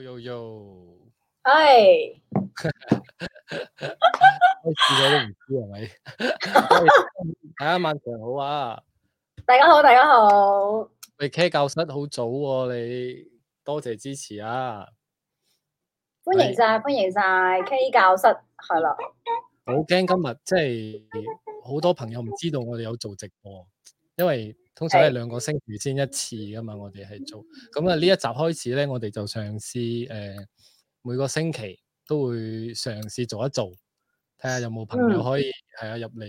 Yo yo 係，開始我都唔知係咪？大家晚上好啊！ 大家好，大家好。我哋、hey, K 教室好早喎、哦，你多謝支持啊！歡迎晒，Hey. 歡迎晒 K 教室，係啦。好驚今日即係好多朋友唔知道我哋有做直播，因為。通常係兩個星期先一次噶嘛，我哋係做咁啊。呢、嗯、一集開始咧，我哋就嘗試誒、呃、每個星期都會嘗試做一做，睇下有冇朋友可以係啊入嚟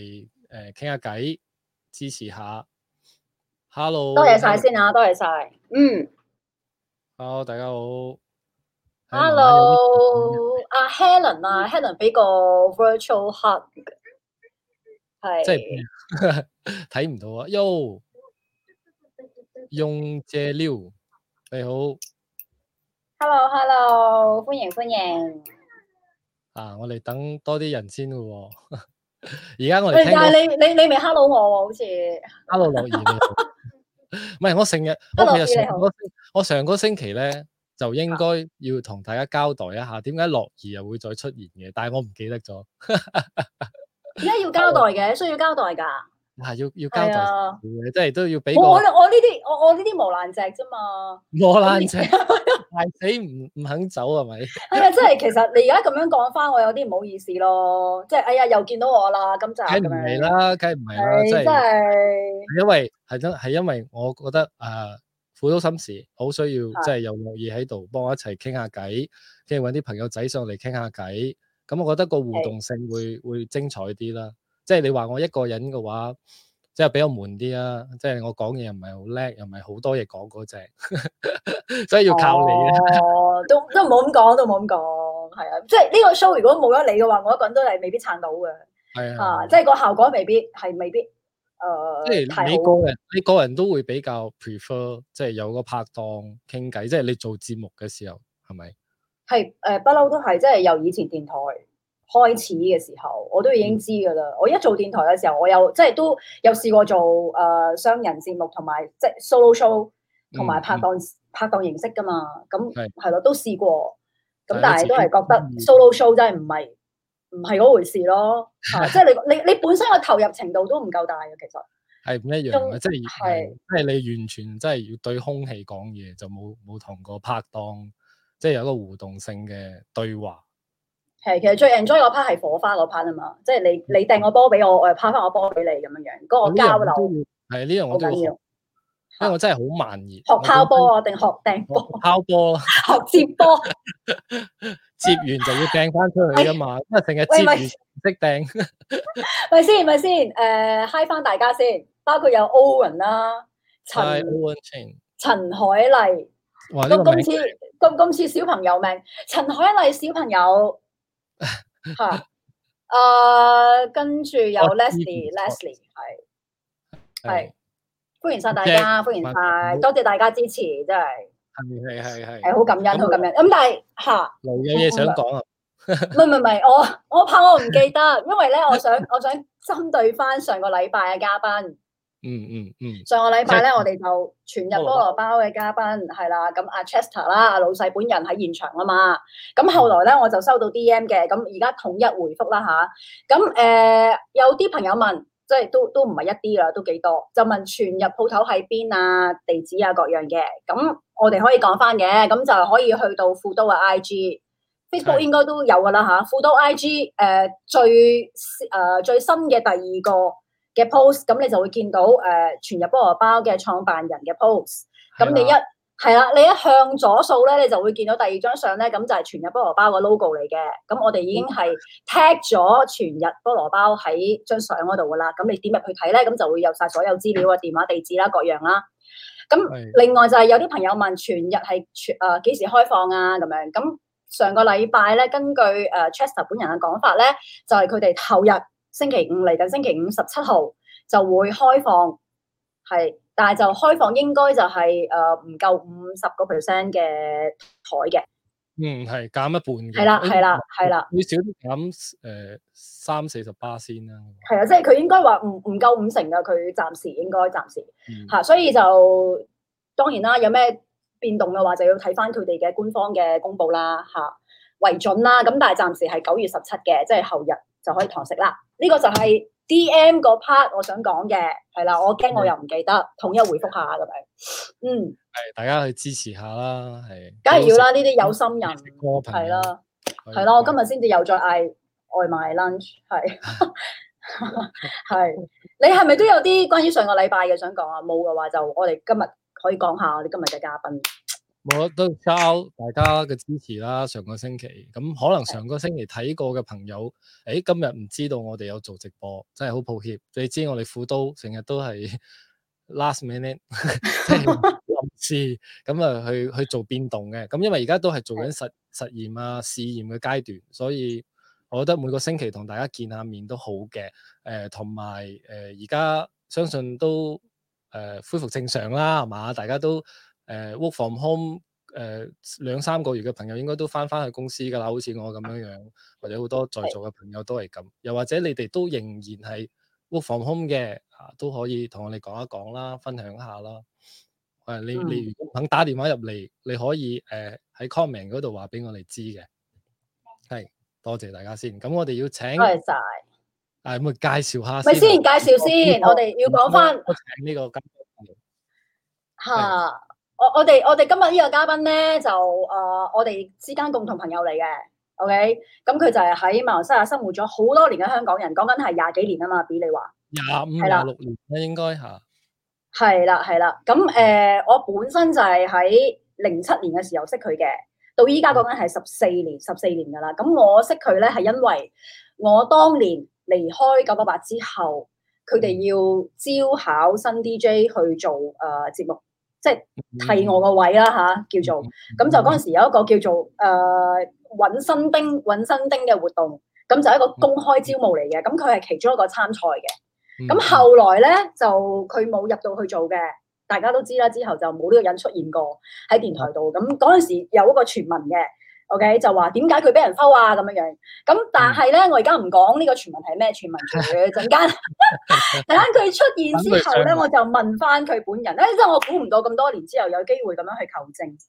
誒傾下偈，支持下。Hello，多謝晒先啊，多謝晒。嗯，Hello，大家好。Hello，阿、這個啊、Helen 啊，Helen 俾個 virtual hug，係。即係睇唔到啊，喲。用借溜，你好。Hello，Hello，歡 hello, 迎歡迎。歡迎啊，我哋等多啲人先嘅，喔。而 家我哋聽、哎、你你你未 hello 我 hello 你好 我好似。Hello，樂兒。唔係我成日。hello 我上個星期咧就應該要同大家交代一下，點解樂兒又會再出現嘅？但係我唔記得咗。而 家要交代嘅，需要交代噶。啊！要要交代，啊即，都係都要俾我。我呢啲我我呢啲磨爛隻啫嘛，磨爛隻，係你唔唔肯走係咪？係啊，即係其實你而家咁樣講翻，我有啲唔好意思咯。即係哎呀，又見到我啦，咁就唔係啦，梗係唔係啦，即係。因為係真係，因為我覺得啊、呃，苦多心事，好需要即係有樂意喺度幫我一齊傾下偈，跟住搵啲朋友仔上嚟傾下偈，咁我覺得個互動性會 Okay. 會，會精彩啲啦。即係你話我一個人嘅話，即係比較悶啲啊！即係我講嘢又唔係好叻，又唔係好多嘢講嗰隻， 所以要靠你。哦、啊，都都唔好咁講，都唔好咁講，係啊！即係呢個 show 如果冇咗你嘅話，我一個人都係未必撐到嘅。係啊，即係、啊啊、個效果未必係未必誒。即係你,你個人，你個人都會比較 prefer，即係有個拍檔傾偈，即係你做節目嘅時候，係咪？係誒，不嬲都係，即係由以前電台。開始嘅時候，我都已經知㗎喇。我一做電台嘅時候，我有即係都有試過做誒、呃、雙人節目同埋即係 solo show 同埋拍檔、嗯、拍檔形式㗎嘛。咁係咯，都試過。咁但係都係覺得、嗯、solo show 真係唔係唔係嗰回事咯。即係、 就是、你你你本身嘅投入程度都唔夠大嘅，其實係唔一樣嘅。即係是係是即係你完全即係要對空氣講嘢，就冇冇同個拍檔即係、就是、有一個互動性嘅對話。係，其實最 enjoy 嗰 part 係火花嗰 part 啊嘛，即係你你掟個波俾我，我又拋翻個波俾你咁樣樣，嗰個交流係呢樣，我好緊要，因為我真係好慢熱。學拋波啊，定學掟波？拋波咯， 學接波球， 接完就要掟翻出去啊嘛，因為成日接唔識掟。咪先咪先，誒 hi 翻大家先，包括有 Owen 啦、啊，陳陳 Hi,、呃、海麗，咁咁似咁咁似小朋友命，陳海麗小朋友。吓，誒，跟住有 Leslie，Leslie 係係歡迎晒大家，歡迎晒，多謝大家支持，真係係係係係好感恩，好感恩。咁但係吓，有嘢想講啊？唔係唔係唔係，我我怕我唔記得，因為咧，我想我想針對翻上個禮拜嘅嘉賓。嗯嗯嗯，嗯上個禮拜咧，嗯、我哋就全日菠蘿包嘅嘉賓係啦，咁阿、哦啊、Chester 啦、啊，老細本人喺現場啊嘛。咁、啊、後來咧，我就收到 D M 嘅，咁而家統一回覆啦吓。咁、啊、誒、啊，有啲朋友問，即係都都唔係一啲啦，都幾多？就問全日鋪頭喺邊啊，地址啊各樣嘅。咁、啊、我哋可以講翻嘅，咁、啊、就可以去到富都嘅 I G，Facebook 的應該都有噶啦吓。富都 I G 誒最誒、啊、最新嘅第二個嘅 post，咁你就會見到誒、呃、全日菠蘿包嘅創辦人嘅 post。咁的你一係啦，你一向左數咧，你就會見到第二張相咧，咁就係全日菠蘿包個 logo 嚟嘅。咁我哋已經係 tag 咗全日菠蘿包喺張相嗰度噶啦。咁你點入去睇咧，咁就會有晒所有資料啊、電話、地址啦、各樣啦。咁另外就係有啲朋友問全日係全誒幾、呃、時開放啊？咁樣。咁上個禮拜咧，根據誒、呃、Chester 本人嘅講法咧，就係佢哋投入。星期五嚟緊，星期五十七號就會開放，係，但係就開放應該就係誒唔夠五十個 percent 嘅台嘅，嗯係減一半嘅。係啦係啦係啦，要少啲減誒三四十八先啦，係、呃、啊，即係佢應該話唔唔夠五成噶佢暫時應該暫時吓、啊，所以就當然啦，有咩變動嘅話就要睇翻佢哋嘅官方嘅公布啦吓為、啊、準啦，咁但係暫時係九月十七嘅，即係後日就可以堂食啦，呢個就係 D M 嗰 part 我想講嘅，係啦，我驚我又唔記得，統一回覆下咁樣。嗯，係大家去支持下啦，係，梗係要啦，呢啲有心人，係啦，係啦的，我今日先至又再嗌外賣 lunch，係，係， 你係咪都有啲關於上個禮拜嘅想講啊？冇嘅話就我哋今日可以講下我哋今日嘅嘉賓。我都交大家嘅支持啦。上個星期咁，可能上個星期睇過嘅朋友，誒、哎，今日唔知道我哋有做直播，真係好抱歉。你知我哋富都成日都係 last minute，即係臨時咁啊去去做變動嘅。咁因為而家都係做緊實實驗啊試驗嘅階段，所以我覺得每個星期同大家見下面都好嘅。誒、呃，同埋誒，而、呃、家相信都誒、呃、恢復正常啦，係嘛？大家都。誒 work from home 誒兩三個月嘅朋友應該都翻翻去公司㗎啦，好似我咁樣樣， 或者好多在座嘅朋友都係咁，是又或者你哋都仍然係 work from home 嘅，啊都可以同我哋講一講啦，分享下啦。誒、啊，你你如果肯打電話入嚟，你可以誒喺 comment 嗰度話俾我哋知嘅。係，多謝大家先。咁、嗯、我哋要請。多謝。誒、哎，咁啊介紹下先。咪先介紹先，我哋要講翻。要請呢個金哥。哈 我哋我哋今日呢個嘉賓咧就誒、呃、我哋之間共同朋友嚟嘅，OK，咁、嗯、佢就係喺馬來西亞生活咗好多年嘅香港人，講緊係廿幾年啊嘛，畀你話廿五廿六年咧應該吓，係啦係啦，咁誒、嗯嗯、我本身就係喺零七年嘅時候識佢嘅，到依家講緊係十四年十四、嗯、年噶啦，咁、嗯、我識佢咧係因為我當年離開九八八之後，佢哋要招考新 DJ 去做誒節、呃、目。即係替我個位啦吓，叫做咁就嗰陣時有一個叫做誒「揾新丁」呃，「揾新丁」嘅活動，咁就一個公開招募嚟嘅，咁佢係其中一個參賽嘅。咁後來咧就佢冇入到去做嘅，大家都知啦。之後就冇呢個人出現過喺電台度。咁嗰陣時有一個傳聞嘅。O、okay? K 就話點解佢俾人偷啊咁樣樣，咁但係咧、嗯、我而家唔講呢個傳聞係咩傳聞，陣間等佢 出現之後咧，我就問翻佢本人，咧，即係我估唔到咁多年之後有機會咁樣去求證。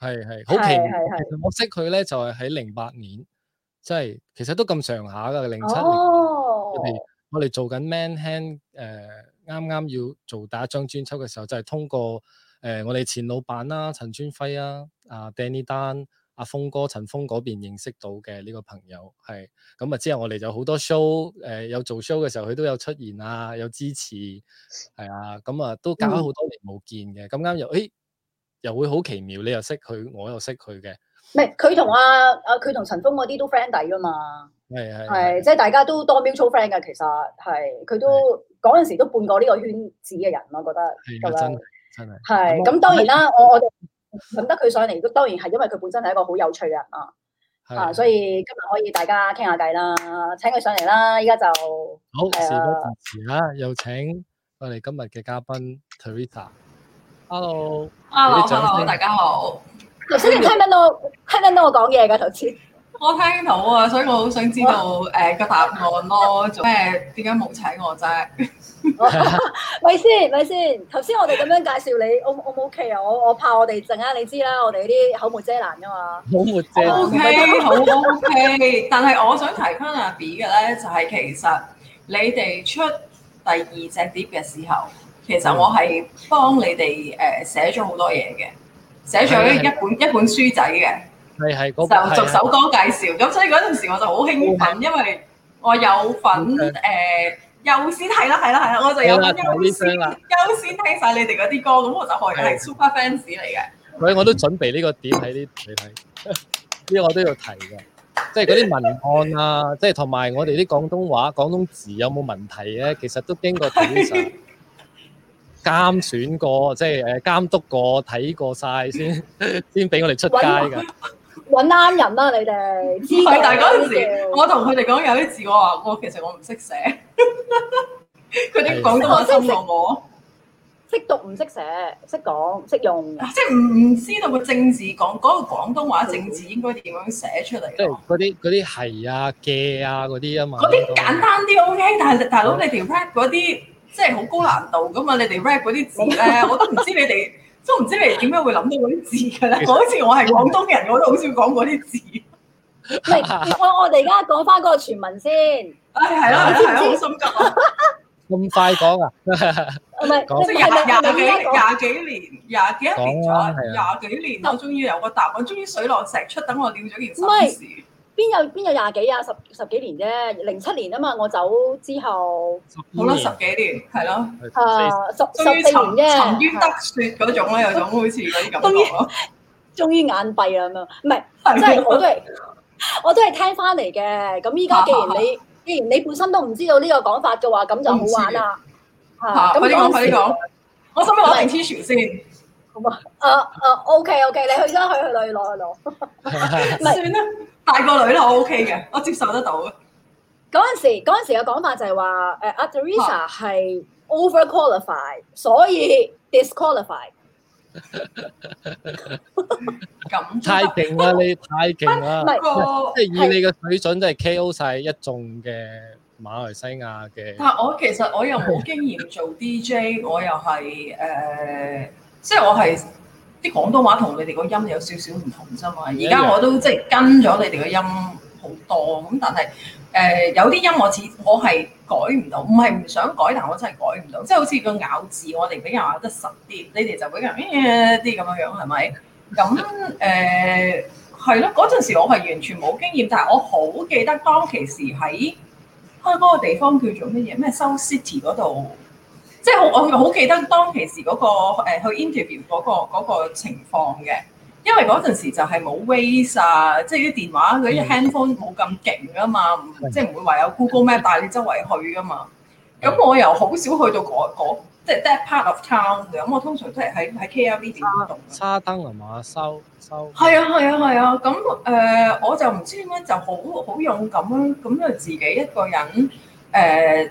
係係，好奇妙，係係，我識佢咧就係喺零八年，即、就、係、是、其實都咁上下噶零七年。哦、我哋我哋做緊 Man Hand 誒、呃，啱啱要做第一張專輯嘅時候，就係、是、通過誒、呃、我哋前老闆啦，陳川輝啊，阿、啊啊、Danny 丹 Dan。阿峰哥陳峰嗰邊認識到嘅呢個朋友係咁啊，之後我哋就好多 show 誒，有做 show 嘅時候佢都有出現啊，有支持係啊，咁啊都隔咗好多年冇見嘅，咁啱又誒又會好奇妙，你又識佢我又識佢嘅，唔係佢同阿阿佢同陳峰嗰啲都 friend 底噶嘛？係係係，即係大家都多 mutual friend 噶，其實係佢都嗰陣時都半個呢個圈子嘅人，我覺得係真的的真係，係咁，當然啦我我哋。咁得佢上嚟，都當然係因為佢本身係一個好有趣嘅人啊，的啊，所以今日可以大家傾下偈啦，請佢上嚟啦，依家就好，的事不宜遲啦，有請我哋今日嘅嘉賓 Terita。Hello，Hello，Hello，大家好，頭先你聽得到，聽得到我講嘢噶頭先？我聽到啊，所以我好想知道誒個答案咯，做咩點解冇請我啫？喂，先咪先，頭先我哋咁樣介紹你，O O 唔 OK 啊？我我怕我哋陣間你知啦，我哋啲口沒遮攔噶嘛。好，冇遮 OK OK，但係我想提翻阿 B 嘅咧，就係其實你哋出第二隻碟嘅時候，其實我係幫你哋誒寫咗好多嘢嘅，寫咗一本一本書仔嘅。就逐首歌介紹，咁所以嗰陣時我就好興奮，因為我有份誒優先，係啦，係啦，係啦，我就有份優先優先聽曬你哋嗰啲歌，咁我就係係 super fans 嚟嘅。所以我都準備呢個點喺呢，你睇呢，我都有提嘅，即係嗰啲文案啊，即係同埋我哋啲廣東話、廣東字有冇問題咧？其實都經過 editor 監選過，即係誒監督過、睇過曬先，先俾我哋出街㗎。揾啱人啦、啊，你哋。係，但係嗰陣時，我同佢哋講有啲字，我話我其實我唔識寫。佢 啲廣東話識唔識我？識讀唔識寫，識講識用、啊。即係唔唔知道個正字講講廣東話正字應該點樣寫出嚟、啊 okay？即係嗰啲啲係啊、嘅啊嗰啲啊嘛。嗰啲簡單啲 OK，但係大佬你條 rap 嗰啲即係好高難度㗎嘛？你哋 rap 嗰啲字咧，我都唔知你哋。 都唔知你哋點解會諗到嗰啲字㗎咧？我好似我係廣東人，我都好少講嗰啲字。唔我我哋而家講返嗰個傳聞先。唉、哎，係、哎、咯，係、哎、咯，好心急。咁快講啊？唔 係、啊，即係廿廿幾廿幾年，廿幾年才廿幾年，我終於有個答案，終於水落石出，等我了咗件心事。邊有邊有廿幾啊？十十幾年啫，零七年啊嘛，我走之後，好啦，十幾年係咯，啊，十十四年啫，沉於得雪嗰種咧，有種好似嗰啲咁，終於終於眼閉啦咁樣，唔係，即係我都係，我都係聽翻嚟嘅。咁依家既然你既然你本身都唔知道呢個講法嘅話，咁就好玩啦。咁快啲講，快啲講，我先講定黐船先，好嘛？啊啊，OK OK，你去咗去去攞去攞去攞，唔係，算啦。大個女咧，我 OK 嘅，我接受得到。嗰陣時，嗰陣時嘅講法就係話，誒、啊、阿 Teresa 係、啊、over qualify 所以 di squalify 咁太勁啦！你太勁啦！即係是、那個、以你嘅水準，即係 KO 晒一眾嘅馬來西亞嘅。但我其實我又冇經驗做 DJ， 我又係誒、呃，即係我係。啲廣東話同你哋個音有少少唔同啫嘛，而家我都即係跟咗你哋個音好多，咁但係誒、呃、有啲音我似我係改唔到，唔係唔想改，但我真係改唔到，即係好似個咬字，我哋比較咬得實啲，你哋就比較咩啲咁樣樣係咪？咁誒係咯，嗰陣、呃、時我係完全冇經驗，但係我好記得當其時喺香港個地方叫做乜嘢咩 South City 嗰度。即係、就是、我好記得當其時嗰、那個、呃、去 interview 嗰、那個那個情況嘅，因為嗰陣時就係冇 Waze 啊，即係啲電話嗰啲、嗯、handphone 冇咁勁啊嘛，即係唔會話有 Google Map 帶你周圍去噶嘛。咁、嗯、我又好少去到嗰、那、嗰、個那個、即係 that part of town 嘅，咁我通常都係喺喺 KRV 點活度，叉燈係嘛？收收。係啊係啊係啊，咁誒、啊啊啊呃、我就唔知點解就好好勇敢啦，咁就自己一個人誒。呃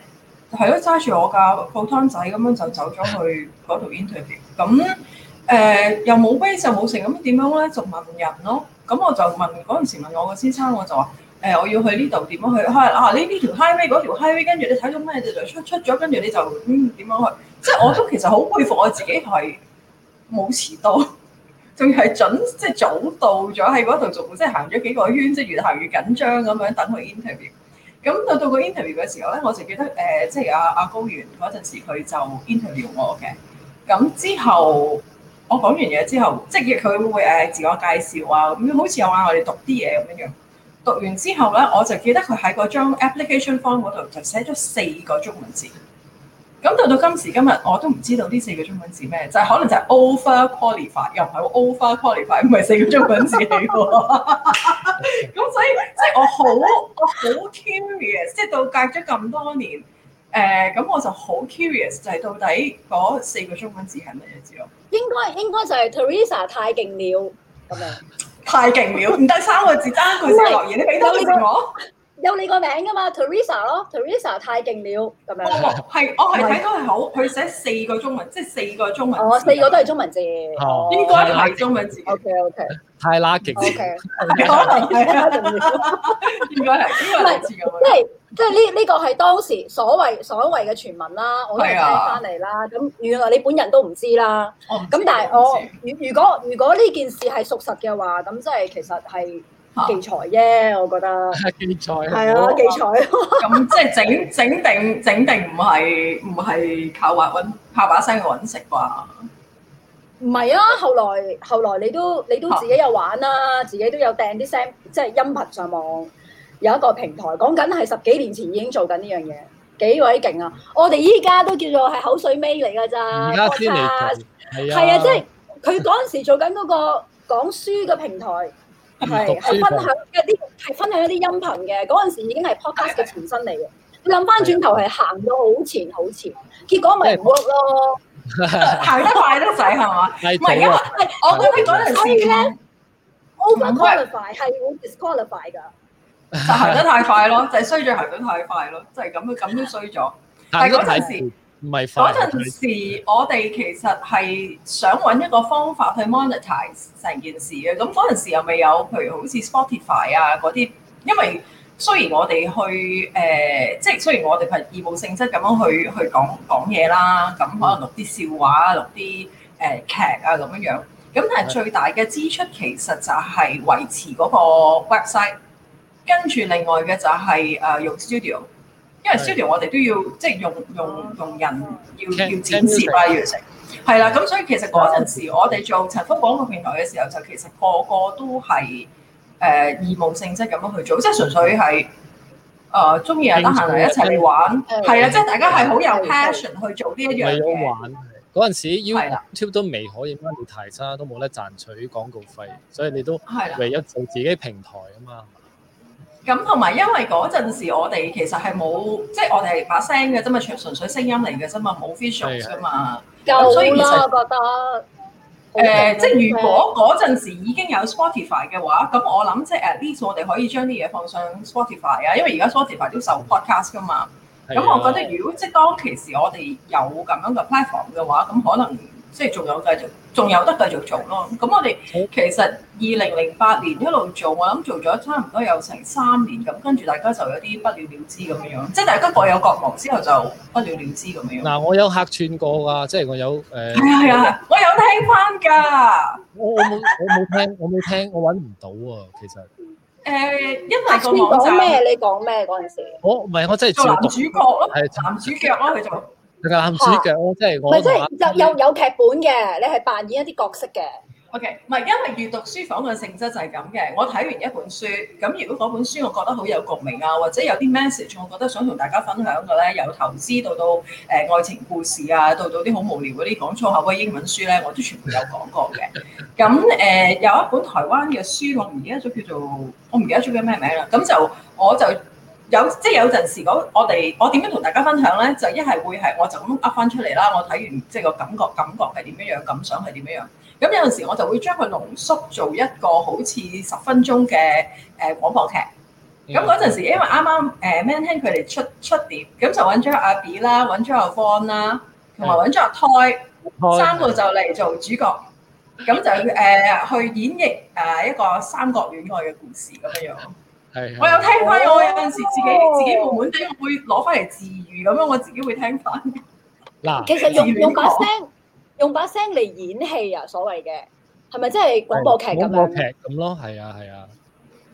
係咯，揸住我架鋪攤仔咁樣就走咗去嗰度 interview。咁誒、呃、又冇咩就冇食，咁點樣咧？就問人咯。咁我就問嗰陣時問我個先生，我就話誒、呃、我要去呢度點樣去？佢話啊你呢條 highway 嗰條 highway，跟住你睇到咩就出出咗，跟住你就嗯點樣去？即係我都其實好佩服我自己係冇遲到，仲要係準即係早到咗喺嗰度，做，即係行咗幾個圈，即係越行越緊張咁樣等佢 interview。咁到到個 interview 嘅時候咧，我就記得誒、呃，即係阿阿高原嗰陣時，佢就 interview 我嘅。咁之後我講完嘢之後，即係佢會誒自我介紹啊，咁、嗯、好似有話我哋讀啲嘢咁樣樣。讀完之後咧，我就記得佢喺嗰張 application form 嗰度就寫咗四個中文字。咁到到今時今日，我都唔知道呢四個中文字咩，就係、是、可能就係 overqualified 又唔係 overqualified，唔係四個中文字嚟咁 所以即係、就是、我好 我好 curious，即係到隔咗咁多年，誒、呃、咁我就好 curious，就係到底嗰四個中文字係乜嘢字咯？應該應該就係 Teresa 太勁了咁樣，太勁了，唔 得三個字，爭 是一個字留嘢，你俾多啲我。 有你個名噶嘛？Teresa 咯，Teresa 太勁了咁樣。係，我係睇到係好，佢寫四個中文，即係四個中文。哦，四個都係中文字。應該係中文字。O K O K，太 lucky。O K，應該係，應該係字咁。即係即係呢？呢個係當時所謂所謂嘅傳聞啦，我都聽翻嚟啦。咁原來你本人都唔知啦。咁但係我，如如果如果呢件事係屬實嘅話，咁即係其實係。器材啫，我覺得。係器材。係 啊，器材。咁 即係整整定整定唔係唔係靠話揾靠把聲去揾食啩？唔係啊，後來後來你都你都自己有玩啦、啊，啊、自己都有訂啲聲，即係音頻上網有一個平台，講緊係十幾年前已經做緊呢樣嘢。幾位勁啊！我哋依家都叫做係口水尾嚟㗎咋？而家啲嚟佢係啊，即係佢嗰陣時做緊嗰個講書嘅平台。 係，係分享一啲係分享一啲音頻嘅，嗰陣時已經係 podcast 嘅前身嚟嘅。你諗翻轉頭係行到好前好前，結果咪唔 work 咯，行 得快得滯係嘛？唔係因為我覺得嗰陣， 所以咧 overqualified 係會 disqualify 㗎，Over、ify, 是就行得太快咯，就係、衰咗，行得太快咯，就係、係、咁樣咁都衰咗。係嗰陣時。 嗰陣 My 時，我哋其實係想揾一個方法去 monetize 成件事嘅。咁嗰陣時又未有，譬如好似 Spotify 啊嗰啲。因為雖然我哋去誒、呃，即係雖然我哋係義務性質咁樣去去講講嘢啦，咁可能錄啲笑話、錄啲誒、呃、劇啊咁樣樣。咁但係最大嘅支出其實就係維持嗰個 website，跟住另外嘅就係誒用 studio。因為燒碟，我哋都要即係用用用人，要要展示啊，要成係啦。咁所以其實嗰陣時，我哋做陳福廣告平台嘅時候，就其實個個都係誒義務性質咁樣去做，即係純粹係誒中意人得閒嚟一齊玩。係啊，即係大家係好有 passion 去做呢一樣嘢。玩嗰陣時，YouTube 都未可以乜嘢提差，都冇得賺取廣告費，所以你都係唯一做自己平台啊嘛。咁同埋因為嗰陣時我哋其實係冇，即係我哋係把聲嘅啫嘛，純純粹聲音嚟嘅啫嘛，冇 visual 嘅嘛，所以其實誒，即係、呃、如果嗰陣時已經有 Spotify 嘅話，咁我諗即係 at least 我哋可以將啲嘢放上 Spotify 啊，因為而家 Spotify 都受 podcast 噶嘛。咁的我覺得如果即係當其時我哋有咁樣嘅 platform 嘅話，咁可能即係仲有繼續。仲有得繼續做咯，咁我哋其實二零零八年一路做，我諗做咗差唔多有成三年咁，跟住大家就有啲不了了之咁樣樣，即係大家各有各忙，之後就不了了之咁樣。嗱，我有客串過㗎，即係我有誒。係、呃、啊係我啊，我有聽翻㗎。我我冇我冇聽我冇聽，我揾唔到啊，其實。誒、呃，因為個網站。講咩？你講咩嗰陣時？我唔係，我真係做男主角咯，係男主角咯，佢係就。男主角咯，啊、即係是我即係又有劇本嘅，你係扮演一啲角色嘅。OK，唔係因為閲讀書房嘅性質就係咁嘅。我睇完一本書，咁如果嗰本書我覺得好有共鳴啊，或者有啲 message 我覺得想同大家分享嘅咧，有投資到到誒、呃、愛情故事啊，到到啲好無聊嗰啲講粗口嘅英文書咧，我都全部有講過嘅。咁誒、呃、有一本台灣嘅書，我唔記得咗叫做，我唔記得咗叫咩名啦。咁就我就。有即係有陣時我哋我點樣同大家分享咧？就一係會係我就咁噏返出嚟啦。我睇完即係個感覺，感覺係點樣樣，感想係點樣樣。咁有陣時我就會將佢濃縮做一個好似十分鐘嘅誒廣播劇。咁嗰陣時因為啱啱誒 Man 聽佢哋出出碟，咁就揾咗阿 B 啦，揾咗阿 Fun 啦，同埋揾咗阿 Toy，三個就嚟做主角。咁就誒、呃、去演繹誒一個三角戀愛嘅故事咁樣樣。是我有聽翻，哦、我有陣時自己自己悶悶哋會攞翻嚟自愈咁樣，我自己會聽翻。嗱、啊，其實用用把聲，用把聲嚟演戲啊，所謂嘅係咪即係廣播劇咁樣，哦？廣播劇咁咯，係啊，係啊，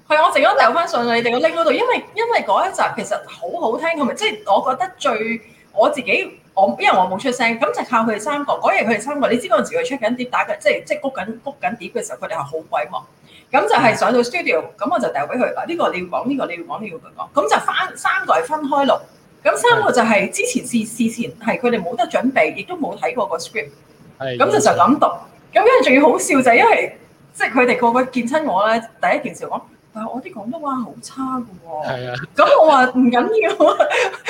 係啊！我陣間留翻上你哋個 link 嗰度，因為因為嗰一集其實好好聽，係咪？即係我覺得最我自己，我因為我冇出聲，咁就靠佢哋三個，果然佢哋三個，你知嗰陣時佢出緊碟打緊，即係即係谷緊谷緊碟嘅時候，佢哋係好鬼忙。咁就係上到 studio，咁我就掉俾佢。呢、這個你要講，呢、這個你要講，你要佢講。咁就返三個係分開錄，咁三個就係之前事事前係佢哋冇得準備，亦都冇睇過個 script 的。係。咁就就咁讀。咁因為仲要好笑就係因為，即係佢哋個個見親我咧，第一件事講，但係我啲廣東話好差嘅喎。係啊的。咁我話唔緊要，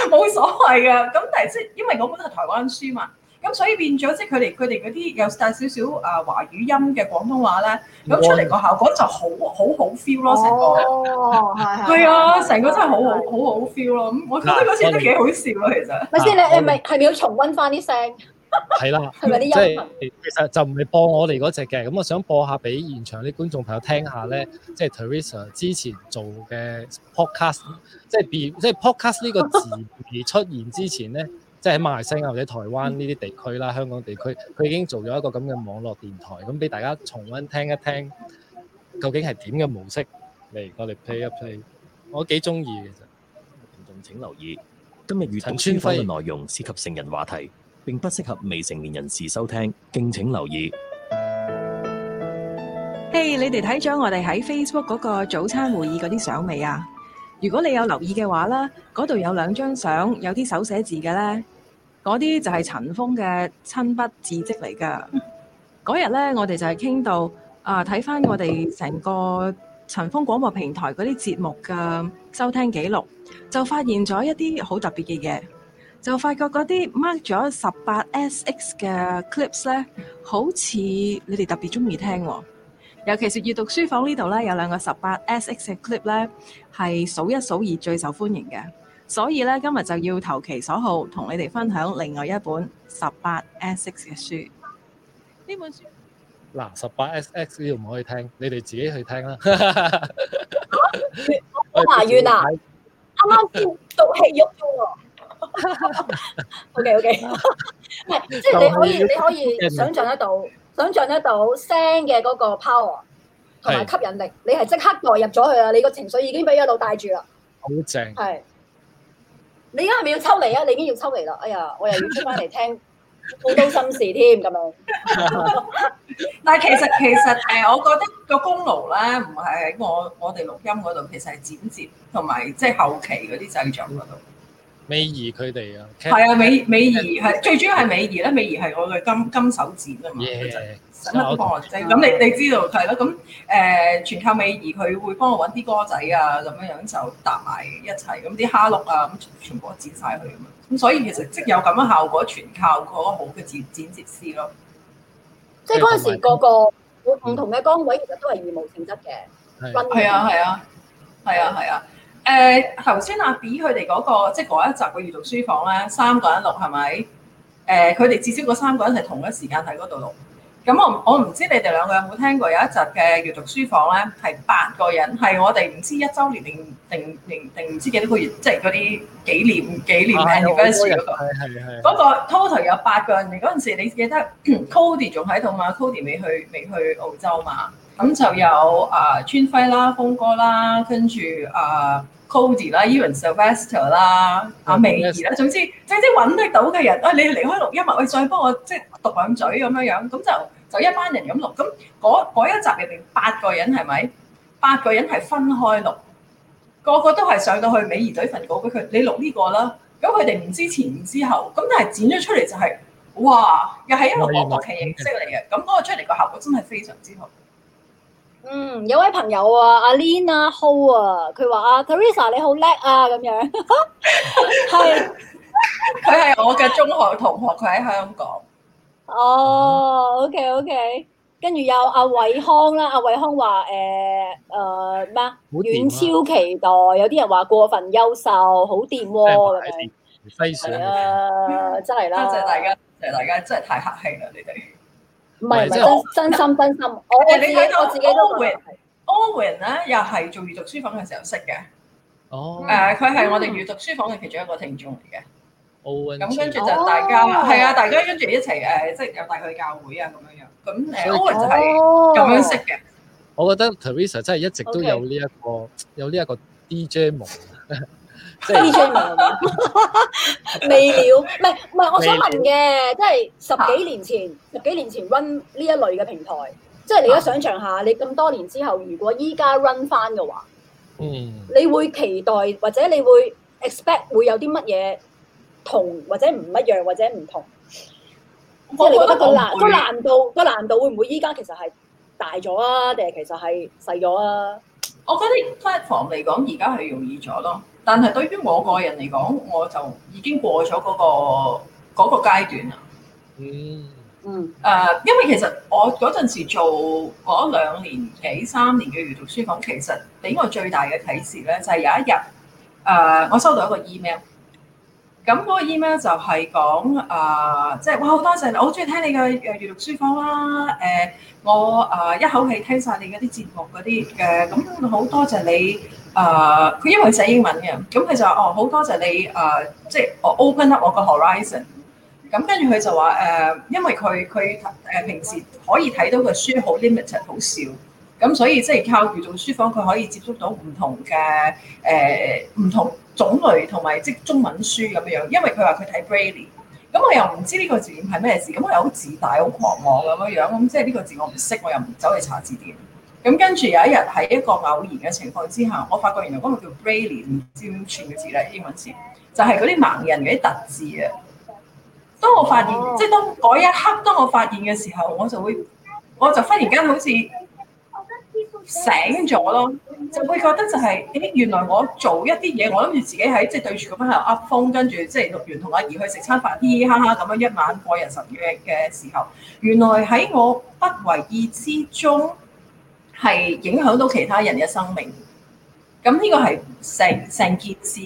冇 所謂嘅。咁但係即係因為嗰本係台灣書嘛。咁所以變咗，即係佢哋佢哋嗰啲有帶少少啊華語音嘅廣東話咧，咁出嚟個效果就好好好 feel 咯，成個係啊，成個真係好好好 feel 咯，我覺得嗰次都幾好笑咯，其實。咪先，你誒咪係咪要重温返啲聲？係啦，係咪啲音其實就唔係播我哋嗰隻嘅，咁我想播下俾現場啲觀眾朋友聽下咧，即係 Teresa 之前做嘅 podcast，即係 b 即係 podcast 呢個字而出現之前咧。即係喺馬來西亞或者台灣呢啲地區啦，香港地區，佢已經做咗一個咁嘅網絡電台，咁俾大家重温聽一聽，究竟係點嘅模式嚟？我哋 play 一 play，我幾中意嘅。其實，請留意今日預董宣講嘅內容涉及成人話題，並不適合未成年人士收聽，敬請留意。嘿，你哋睇咗我哋喺 Facebook 嗰個早餐會議嗰啲相未啊？如果你有留意嘅話呢，嗰度有兩張相，有啲手寫字嘅呢，嗰啲就係陳風嘅親筆字跡嚟㗎。嗰日呢，我哋就係傾到啊，睇返我哋成個陳風廣播平台嗰啲節目嘅收聽記錄，就發現咗一啲好特別嘅嘢，就發覺嗰啲 mark 咗十八 SX 嘅 clips 呢，好似你哋特別鍾意聽喎。尤其是閱讀書房呢度咧，有兩個十八 SX 嘅 Clip 咧，係數一數二最受歡迎嘅，所以咧，今日就要投其所好，同你哋分享另外一本十八 SX 嘅書。呢本書嗱，十八 SX 呢度唔可以聽，你哋自己去聽啦。阿 May，原來，啱啱見到戲郁嘅喎。OK OK，唔係，即係你可以，你可以想象得到。想象得到聲嘅嗰個 power 同埋吸引力，是你係即刻代入咗去啦。你個情緒已經俾一度帶住啦，好正係。你而家係咪要抽離啊？你已經要抽離啦。哎呀，我又要出翻嚟聽好多心事添咁樣。 但係其實其實係我覺得個功勞咧，唔係喺我我哋錄音嗰度，其實係剪接同埋即係後期嗰啲製作嗰度。美儀佢哋啊，係啊，美美儀係最主要係美儀咧，美儀係我嘅金金手指啊嘛，使乜幫我整？咁你你知道係咯？咁誒，全靠美儀佢會幫我揾啲歌仔啊，咁樣樣就搭埋一齊，咁啲蝦碌啊，咁全部剪晒佢啊，咁所以其實即有咁嘅效果，全靠嗰個好嘅剪剪接師咯。即係嗰陣時，個個個唔同嘅崗位其實都係義務性質嘅，係係啊，係啊，係啊，係啊。誒頭先阿 B 佢哋嗰個即係嗰一集嘅閱讀書房咧，三個人錄係咪？誒佢哋至少嗰三個人係同一時間喺嗰度錄。咁、嗯、我我唔知你哋兩個有冇聽過有一集嘅閱讀書房咧，係八個人，係我哋唔知一週年定定定定唔知幾多個月，即係嗰啲幾年幾年嘅 event 嗰個。係係係。嗰個 total 有八個人，嗰陣時你記得 Cody 仲喺度嘛？Cody 未去未去澳洲嘛？咁就有啊，川、呃、輝啦，風哥啦，跟住啊。呃 Cody 啦，Even Sylvester 啦，阿、um, 美 yes .兒啦，總之正係即係揾得到嘅人，餵、啊、你離開錄音咪，我再幫我即係讀兩嘴咁樣樣，咁就就一班人咁錄，咁、那、嗰、個、一集入邊八個人係咪？八個人係分開錄，個個都係上到去美兒隊份稿俾佢，你錄呢個啦，咁佢哋唔知前唔知後，咁但係剪咗出嚟就係、是，哇！又係一個國語劇形式嚟嘅，咁、那、嗰個出嚟個效果真係非常之好。嗯，有位朋友啊，阿 Lina Ho 啊，佢話阿 Teresa 你好叻啊，咁樣，係、 啊，佢係 我嘅中學同學，佢喺香港。哦、啊、OK OK，跟住有阿、啊、偉康啦、啊，阿、啊、偉康話誒，誒、欸、咩？遠、呃啊、超期待，有啲人話過分優秀，好掂、啊，咁非常，真係啦，多謝、謝大家，謝、謝大家，真係太客氣啦，你哋。唔係，真真心真心。誒，你睇我自己都。Owen 咧又係做閱讀書房嘅時候識嘅。哦。誒，佢係我哋閱讀書房嘅其中一個聽眾嚟嘅。Owen、哦。咁跟住就大家，係、哦、啊，大家跟住一齊誒，即係又帶佢去教會啊咁樣樣。咁誒，Owen 就係咁樣識嘅。我覺得 Teresa 真係一直都有呢、這、一個 Okay. 有呢一個 DJ 夢。 未了，唔係唔係，我想問嘅，要即係十幾年前，啊、十幾年前 run 呢一類嘅平台，啊、即係你而家想像下，你咁多年之後，如果依家 run 返嘅話，嗯，你會期待或者你會 expect 會有啲乜嘢同或者唔一樣或者唔同？即係你覺得個難個難度個難,難度會唔會依家其實係大咗啊？定係其實係細咗啊？我覺得 f l 房嚟講，而家係容易咗咯。但係對於我個人嚟講，我就已經過咗嗰、那個嗰、那個、階段啦、嗯。嗯嗯誒，uh, 因為其實我嗰陣時做嗰兩年幾三年嘅閱讀書房，其實俾我最大嘅啟示咧，就係、是、有一日誒，uh, 我收到一個 email em。咁嗰個 email 就係講誒，即係哇，好多謝你，我好中意聽你嘅誒閱讀書房啦、啊。誒、uh,，我、uh, 誒一口氣聽晒你嗰啲節目嗰啲誒，咁好多謝你。誒，佢、uh, 因為佢寫英文嘅，咁、嗯、佢就話：哦，好多謝你，誒、uh,，即係我 open up 我個 horizon、嗯。咁跟住佢就話誒，uh, 因為佢佢誒平時可以睇到嘅書好 limited，好少。咁、嗯、所以即係靠住童書房，佢可以接觸到唔同嘅誒唔同種類同埋即係中文書咁樣樣。因為佢話佢睇 Braille。咁我又唔知呢個字係咩字。咁、嗯、我又好自大、好狂妄咁樣樣。咁、嗯嗯嗯嗯、即係呢個字我唔識，我又唔走去查字典。咁跟住有一日喺一個偶然嘅情況之下，我發覺原來嗰個叫 Braille，唔知點串嘅字咧，英文字就係嗰啲盲人嘅啲凸字啊。當我發現，即係當嗰一刻，當我發現嘅時候，我就會，我就忽然間好似醒咗咯，就會覺得就係，誒原來我做一啲嘢，我諗住自己喺即係對住個方向噏風，跟住即係錄完同阿怡去食餐飯，嘻嘻哈哈咁樣一晚過人十日嘅時候，原來喺我不為意之中。係影響到其他人嘅生命，咁呢個係成成件事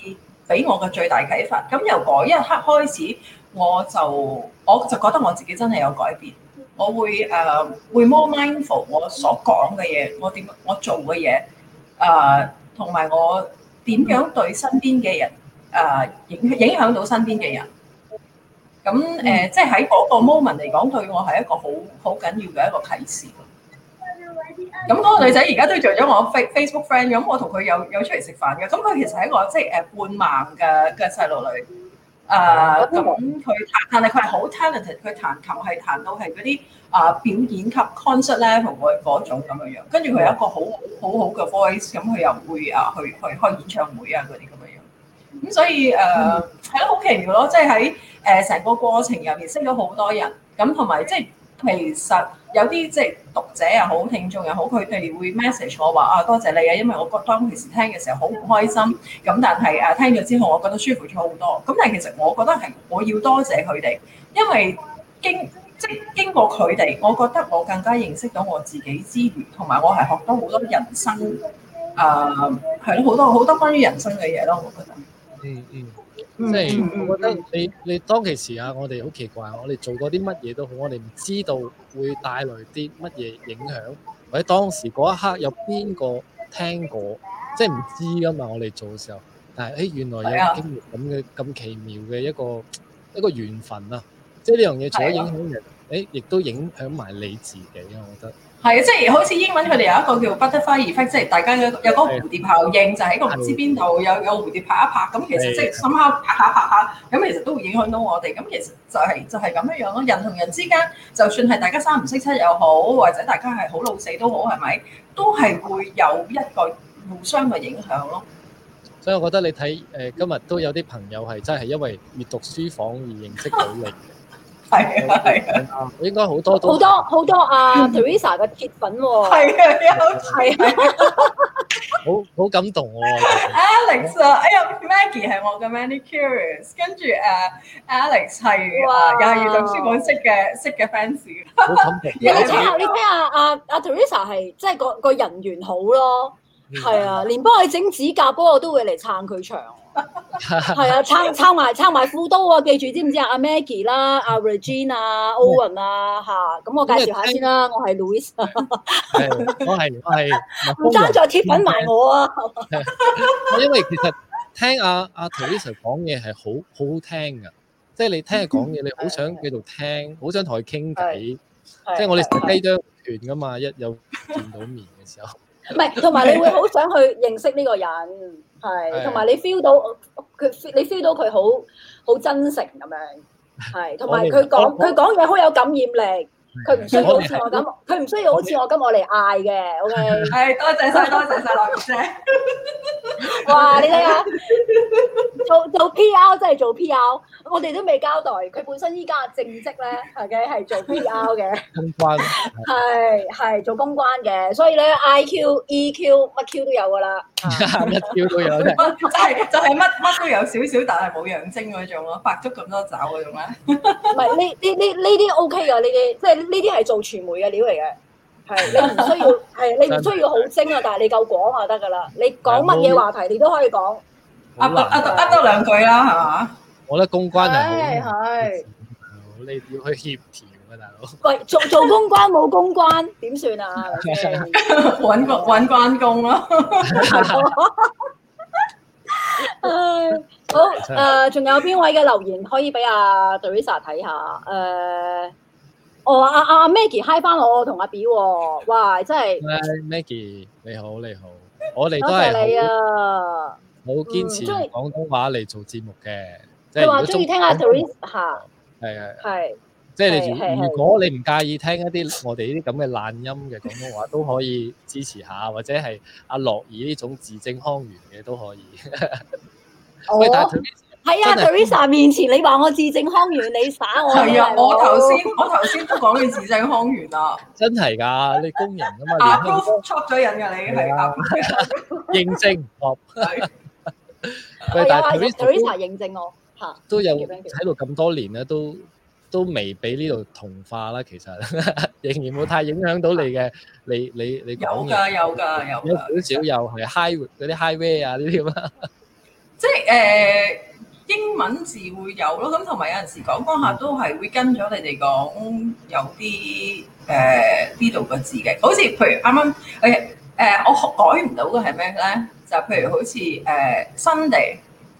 俾我嘅最大啟發。咁由嗰一刻開始，我就我就覺得我自己真係有改變。我會誒、uh, 會 more mindful 我所講嘅嘢，我點我做嘅嘢誒，同、uh, 埋我點樣對身邊嘅人誒影、uh, 影響到身邊嘅人。咁誒，即係喺嗰個 moment 嚟講，對我係一個好好緊要嘅一個提示。咁嗰個女仔而家都做咗我 face Facebook friend，咁我同佢有有出嚟食飯嘅。咁佢其實係一個即係誒半盲嘅嘅細路女。誒，咁、uh, 佢但係佢係好 talented，佢彈琴係彈到係嗰啲啊表演級 concert 咧，同嗰嗰種咁樣樣。跟住佢有一個好好好嘅 voice，咁佢又會啊去去開演唱會啊嗰啲咁樣樣。咁所以誒，係、uh, 咯，好奇妙咯，即係喺誒成個過程入面識咗好多人。咁同埋即係。就是其實有啲即係讀者又好，聽眾又好，佢哋會 message 我話啊，多謝你啊，因為我覺得當其時聽嘅時候好唔開心，咁但係誒聽咗之後，我覺得舒服咗好多。咁但係其實我覺得係我要多謝佢哋，因為經即係、就是、經過佢哋，我覺得我更加認識到我自己之餘，同埋我係學到好多人生誒係咯好多好多關於人生嘅嘢咯，我覺得。嗯嗯。即係，我覺得你你當其時啊，我哋好奇怪，我哋做過啲乜嘢都好，我哋唔知道會帶來啲乜嘢影響，或者當時嗰一刻有邊個聽過，即係唔知噶嘛，我哋做嘅時候，但係誒、欸、原來有經歷咁嘅咁奇妙嘅一個一個緣分啦、啊，即係呢樣嘢除咗影響人，誒、欸、亦都影響埋你自己啊，我覺得。係啊，即係好似英文佢哋有一個叫 Butterfly Effect，即係大家有有嗰個蝴蝶效應，的就喺個唔知邊度的有有蝴蝶拍一拍，咁其實即係咁敲拍下拍下，咁其實都會影響到我哋。咁其實就係、是、就係、是、咁樣樣咯。人同人之間，就算係大家三唔識七又好，或者大家係好老死都好，係咪都係會有一個互相嘅影響咯。所以我覺得你睇誒、呃、今日都有啲朋友係真係因為閲讀書房而認識到你。 係係啊，應該好多多好多好多阿 Teresa 嘅鐵粉喎。係啊，有係、哦 ok, 啊，好好感動喎。Alex 啊，哎呀，Maggie 係我嘅 manicure 跟住誒 Alex 係，哇，又係與讀書館識嘅識嘅 fans。好感動。你睇下，你睇下啊啊 Teresa 係，即係個個人緣好咯。係啊，連幫佢整指甲嗰個都會嚟撐佢場。係啊、哎，抄抄埋抄埋富都啊！記住，知唔知啊？阿 Maggie 啦，阿 Regina、Owen 啊，吓，咁我介紹下先啦。我係 Louis，我係我係唔交再貼粉埋我啊跟！因為其實聽阿阿 Louis 講嘢係好好好聽噶，即係你聽佢講嘢，你的好想繼續聽，好想同佢傾偈。即係、就是、我哋雞啄團噶嘛，一有見到面嘅時候。akkor s later 唔係，同埋你會好想去認識呢個人，係，同埋的你 feel 到佢你 feel 到佢好好真誠咁樣，係，同埋佢講佢講嘢好有感染力，佢唔需要好似我咁，佢唔需要好似我今日我嚟嗌嘅，OK。係，多謝晒，多謝晒。來者。 哇，謝你睇下、啊， 做做 PR 真係做 PR。我哋都未交代，佢本身依家正職咧，係嘅，係做 PR 嘅，公關係係係做公關嘅，所以咧 IQ EQ 乜 Q 都有噶啦，乜 Q 都有，真 就係乜乜都有少少，但係冇樣精嗰種咯，百足咁多爪嗰種啦。唔係呢呢呢呢啲 OK 嘅呢啲，即係呢啲係做傳媒嘅料嚟嘅，係你唔需要係你唔需要好精啊，但係你夠廣就得噶啦，你講乜嘢話題你都可以講，呃、啊啊、多呃多兩句啦，係嘛？我覺得公關啊，係，你好你要去協調啊，大佬。喂，做做公關冇公關點算啊？揾揾 關公咯。好，誒、呃，仲有邊位嘅留言可以俾阿 Dorissa 睇下？誒、呃，哦，啊啊、阿阿 Maggie 嗨 i 翻我同阿 Bill 喎，哇，真係、哎。Maggie，你好你好，我哋都係 你啊，冇堅持廣東話嚟做節目嘅、嗯。就是就話中意聽阿 Teresa 係啊，係，即係你如果你唔介意聽一啲我哋呢啲咁嘅爛音嘅廣東話都可以支持下，或者係阿樂兒呢種字正腔圓嘅都可以。喂，但係 Teresa 面前你話我字正腔圓，你耍我係啊！我頭先我頭先都講你字正腔圓啦，真係㗎，你工人啊嘛，啊都戳咗印㗎你係啊，認證唔學。喂，但係 Teresa 認證我。都有喺度咁多年咧，都都未俾呢度同化啦。其實 仍然冇太影響到你嘅， 你你你有㗎有㗎有㗎，有少少又係 high 嗰啲 highway 啊呢啲咁啊。即係誒、呃、英文字會有咯，咁同埋有陣時講講下、嗯、都係會跟咗你哋講有啲誒呢度嘅字嘅。好似譬如啱啱誒誒，我改唔到嘅係咩咧？就是、譬如好似誒 s u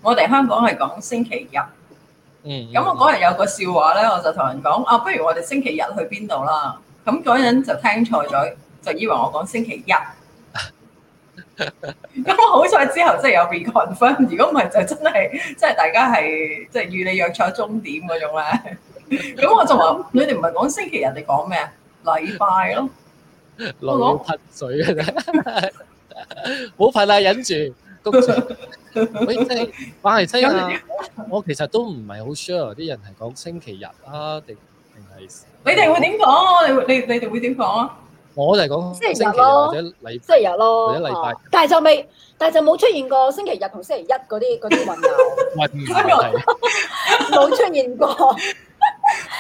我哋香港係講星期日，咁我嗰日有個笑話咧，我就同人講：啊，不如我哋星期日去邊度啦？咁嗰人就聽錯咗，就以為我講星期一。咁好彩之後真係有 reconfirm，如果唔係就真係，即係大家係即係預你約錯終點嗰種咧。咁我就話你哋唔係講星期日，你講咩啊？禮拜咯，我好噴水。」好快啊，忍住，喂，即係哇，即係我其實都唔係好 sure 啲人係講星期日啊，定定係你哋會點講？啊？你你你哋會點講啊？我就係講星，星期日咯，或者禮星期日咯，或者禮拜。但係就未，但係就冇出現過星期日同星期一嗰啲嗰啲混淆，冇 是 出現過。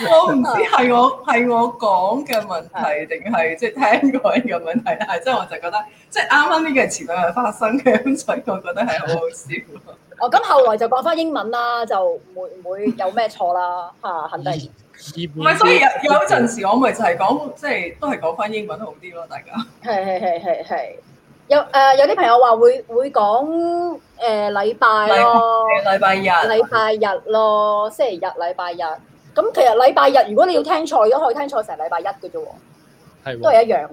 我唔知係我係我講嘅問題，定係即係聽過呢個問題，但係即係我就覺得，即係啱啱呢件前兩日發生嘅，咁所以我覺得係好好笑， 哦。哦、咁、嗯、後來就講翻英文啦，就會唔會有咩錯啦？吓、啊，肯定。唔係，所以有有陣時我咪就係講，即係都係講翻英文好啲咯，大家。係係係係係，有誒、呃、有啲朋友話會會講誒禮拜咯，禮拜日，禮拜日咯，星期日禮拜日。咁其實禮拜日如果你要聽錯，亦都可以聽錯成禮拜一嘅啫喎，都係一樣，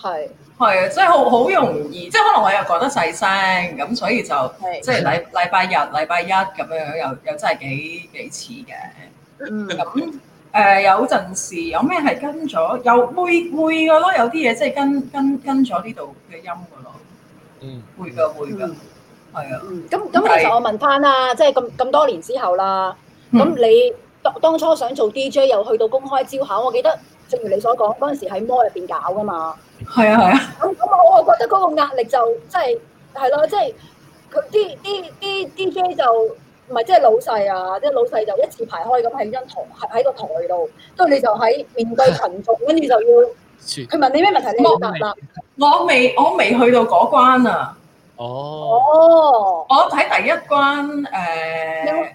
係，係啊，即係好好容易，即係可能我又講得細聲，咁所以就的即係禮禮拜日、禮拜一咁樣又又真係幾幾似嘅，咁誒有陣時有咩係跟咗，又會會嘅咯，有啲嘢即係跟跟跟咗呢度嘅音嘅咯，嗯，會嘅會嘅，係啊、嗯，嗯，咁、嗯、咁、嗯嗯嗯、其實我問翻啦，即係咁咁多年之後啦，咁、嗯、你？當初想做 DJ 又去到公開招考，我記得正如你所講，嗰陣時喺模入邊搞噶嘛。係啊，係啊。咁咁我我覺得嗰個壓力就即係係咯，即係佢啲啲啲 DJ 就唔係即係老細啊，即係老細就一字排開咁喺張台喺個台度，跟住你就喺面對群眾，跟住唉就要佢問你咩問題你，你要答答。我未我未去到嗰關啊。哦。哦。我喺第一關誒、uh,。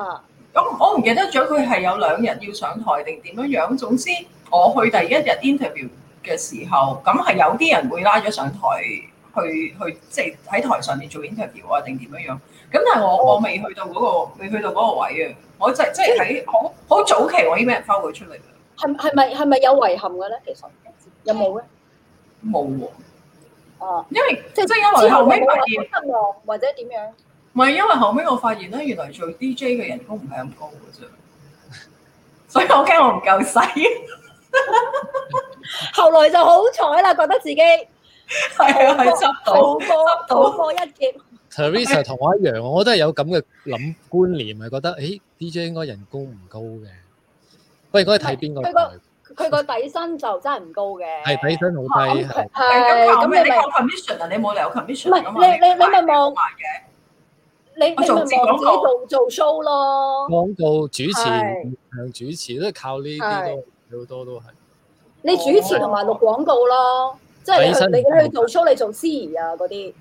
啊。咁我唔記得咗佢係有兩日要上台定點樣樣，總之我去第一日 interview 嘅時候，咁係有啲人會拉咗上台去去，即係喺台上面做 interview 啊定點樣樣。咁但係我我未去到嗰個未去到嗰個位啊，我即係即係喺好好早期已經俾人摳佢出嚟。係係咪係咪有遺憾嘅咧？其實有冇咧？冇喎有。哦、啊，因為即即是係因為失望是或者點樣？唔係因為後尾我發現咧，原來做 DJ 嘅人工唔係咁高嘅啫，所以我驚我唔夠使。後來就好彩啦，覺得自己係啊，係執到過，執到過一劫。Theresa 同我一樣，我我都係有咁嘅諗觀念，係覺得誒 DJ 應該人工唔高嘅。喂，嗰個係邊個台？佢個底薪就真係唔高嘅。係底薪好低，係。係咁靠咩？你有 commission 啊？你冇嚟有 commission。唔係你你你咪望埋嘅。你你咪自己做做 show 咯，廣告、主持，主持都係靠呢啲都好多都係。你主持同埋錄廣告咯，即係你去做 show，你做司儀啊嗰啲。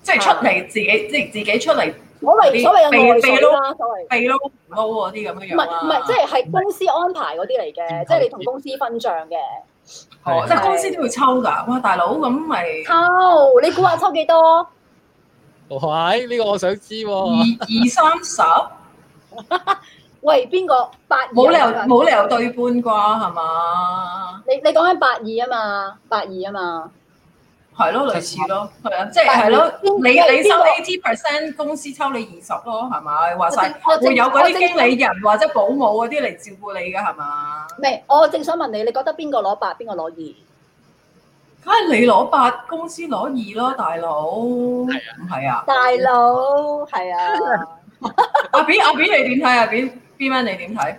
即係出嚟自己，即係自己出嚟。所謂所謂嘅外賣啦，所謂地攤貓啲咁嘅嘢，唔係唔係，即係公司安排嗰啲嚟嘅，即係你同公司分賬嘅。哦，即係公司都會抽㗎。哇，大佬咁咪？抽，你估下抽幾多？喂，呢、這個我想知喎。二二三十， 喂，邊個八二？冇理由冇理由對半啩，係嘛？你你講緊八二啊嘛，八二啊嘛，係咯，類似咯，係啊二，即係係咯，你你收 eighty percent，公司抽你二十咯，係咪？話晒會有嗰啲經理人或者保姆嗰啲嚟照顧你嘅係嘛？未，我正想問你，你覺得邊個攞八，邊個攞二？梗係你攞八，公司攞二咯，大佬。係啊，係啊，大佬係啊。阿炳阿炳你點睇？阿炳，B M 你點睇？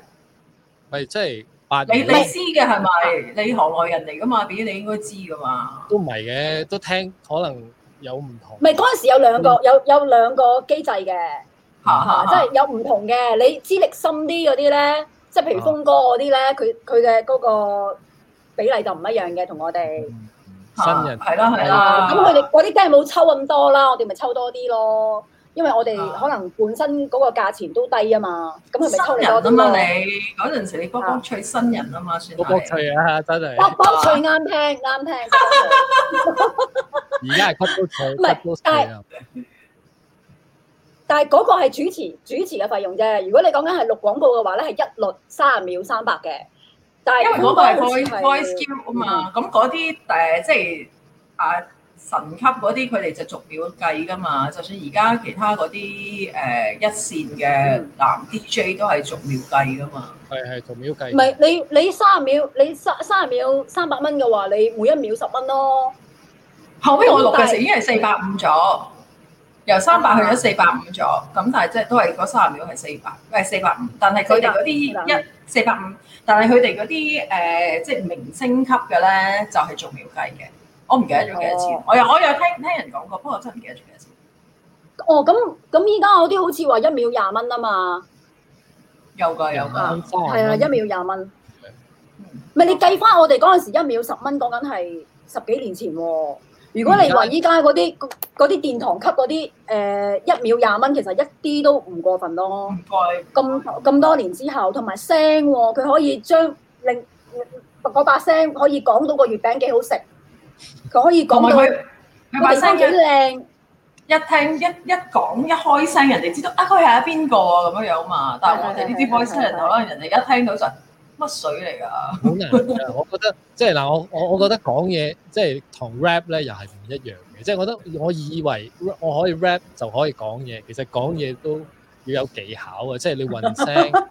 咪即係八。你你知嘅係咪？你行內人嚟㗎嘛？炳，你應該知㗎嘛？都唔係嘅，都聽可能有唔同。咪嗰陣時有兩個，有有兩個機制嘅，嚇嚇，即係有唔同嘅。你資歷深啲嗰啲咧，即係譬如風哥嗰啲咧，佢佢嘅嗰個比例就唔一樣嘅，同我哋。新人係啦，係啦，咁佢哋嗰啲梗係冇抽咁多啦，我哋咪抽多啲咯，因為我哋可能本身嗰個價錢都低啊嘛，咁佢咪抽多啊嘛。你嗰陣時你卜卜脆新人嘛，啊嘛，算係，卜卜脆啊真係、啊，卜卜脆，啱聽啱聽，而家係卜卜脆。唔係，但係但係嗰個係主持主持嘅費用啫，如果你講緊係錄廣告嘅話咧，係一律三十秒三百嘅。因為嗰個係 voice voice 啊嘛，咁嗰啲誒，即係啊神級嗰啲，佢哋就逐秒計噶嘛。就算而家其他嗰啲誒，一線嘅男 DJ 都係逐秒計噶嘛。係，係逐秒計。唔係你你三十秒你三三十秒三百蚊嘅話，你每一秒十蚊咯。後尾我錄嘅時已經係四百五咗。 嗯 由三百去咗四百五咗，咁但係即係都係嗰三十秒係四百，唔係四百五。但係佢哋嗰啲一四百五，450，但係佢哋嗰啲誒即係明星級嘅咧，就係做秒計嘅。我唔記得咗幾多錢，哦我，我又我又聽聽人講過，不過真係唔記得咗幾多錢。哦，咁咁依家我啲好似話一秒廿蚊啊嘛，有㗎有㗎，係啊一秒廿蚊。唔咪、嗯、你計翻我哋嗰陣時一秒十蚊，講緊係十幾年前喎。如果你話依家嗰啲嗰嗰啲殿堂級嗰啲，誒一秒廿蚊，其實一啲都唔過分咯。唔該。咁咁多年之後，同埋聲喎，佢可以將令嗰把聲可以講到個月餅幾好食。佢可以講到。唔係佢，佢嘅聲幾靚。一聽一一講一開聲，人哋知道啊，佢係邊個啊咁樣樣嘛。但係我哋呢啲開聲人，可能人哋一聽到就。乜水嚟噶？好難啊！我覺得即係嗱，我我我覺得講嘢即係同 rap 咧又係唔一樣嘅。即係我覺得我以為我可以 rap 就可以講嘢，其實講嘢都要有技巧啊！即係 你混聲， 的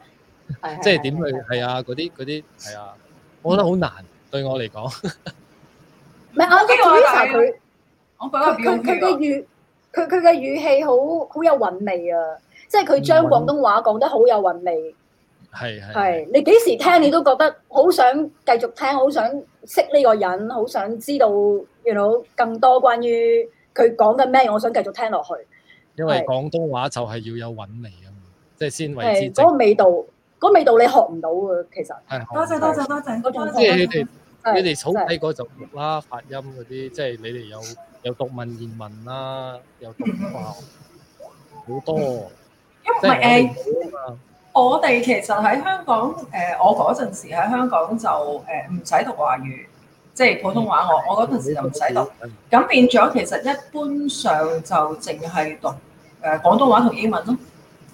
即係點去係啊？嗰啲嗰啲係啊！我覺得好難對我嚟講。唔係我覺得佢佢嘅語佢佢嘅語氣好好有韻味啊！即係佢將廣東話講得好有韻味。 係係，係你幾時聽你都覺得好想繼續聽，好想識呢個人，好想知道知道更多關於佢講緊咩，我想繼續聽落去。因為廣東話就係要有韻味啊嘛，即係先為之。嗰個味道，嗰味道你學唔到噶，其實。係。多謝多謝多謝，唔該。即係你哋，你哋好睇嗰集錄啦，發音嗰啲，即係你哋有有讀文言文啦，有讀古文好多，因為好我哋其實喺香港，誒、呃，我嗰陣時喺香港就誒唔使讀華語，即係普通話我。我我嗰陣時就唔使讀，咁變咗其實一般上就淨係讀誒、呃、廣東話同英文咯。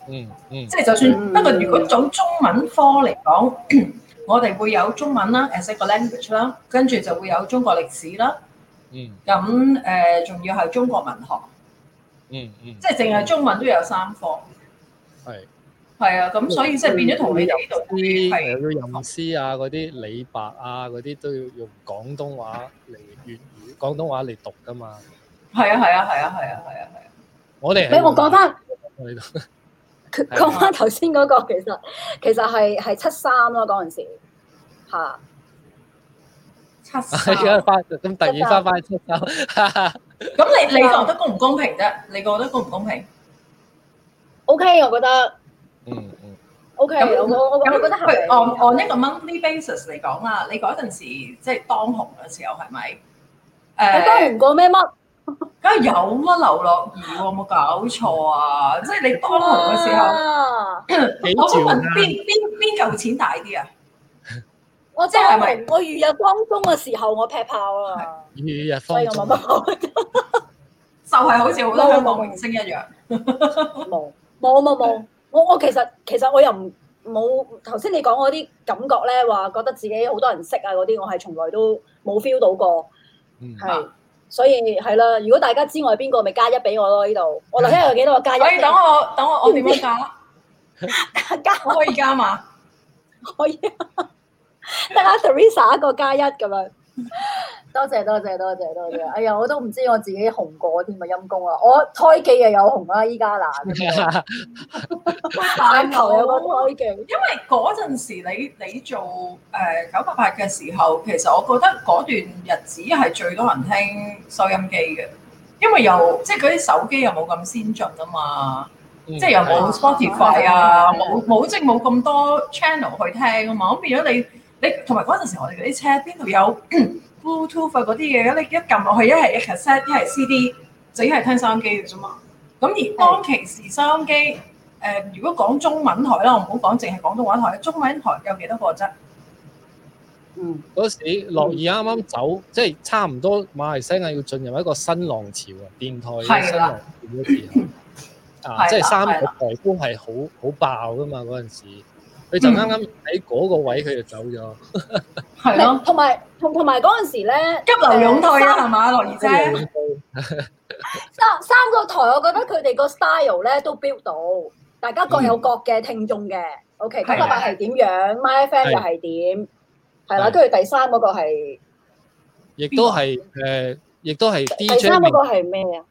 嗯，嗯，即係就算不過，嗯、如果講中文科嚟講，我哋會有中文啦，as a language 啦，跟住就會有中國歷史啦。嗯，咁誒仲要係中國文學。嗯嗯，嗯即係淨係中文都有三科。係、嗯。嗯嗯。係 啊，咁所以即係變咗同你呢度啲誒個吟詩啊，嗰啲李白啊，嗰啲都要用廣東話嚟粵語，廣東話嚟讀噶嘛。係啊，係 啊，係啊，係 啊，係啊，係 啊。我哋你我 講翻講翻頭先嗰個，其實其實係係七三咯、啊，嗰、那、陣、個、時嚇、啊、七三。咁第二翻翻去七三。咁、 嗯、你你覺得公唔公平啫？你覺得公唔公平？O、okay, K，我覺得。嗯 OK，我我咁覺得係。on 一個 monthly basis 嚟講啊，你嗰陣時即係當紅嘅時候係咪？誒當紅過咩乜？梗係有乜劉落？而我冇搞錯啊！即係你當紅嘅時候，我想問邊邊邊嚿錢大啲啊？我即係我，我如日方中嘅時候，我劈炮啊！如日方中就係好似好多香港明星一樣，冇冇冇冇。我我其實其實我又唔冇頭先你講嗰啲感覺咧，話覺得自己好多人識啊嗰啲，我係從來都冇 feel 到過，嗯，係，所以係啦。如果大家知我係邊個，咪、就是、加一俾我咯。呢度，我留低有幾多個加一？可以等我等我，我點樣加？加 可以加嘛？ 可以、啊，得阿 Teresa 一個加一咁樣。多謝多謝多謝多謝，哎呀，我都唔知我自己紅過添，咪陰功啦，我胎記又有紅啦，依家難啊，難求啊，因為嗰陣時你你做誒九八八嘅時候，其實我覺得嗰段日子係最多人聽收音機嘅，因為、嗯、即又即係嗰啲手機又冇咁先進啊嘛，嗯、即係又冇 Spotify 啊，冇冇、嗯嗯、即冇咁多 channel 去聽啊嘛，咁變咗你。同埋嗰陣時我咳咳，我哋嗰啲車邊度有 Bluetooth 嗰啲嘢？你一撳落去，一係 cassette 一係 CD，整一係聽收音機嘅啫嘛。咁而當其時，收音機誒，如果講中文台啦，我唔好講，淨係廣東話台，中文台有幾多個啫、嗯？嗯，嗰時樂意啱啱走，即係差唔多馬來西亞要進入一個新浪潮啊！電台嘅新浪潮啊，即係三個台風係好好爆噶嘛嗰陣時。佢就啱啱喺嗰個位，佢就走咗。係咯，同埋同同埋嗰陣時咧，急流勇退啦，啊嘛，羅二姐。三三個台，我覺得佢哋個 style 咧都 build 到，大家各有各嘅聽眾嘅。O K，九八八係點樣？My FM 又係點？係啦，跟住第三嗰個係，亦都係誒，亦都係。第三嗰個係咩啊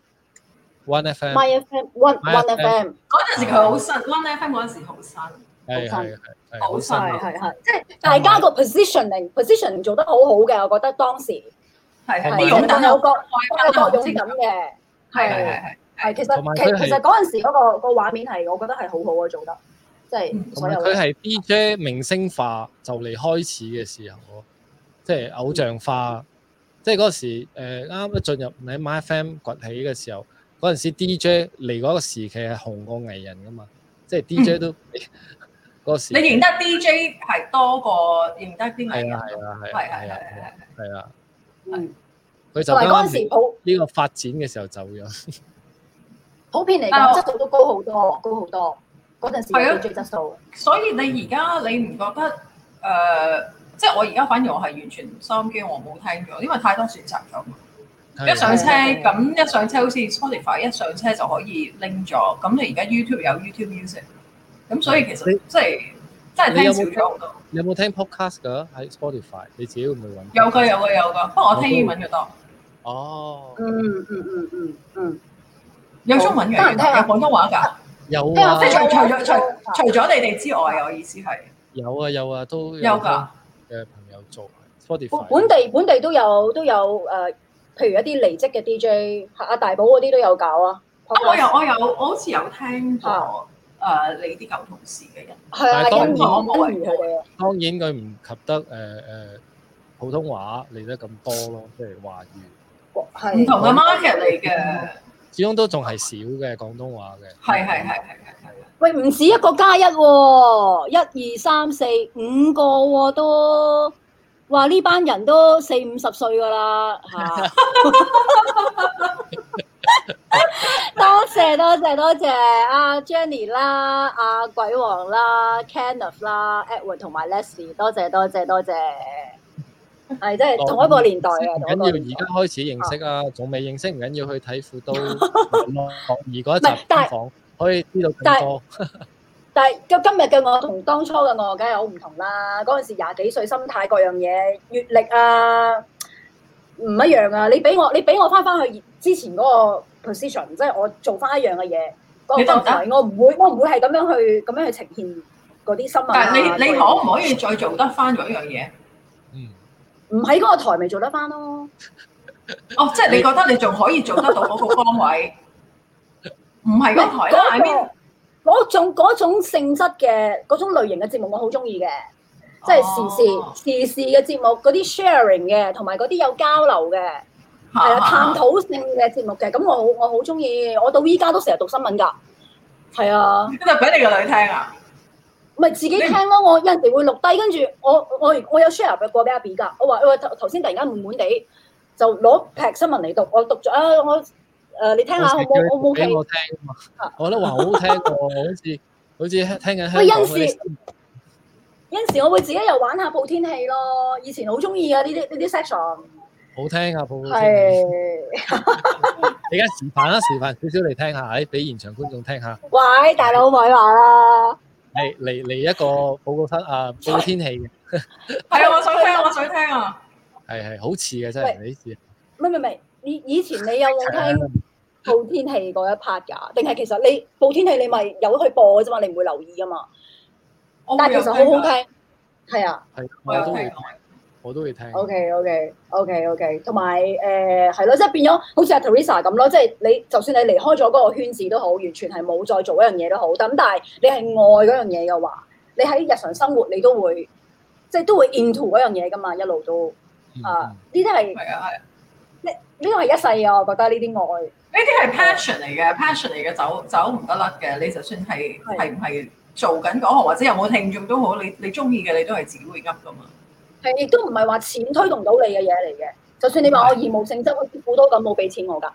？One FM，My FM，One One FM。嗰陣時佢好新，One FM 嗰陣時好新。係係係係係，即係大家個 position 定 position 做得好好嘅，我覺得當時係係，係我覺係有啲勇敢嘅，係係係係，其實其實嗰陣時嗰個個畫面係，我覺得係好好啊，做得即係。咁佢係 DJ 明星化就嚟開始嘅時候咯，即係偶像化，即係嗰時誒啱啱一進入喺 my FM a 崛起嘅時候，嗰陣時 DJ 嚟嗰個時期係紅過藝人噶嘛，即係 DJ 都。你認得 DJ 係多過認得啲藝人？係啊係啊係啊係啊係啊係佢、啊嗯、就嗰陣時呢個發展嘅時候走咗。普遍嚟講，我質素都高好多，高好多嗰陣時會追質素、啊。所以你而家你唔覺得誒？即、呃、係、就是、我而家反而我係完全唔收音機，我冇聽咗，因為太多選擇咗。啊、一上車咁、啊啊啊、一上車，好似 Spotify 一上車就可以拎咗。咁你而家 YouTube 有 YouTube Music。咁、嗯、所以其實即係即係聽少咗好多。你有冇聽 podcast 噶喺 Spotify？你自己會唔會揾？有噶有噶有噶，不過我聽英文嘅多。哦。嗯嗯嗯嗯嗯嗯。有中文嘅，聽下廣東話噶。有。啊，除除咗除除咗你哋之外，我意思係。有啊有啊，都有嘅朋友做。Spotify 的。本地本地都有都有誒、呃，譬如一啲離職嘅 DJ，阿大寶嗰啲都有搞啊。Podcast 哦、我有我有，我，有我好似有聽誒、啊，你啲舊同事嘅人係啊，因為我冇佢。當然佢唔及得誒誒、呃、普通話嚟得咁多咯，即係華語。係唔同嘅 market 嚟嘅。始終都仲係少嘅廣東話嘅。係係係係係係。的的喂，唔止一個加一喎、啊，一二三四五個喎、啊、都話呢班人都四五十歲㗎啦嚇。啊 多謝多謝多謝阿 Jenny 啦，阿鬼王啦，Kenneth 啦，Edward 同埋 Leslie，多謝多謝多謝，係即係同一個年代啊！唔緊要，而家開始認識啊，仲未、啊、認識唔緊要，去睇副都可以過一陣講，可以知道更多。但係但係今日嘅我同當初嘅我梗係好唔同啦，嗰陣時廿幾歲，心態各樣嘢，閱歷啊，唔一樣啊！你俾我你俾我翻翻去之前嗰、嗰個。position 即係我做翻一樣嘅嘢嗰個台，我唔會我唔會係咁樣去咁樣去呈現嗰啲新聞，啊。但係你你可唔可以再做得翻嗰一樣嘢？嗯，唔喺嗰個台咪做得翻咯。哦， oh, 即係你覺得你仲可以做得到嗰個崗位？唔係嗰台咯，嗰邊嗰種嗰種性質嘅嗰種類型嘅節、哦、節目，我好中意嘅，即係時事時事嘅節目，嗰啲 sharing 嘅同埋嗰啲有交流嘅。係啊，探討性嘅節目嘅，咁我好我好中意，我到依家都成日讀新聞㗎。係啊，咁就俾你個女聽啊？唔係自己聽咯，我有陣時會錄低，跟住我我我有 share 過俾阿 B 㗎。我話：我話頭先突然間悶悶地，就攞劈新聞嚟讀。我讀咗啊，我誒、呃、你聽下我冇俾我聽啊！好好聽我都話好聽過， 好似好似聽緊聽有陣時，有陣時我會自己又玩下報天氣咯。以前好中意啊呢啲呢啲 section。好聽啊，報個天氣 你而家示範啦，示範少少嚟聽下，哎，俾現場觀眾聽下。喂，大佬咪話啦。嚟嚟嚟一個報告室啊，報天氣嘅。係 啊， 我想聽我想聽啊。係係，好似嘅真係，呢啲喂。咪咪咪，以不 以前你有冇聽報天氣嗰一 part 噶？定係其實你報天氣你咪有去播嘅啫嘛？你唔會留意噶嘛？我冇。但係其實好好聽，係啊。係的，我都會。 我都會聽。O K O K O K O K，同埋誒係咯，即係變咗好似阿 Teresa 咁咯，即係你就算你離開咗嗰個圈子都好，完全係冇再做一樣嘢都好。咁但係你係愛嗰樣嘢嘅話，你喺日常生活你都會即係都會 into 嗰樣嘢㗎嘛，一路都，啊，呢啲係，係啊係。呢呢個係一世啊，我覺得呢啲愛呢啲係 passion 嚟嘅，passion 嚟嘅，走走唔得甩嘅。你就算係係唔係做緊嗰行或者有冇聽眾都好，你你中意嘅你都係自己會噏㗎嘛。亦都唔係話錢推動到你嘅嘢嚟嘅。就算你話我義務性質，我啲股都咁冇俾錢我㗎。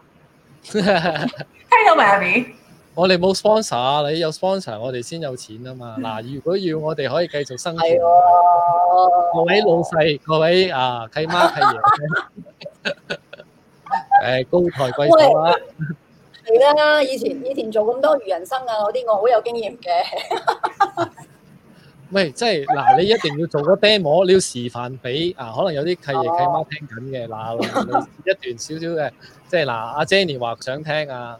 聽到未，阿 B？我哋冇 sponsor，你有 sponsor，我哋先有錢啊嘛。嗱， 如果要我哋可以繼續生存，的各位老細，各位啊，契媽契爺，誒、 啊，高抬貴手啊！係啦，以前以前做咁多魚人生啊，我啲我好有經驗嘅。 喂，即係嗱，你一定要做個 demo，你要示範俾啊，可能有啲契爺契媽聽緊嘅嗱，一段少少嘅，即係嗱，阿 Jenny 話想聽啊，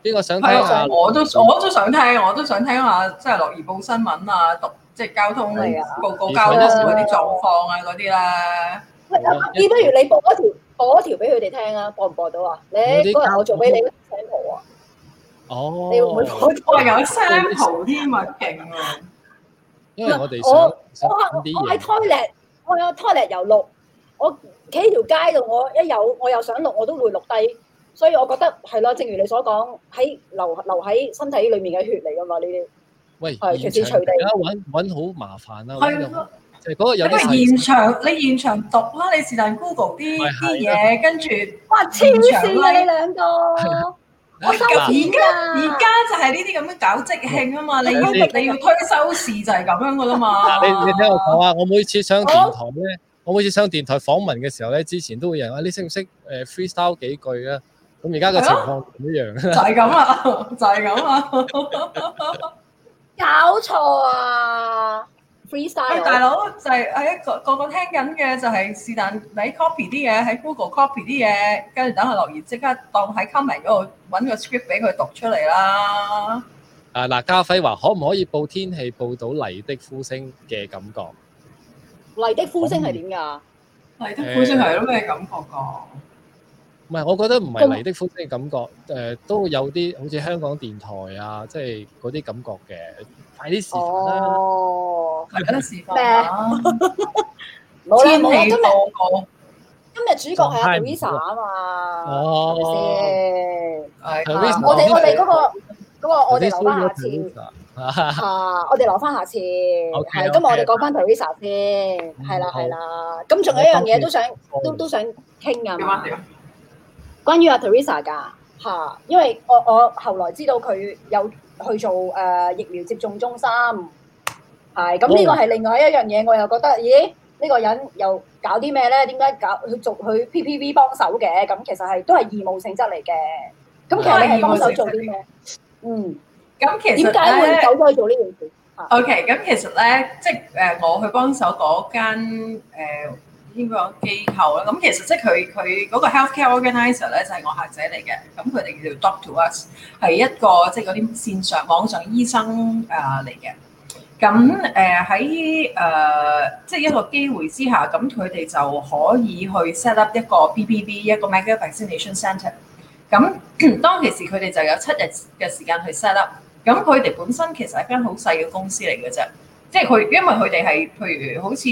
邊個想聽啊？我都我都想聽，我都想聽下、啊，即係樂兒報新聞啊，讀即係交通嚟報告交通嗰啲狀況啊，啊，嗰啲啦。喂、啊，阿 Mark，不如你播一條播一條俾佢哋聽啊，播唔播到啊？你嗰日我做俾你 sample、哦、啊？哦，我我仲有 sample 添啊，勁啊！啊啊啊因為我哋想我喺 toilet，我有 toilet 又錄，我企喺條街度，我一有我又想錄，我都會錄低，所以我覺得係咯，正如你所講，喺流流喺身體裏面嘅血嚟㗎嘛，呢啲喂，係隨時隨地，揾好麻煩啦，我覺得。係嗰個有現場，你現場讀啦，你是但 Google 啲啲嘢，跟住哇，天線啊，你兩個。我而家而家就係呢啲咁樣搞即興啊嘛，你因為你要推收視就係咁樣噶啦嘛。 你你聽我講啊，我每次上電台咧，哦、我每次上電台訪問嘅時候咧，之前都會有人話、啊：你識唔識誒 freestyle 幾句啊？咁而家個情況唔一樣就係、係、咁 啊！就係咁啊！搞錯啊！誒，大佬就係誒，個個聽緊嘅就係是但你 copy 啲嘢，喺 Google copy 啲嘢，跟住等佢落完即刻當喺 comment 嗰度揾個 script 俾佢讀出嚟啦。啊嗱，家輝話可唔可以報天氣報到麗的呼聲嘅感覺？麗的呼聲係點㗎？麗的呼聲係咩感覺㗎？唔係，我覺得唔係麗的呼聲嘅感覺，誒都有啲好似香港電台啊，即係嗰啲感覺嘅。快啲時分啦，快啲時分啦。冇啦冇啦，今日今日主角係阿露 isa 啊嘛。哦，係。我哋我哋嗰個嗰個我哋留翻下次。我哋留翻下次。係，今日我哋講翻露 isa 先。係啦係啦，咁仲有一樣嘢都想都都想傾啊嘛。關於阿 Teresa 噶嚇，因為我我後來知道佢有去做誒疫苗接種中心，係咁，呢個係另外一樣嘢，我又覺得咦呢個人又搞啲咩咧？點解搞去做去 PPV 幫手嘅？咁其實係都係義務性質嚟嘅。咁其實你係幫手做啲咩？嗯，咁其實點解會走咗去做呢件事？OK，咁其實咧，即係誒，我去幫手嗰間誒。呢個機構啦，咁其實即係佢佢嗰個 healthcare organizer 咧就係我客仔嚟嘅，咁佢哋叫做 Doctor Us，係一個即係嗰啲線上網上醫生啊嚟嘅。咁誒喺誒即係一個機會之下，咁佢哋就可以去 set up 一個 BBB 一個 mega vaccination centre。咁 當其時佢哋就有七日嘅時間去 set up。咁佢哋本身其實係一間好細嘅公司嚟嘅啫，即係佢因為佢哋係譬如好似。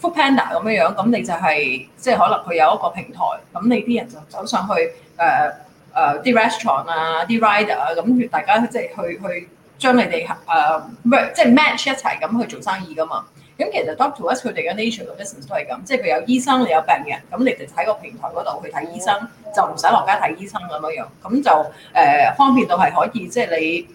Foodpanda 咁樣樣，咁你就係即係可能佢有一個平台，咁你啲人就走上去，誒誒啲 restaurant 啊，啲、uh, rider 啊，咁大家即係去去將你哋誒即係 match 一齊咁去做生意噶嘛。咁其實 Doctor's 佢哋嘅 natural medicine 都係咁，即係佢有醫生，你有病人，咁你哋喺個平台嗰度去睇醫生，就唔使落街睇醫生咁樣樣，咁就誒、uh, 方便到係可以即係、就是、你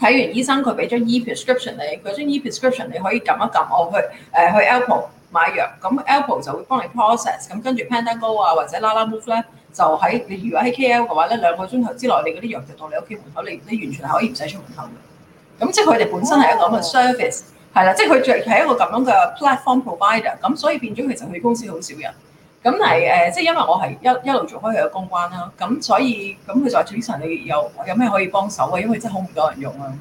睇完醫生，佢俾張 e prescription 你，嗰張 e prescription 你可以撳一撳我去誒、呃、去 Apple。買藥咁 Apple 就會幫你 process，咁跟住 Pandago 啊或者 LaLaMove 咧，就喺你如果喺 KL 嘅話咧，兩個鐘頭之內你嗰啲藥就到你屋企門口，你你完全係可以唔使出門口嘅。咁即係佢哋本身係一個咁嘅 service，係啦、哦，即係佢著係一個咁樣嘅 platform provider，咁所以變咗其實佢公司好少人。咁係誒，即係因為我係一一路做開佢嘅公關啦，咁所以咁佢就話 d 你有有咩可以幫手啊？因為真係好唔多人用啊，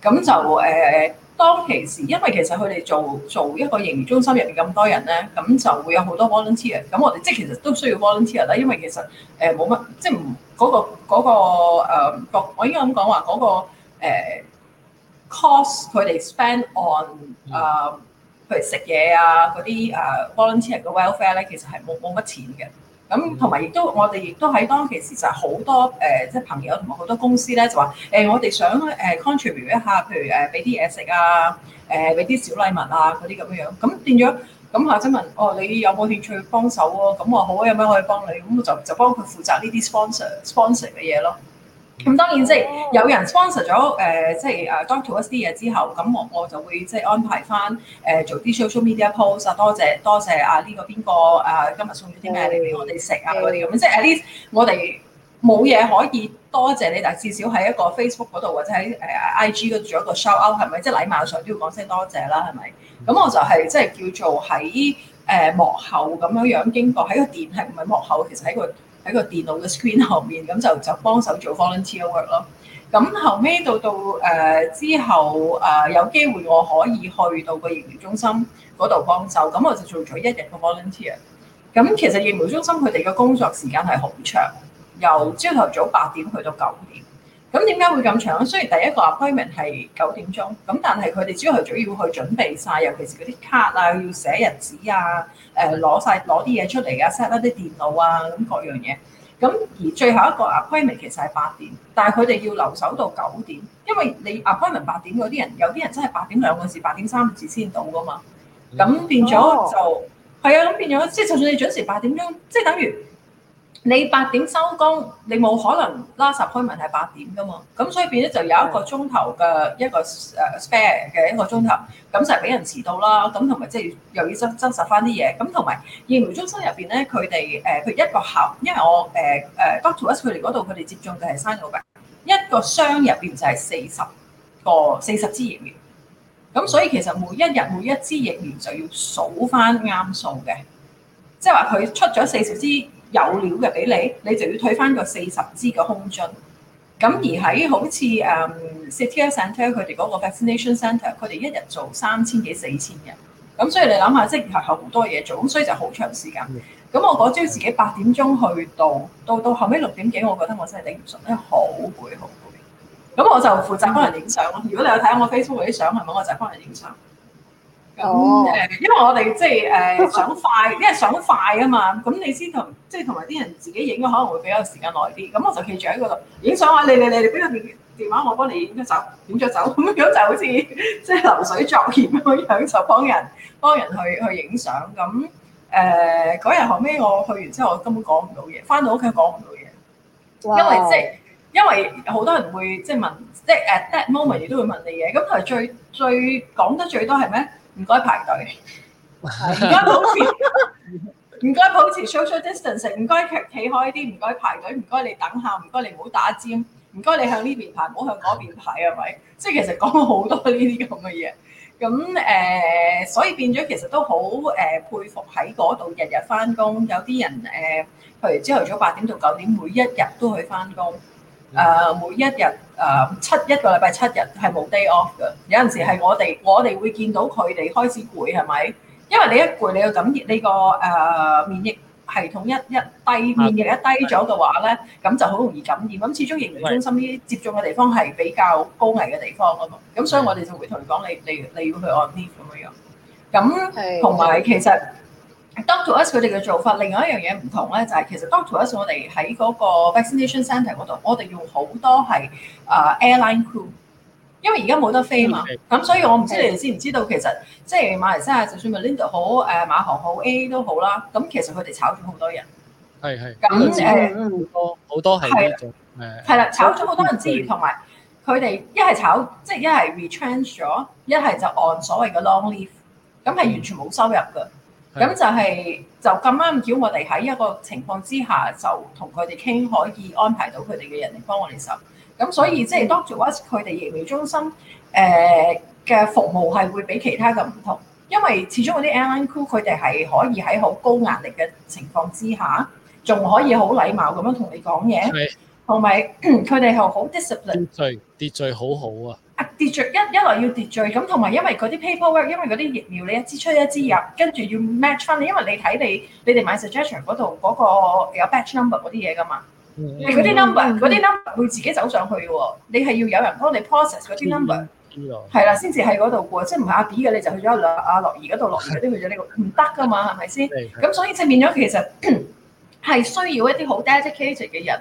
咁就誒。呃當其時，因為其實佢哋做做一個營業中心入面咁多人咧，咁就會有好多 volunteer。咁我哋即係其實都需要 volunteer 啦，因為其實誒冇乜，即係唔嗰個嗰、嗰個、誒、我應該咁講話嗰個、誒、cost 佢哋 spend on 誒、呃、譬如食嘢啊嗰啲誒 volunteer 嘅 welfare 咧，其實係冇冇乜錢嘅。咁同埋亦都，嗯、我哋亦都喺當其時就、呃，就好多誒，即係朋友同埋好多公司咧，就話誒、呃，我哋想誒 contribute 一下，譬如誒，俾啲嘢食啊，誒、呃，俾啲小禮物啊，嗰啲咁樣樣。咁變咗，咁我就問，哦，你有冇興趣幫手啊？咁話好啊，有咩可以幫你？咁我就就幫佢負責呢啲 sponsor，sponsor 嘅嘢咯。咁當然即係有人 sponsor 咗誒，即係誒 document 一啲嘢之後，咁我我就會即係安排翻誒做啲 social media post 啊，多謝多謝啊，呢個邊個誒今日送咗啲咩你俾我哋食啊，嗰啲咁，即係 at least 我哋冇嘢可以多謝你，但係至少喺一個 Facebook 嗰度或者喺誒 IG 嗰度做一個 shoutout 係咪？即係禮貌上都要講聲多謝啦，係咪？咁我就係即係叫做喺誒幕後咁樣樣經過喺個電，係唔係幕後其實喺個。喺個電腦嘅 screen 後面，咁就就幫手做 volunteer work 咯。咁後尾到到誒、呃、之後，啊、呃、有機會我可以去到個營業中心嗰度幫手，咁我就做咗一日嘅 volunteer。咁其實營業中心佢哋嘅工作時間係好長，由朝頭早八點去到九點。咁點解會咁長咧？雖然第一個 appointment 係九點鐘，咁但係佢哋朝頭早要去準備晒，尤其是嗰啲卡啊，要寫日子啊，誒攞晒攞啲嘢出嚟啊，set 一啲電腦啊，咁各樣嘢。咁而最後一個 appointment 其實係八點，但係佢哋要留守到九點，因為你 appointment 八點嗰啲人，有啲人真係八點兩個字、八點三個字先到噶嘛。咁變咗就係啊！咁、嗯哦、變咗，即係就算你準時八點鐘，即係等於。你八點收工，你冇可能 last appointment 係八點噶嘛？咁所以變咗就有一個鐘頭嘅一個誒 spare 嘅一個鐘頭，咁就係俾人遲到啦。咁同埋即係又要真真實翻啲嘢，咁同埋疫苗中心入邊咧，佢哋誒佢一個盒，因為我誒誒 Doctor us 佢哋嗰度，佢、呃、哋接種嘅係生六八一個箱入邊就係四十個四十支疫苗，咁所以其實每一日每一支疫苗就要數翻啱數嘅，即係話佢出咗四十支。有料嘅俾你，你就要退翻個四十支嘅空樽。咁而喺好似誒、um, City Center 佢哋嗰個 vaccination center，佢哋一日做三千幾四千人。咁所以你諗下，即係係好多嘢做，咁所以就好長時間。咁我嗰朝自己八點鐘去到到到後尾六點幾，我覺得我真係頂唔順，因為好攰好攰。咁我就負責幫人影相咯。 如果你有睇我 Facebook 嗰啲相係咪？我就幫人影相。咁誒，哦、因為我哋即係誒想快，因為想快啊嘛。咁你先同即係同埋啲人自己影嘅可能會比較時間耐啲。咁我就企住喺嗰度影相話：你你你，你畀個電電話？我幫你影咗手，影咗手，咁樣就好似即係流水作業咁樣，就幫人幫人去去影相。咁誒嗰日後尾我去完之後，我根本講唔到嘢，翻到屋企講唔到嘢，因為即係因為好多人會即係問，即係 at that moment 亦都會問你嘢。咁同埋最最講得最多係咩？唔該排隊，唔該保持，唔該 保持 social distance，唔該企企開啲，唔該排隊，唔該你等下，唔該你唔好打尖，唔該你向呢邊排，唔好向嗰邊排，係咪？即係其實講好多呢啲咁嘅嘢。咁誒、呃，所以變咗其實都好誒、呃、佩服喺嗰度日日返工，有啲人誒、呃，譬如朝頭早八點到九點，每一日都去返工。誒、呃、每一日誒、呃、七一個禮拜七日係冇 day off 嘅，有陣時係我哋我哋會見到佢哋開始攰，係咪？因為你一攰你要感染呢個誒、呃、免疫系統一一低，免疫一低咗嘅話咧，咁的就好容易感染。咁、嗯、始終營養中心呢啲接種嘅地方係比較高危嘅地方啊嘛，咁所以我哋就會同你講的：你你你要去 on leave 咁樣樣。咁同埋其實。Doctorus 佢哋嘅做法，另外一樣嘢唔同咧，就係、是、其實 Doctorus 我哋喺嗰個 vaccination centre 嗰度，我哋用好多係啊 airline crew，因為而家冇得飛嘛，咁 Okay. 所以我唔知你哋知唔知道，其實 Okay. 即係馬來西亞，就算 Malindo 好誒，馬航好 A 都好啦，咁其實佢哋炒咗好多人，係係，咁好多好多係誒係啦，炒咗好多人之餘，同埋佢哋一係炒即係一係 retrench 咗，一 係樂就按所謂嘅 long leave，咁係完全冇收入㗎。 咁就係、是、就咁啱巧我哋喺一個情況之下就，就同佢哋傾可以安排到佢哋嘅人嚟幫我哋手。咁所以、嗯、即係 Doctor West 佢哋疫苗中心誒嘅、呃、服務係會比其他嘅唔同，因為始終嗰啲 Airline Crew 佢哋係可以喺好高壓力嘅情況之下，仲可以好禮貌咁樣同你講嘢，同埋佢哋以係好 discipline，秩序秩序好好啊！啊！疊著一一來要秩序，咁同埋因為嗰啲 paperwork，因為嗰啲疫苗你一支出一支入，跟住要 match 翻你，因為你睇你你哋買 suggestion 嗰度嗰、嗰個有 batch number 嗰啲嘢噶嘛，你嗰啲 number 嗰啲、嗯嗯、number 會自己走上去喎，你係要有人幫你 process 嗰啲 number，係啦、嗯，先至喺嗰度過，即係唔係阿 B 嘅你就去咗阿阿樂嗰度落，嗰啲去咗呢、呢個唔得噶嘛，係咪先？咁、嗯嗯、所以即係變咗其實係需要一啲好 dedicated 嘅人。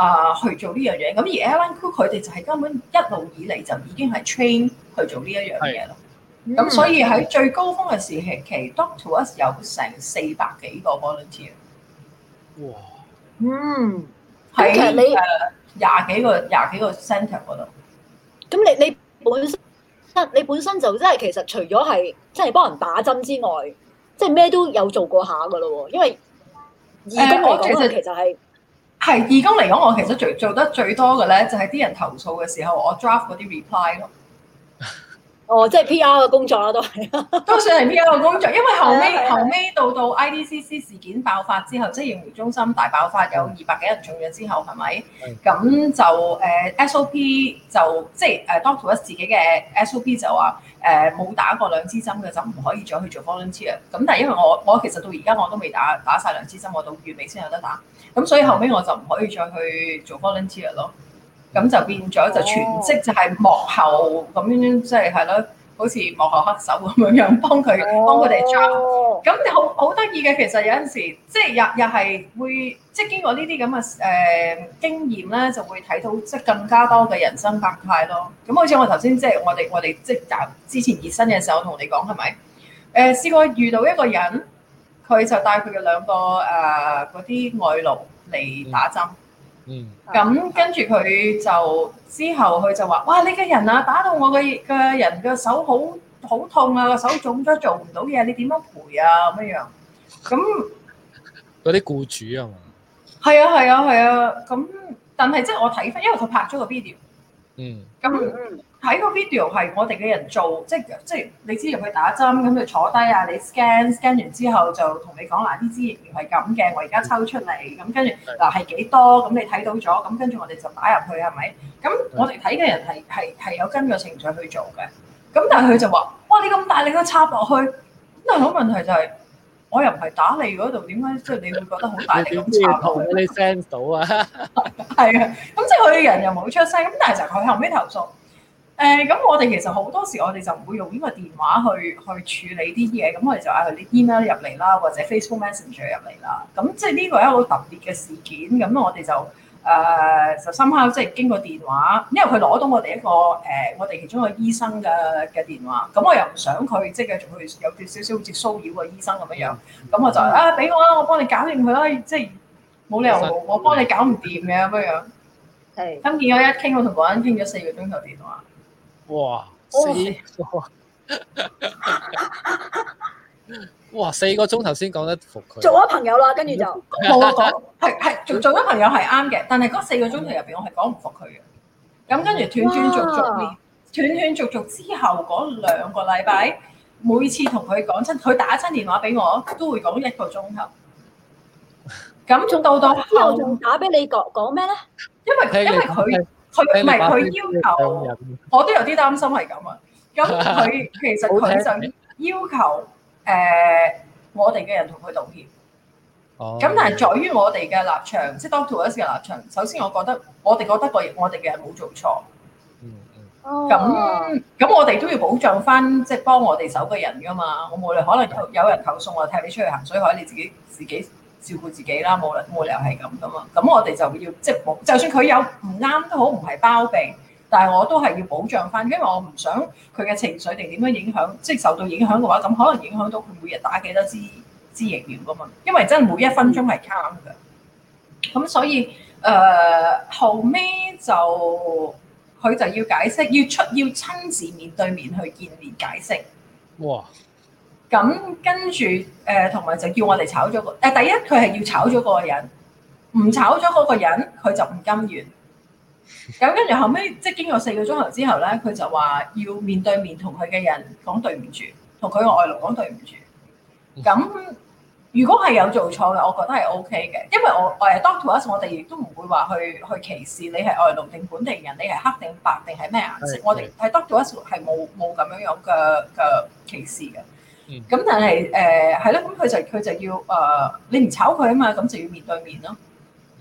啊，去做呢樣嘢，咁而 Airline Crew 佢哋就係根本一路以嚟就已經係 train 去做呢一樣嘢咯。咁的、嗯、所以喺最高峰嘅時期的，Doctorus 有成四百幾個 volunteer。哇！嗯，喺誒廿幾個廿幾個 centre 嗰度。咁你你本身你本身就真係其實除咗係即係幫人打針之外，即係咩都有做過下㗎咯。因為講，如果、呃、我講其實係。係義工嚟講，我其實最做得最多嘅咧，就係、是、啲人投訴嘅時候，我 draft 嗰啲 reply 咯。哦，即係 P. R. 嘅工作啦、啊，都係 都算係 P. R. 嘅工作。因為後尾後尾到到 I. D. C. C. 事件爆發之後，即係疫苗中心大爆發，有二百幾人中咗之後，係咪？咁的就誒、uh, S. O. P. 就即係、就是 uh, doctor 自己嘅 S. O. P. 就話誒冇打過兩支針嘅就唔可以再去做 volunteer。咁但係因為我我其實到而家我都未打打曬兩支針，我到月尾先有得打。咁所以後尾我就唔可以再去做 volunteer 咯，咁就變咗就全職就係幕後咁、oh. 樣、就係，即係係咯，好似幕後黑手咁樣樣幫佢幫佢哋 job。咁好好得意嘅，其實有陣時即係又又係會即係經過呢啲咁嘅誒經驗咧，就會睇到即係更加多嘅人生百態咯。咁好似我頭先即係我哋我哋即係打之前熱身嘅時候同你講係咪？誒、呃、試過遇到一個人。佢就帶佢嘅兩個誒嗰啲外勞嚟打針，嗯，咁跟住佢就之後佢就話：哇！你嘅人啊，打到我嘅嘅人嘅手好好痛啊，個手腫咗，做唔到嘢，你點樣賠啊？咁樣樣，咁嗰啲僱主啊嘛，係啊係啊係啊，咁但係即係我睇返，因為佢拍咗個 video，嗯，咁。睇個 video 係我哋嘅人做，即係即係你知入去打針咁就坐低啊，你 scan scan 完之後就同你講嗱，呢支疫苗係咁嘅，我而家抽出嚟，咁跟住嗱係幾多，咁你睇到咗，咁跟住我哋就打入去係咪？咁我哋睇嘅人係係係有跟個程序去做嘅，咁但係佢就話：哇！你咁大力都插落去，咁但係好問題就係、是，我又唔係打你嗰度，點解即係你會覺得好大力咁插落去？你 send 到啊！係 啊，咁即係佢嘅人又冇出聲，咁但係就佢後尾投訴。誒咁，嗯、我哋其實好多時，我哋就唔會用呢個電話去去處理啲嘢。咁我哋就嗌佢啲 email 入嚟啦，或者 Facebook Messenger 入嚟啦。咁即係呢個係一個特別嘅事件。咁、嗯、我哋就誒、呃、就深刻即係經過電話，因為佢攞到我哋一個誒、呃，我哋其中一個醫生嘅嘅電話。咁我又唔想佢即係仲去有少少好似騷擾個醫生咁樣樣。咁我就啊，俾我啦，我幫你搞掂佢啦。即係冇理由、就是、我幫你搞唔掂嘅咁樣樣。係咁，見是我一傾，我同嗰個人傾咗四個鐘頭電話。哇，四個哇四個鐘頭先講得服佢，做咗朋友啦，跟住就冇講，係係做做咗朋友係啱嘅，但係嗰四個鐘頭入邊我係講唔服佢嘅。咁跟住斷斷續續，斷斷續續之後嗰兩個禮拜，每次同佢講親，佢打親電話俾我都會講一個鐘頭。咁仲到到之後，仲打俾你講講咩咧？因為因為佢。佢唔係佢要求，我都有啲擔心係咁啊。咁佢其實佢想要求誒、 呃、我哋嘅人同佢道歉。哦。咁但係在於我哋嘅立場，即、就、係、是、Doctor Who 嘅立場。首先我覺得我哋覺得個我哋嘅人冇做錯。嗯、咁咁我哋都要保障翻，即、就、係、是、幫我哋手嘅人㗎嘛。我無論可能有人投訴，我踢你出去行，所以你自己自己。自己照顧自己啦，冇啦，冇理由係咁噶嘛。咁、嗯、我哋就要即係就算佢有唔啱都好，唔係包庇，但係我都係要保障翻，因為我唔想佢嘅情緒定點樣影響，即係受到影響嘅話，咁可能影響到佢每日打幾多支支疫苗噶嘛。因為真係每一分鐘係 count 㗎。咁、嗯、所以誒、呃、後尾就佢就要解釋，要出要親自面對面去見面解釋。哇！咁、嗯、跟住，誒同埋就叫我哋炒咗個誒、呃。第一佢係要炒咗嗰個人，唔炒咗嗰個人佢就唔甘願。咁跟住後尾，即係經過四個鐘頭之後咧，佢就話要面對面同佢嘅人講對唔住，同佢個外勞講對唔住。咁如果係有做錯嘅，我覺得係 OK 嘅，因為我、mm hmm. 我 Doctor Us 我哋亦都唔會話去去歧視你係外勞定本地人，你係黑定白定係咩顏色？Mm hmm. 我哋喺 Doctor Us 係冇冇咁樣樣嘅嘅歧視嘅。咁、嗯、但係誒係咯，咁、呃、佢就佢就要誒、呃、你唔炒佢啊嘛，咁就要面對面咯。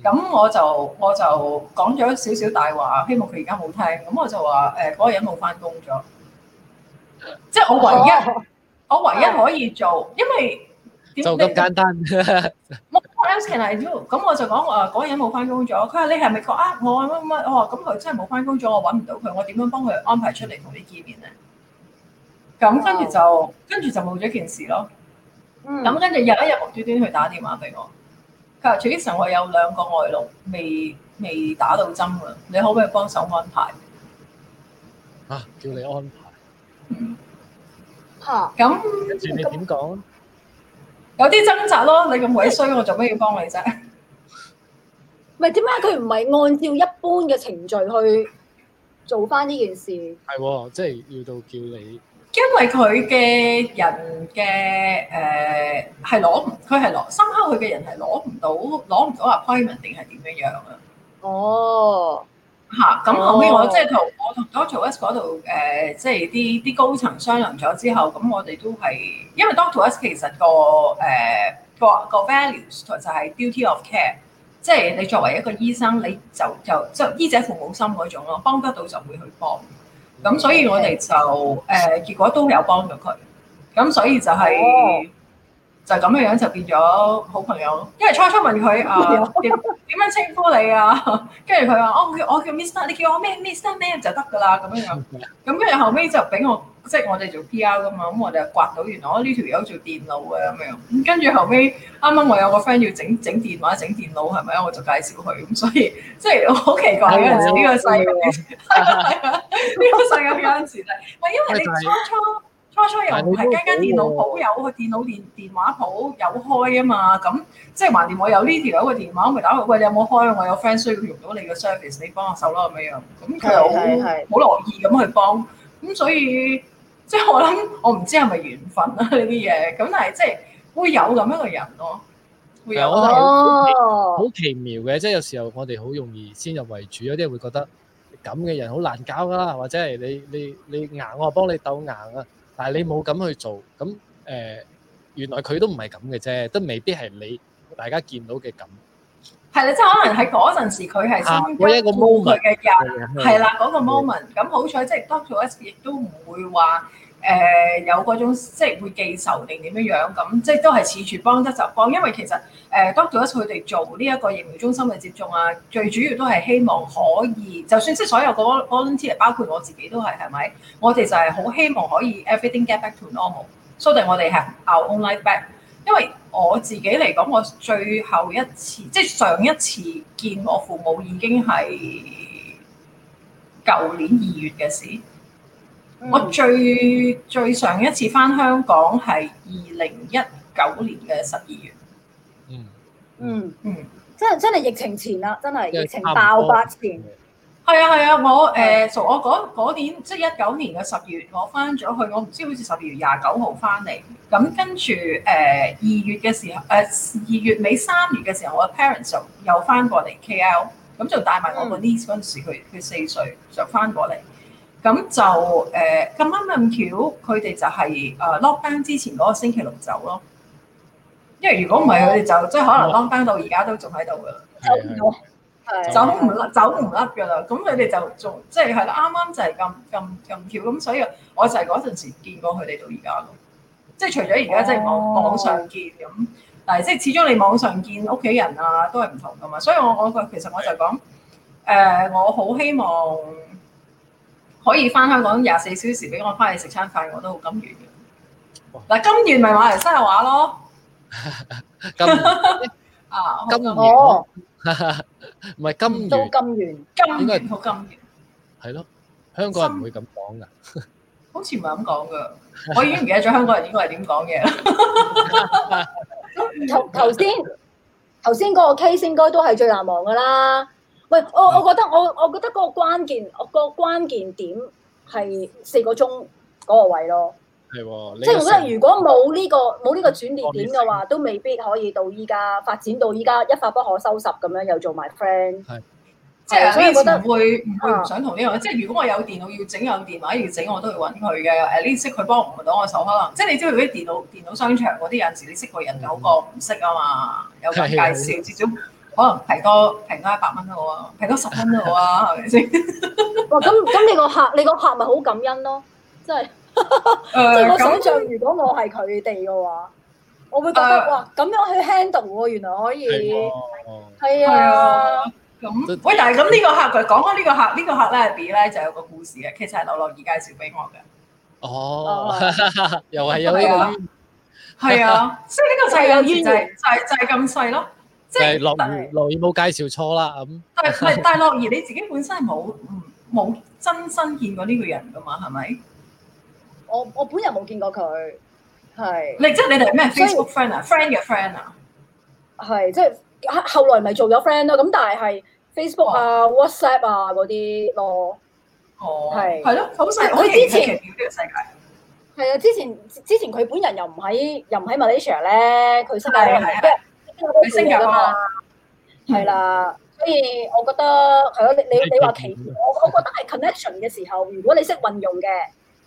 咁、嗯嗯、我就我就講咗少少大話，希望佢而家好聽。咁我就話誒嗰人冇翻工咗，即係我唯一、哦、我唯一可以做，啊、因為就咁簡單。What else can I do？咁我就講誒嗰人冇翻工咗。佢話你係咪覺啊？我乜乜我話咁佢真係冇翻工咗，我揾唔到佢，我點樣幫佢安排出嚟同你見面咧？咁跟住就，oh. 跟住就冇咗件事咯。咁跟住日一日無端端去打電話俾我，佢話：徐醫生，我有兩個外勞未未打到針㗎，你可唔可以幫手安排？啊，叫你安排。嚇 那！咁跟住你點講？嗯、ma, 有啲掙扎咯，你咁鬼衰，我做咩要幫你啫？唔係，點解佢唔係按照一般嘅程序去做翻呢件事？係喎、啊，即、就、係、是、要到叫你。因為佢嘅人嘅誒係攞唔，佢係攞深刻佢嘅人係攞唔到，攞唔到 appointment 定係點樣樣？哦，啊？哦，嚇，就是！咁後尾我即係同我同 Doctor S 嗰度誒，即係啲啲高層商量咗之後，咁我哋都係因為 Doctor S 其實、那個誒個、呃那個 values 就係 duty of care，即係你作為一個醫生，你就就就醫者父母心嗰種咯，幫得到就會去幫。咁、嗯、所以我哋就誒、呃、結果都有幫到佢，咁、嗯、所以就係、是。哦。就咁嘅樣就變咗好朋友，因為初初問佢誒點點樣稱呼你啊，跟住佢話我叫我叫 Mr 你叫我咩 Mr 咩就得噶啦咁樣樣，咁跟住後尾就俾我即係我哋做 PR 噶嘛，咁我哋又刮到原來呢條友做電腦嘅咁樣，跟住後尾啱啱我有個 friend 要整整電話整電腦係咪啊？我就介紹佢，咁所以即係我好奇怪嗰陣呢個細有 個嘅呢個細個嗰陣時就，唔係因為你初初。開初又唔係間間電腦鋪有個電腦電電話鋪有開啊嘛，咁即係橫掂我有呢條友個電話，咪打去，喂，你有冇開？我有 friend 需要用到你嘅 service，你幫下手啦咁樣。咁佢又好好樂意咁去幫，咁所以即係我諗，我唔知係咪緣分啊呢啲嘢，咁但係即係會有咁樣嘅人咯，會有、啊會有啊、哦，好奇妙嘅，即係有時候我哋好容易先入為主，有啲人會覺得咁嘅人好難搞噶啦，或者係你你你，你，你硬我幫你鬥硬啊。但係你冇咁去做，咁誒、呃、原來佢都唔係咁嘅啫，都未必係你大家見到嘅咁。係啦，即係可能喺嗰陣時佢係新加做佢嘅人，係啦嗰個 moment。咁、那個、好彩即係 Doctor S 亦都唔會話。誒、呃、有嗰種即係會記仇定點樣樣咁，即係都係似住幫得就幫，因為其實誒當、呃、做一佢哋做呢一個疫苗中心嘅接種啊，最主要都係希望可以，就算即係所有個 volunteer 包括我自己都係，係咪？我哋就係好希望可以 everything get back to normal，所以我哋係 our own life back。因為我自己嚟講，我最後一次即係上一次見我父母已經係舊年二月嘅事。我最最上一次翻香港係二零一九年嘅十二月。嗯嗯嗯，嗯真係真係疫情前啦，真係疫情爆發前。係啊係啊，我誒從、呃 so, 我嗰年即係一九年嘅十月，我翻咗去，我唔知好似十二月廿九號翻嚟。咁跟住誒二月嘅時候，誒、呃、二月尾三月嘅時候，我嘅 parents 就又翻過嚟 KL，咁就帶埋我個 niece 嗰陣時，佢佢四歲就翻過嚟。咁就誒咁啱咁巧，佢哋就係誒 lock down 之前嗰個星期六走咯。因為如果唔係，佢哋就即係可能 lock down 到而家都仲喺度噶啦，走唔走唔甩，走唔甩噶啦。咁佢哋就仲即係係啦，啱啱就係咁咁咁巧。咁所以，我就係嗰陣時見過佢哋到而家咯。即係除咗而家即係網、oh. 網上見咁，但係即係始終你網上見屋企人啊，都係唔同噶嘛。所以我我個其實我就講誒、呃，我好希望。可以翻香港廿四小時俾我翻嚟食餐飯，我都好甘願嘅。嗱，甘願咪馬來西亞話咯。 甘願 啊，甘唔係甘願願。 甘願，甘願，好甘願。係咯，香港人唔會咁講㗎。 好似唔係咁講㗎。我已經唔記得咗香港人應該係點講嘢。頭頭先頭先嗰個 case 應該都係最難忘㗎啦。喂，我我覺得我我覺得嗰個關鍵，我個關鍵點係四個鐘嗰個位咯。係即係我覺得如果冇呢、呢個冇呢、嗯、個轉捩點嘅話，嗯、都未必可以到依家發展到依家一發不可收拾咁樣又做埋 friend。係的，即係所以唔會唔會唔想同呢樣。即係、啊、如果我有電腦要整，有電話要整，我都會揾佢嘅。誒，你識佢幫唔到我手可能，即係你知嗰啲電腦電腦商場嗰啲有陣時你識個人好過唔識啊嘛，有佢介紹至少。 可能提多提多一百蚊都好啊，提多十蚊都好啊，係咪先？哇！咁咁，你個客你個客咪好感恩咯，即係即係我想象，如果我係佢哋嘅話，我會覺得哇，咁樣去 handle 喎，原來可以，係啊，咁喂，但係咁呢個客，佢講開呢個客，呢個客咧係 B 咧，就有個故事嘅，其實係劉樂儀介紹俾我嘅。哦，又係有呢個，係啊，所以呢個就有淵源，就係就係咁細咯。即係樂兒，樂兒冇介紹錯啦咁。但係，但係樂兒你自己本身係冇，冇真身見過呢個人噶嘛？係咪？我我本人冇見過佢，係。你即係你哋係咩 Facebook friend 啊？Friend 嘅 friend 啊？係即係後後來咪做咗 friend 咯。咁但係係 Facebook 啊、WhatsApp 啊嗰啲咯。哦。係。係咯，好細我之前。係啊，之前之前佢本人又唔喺，又唔喺 Malaysia 咧，佢新界。你升入嘛？係啦、嗯，所以我覺得係咯，你你你話其我，我覺得係 connection 嘅時候，如果你識運用嘅，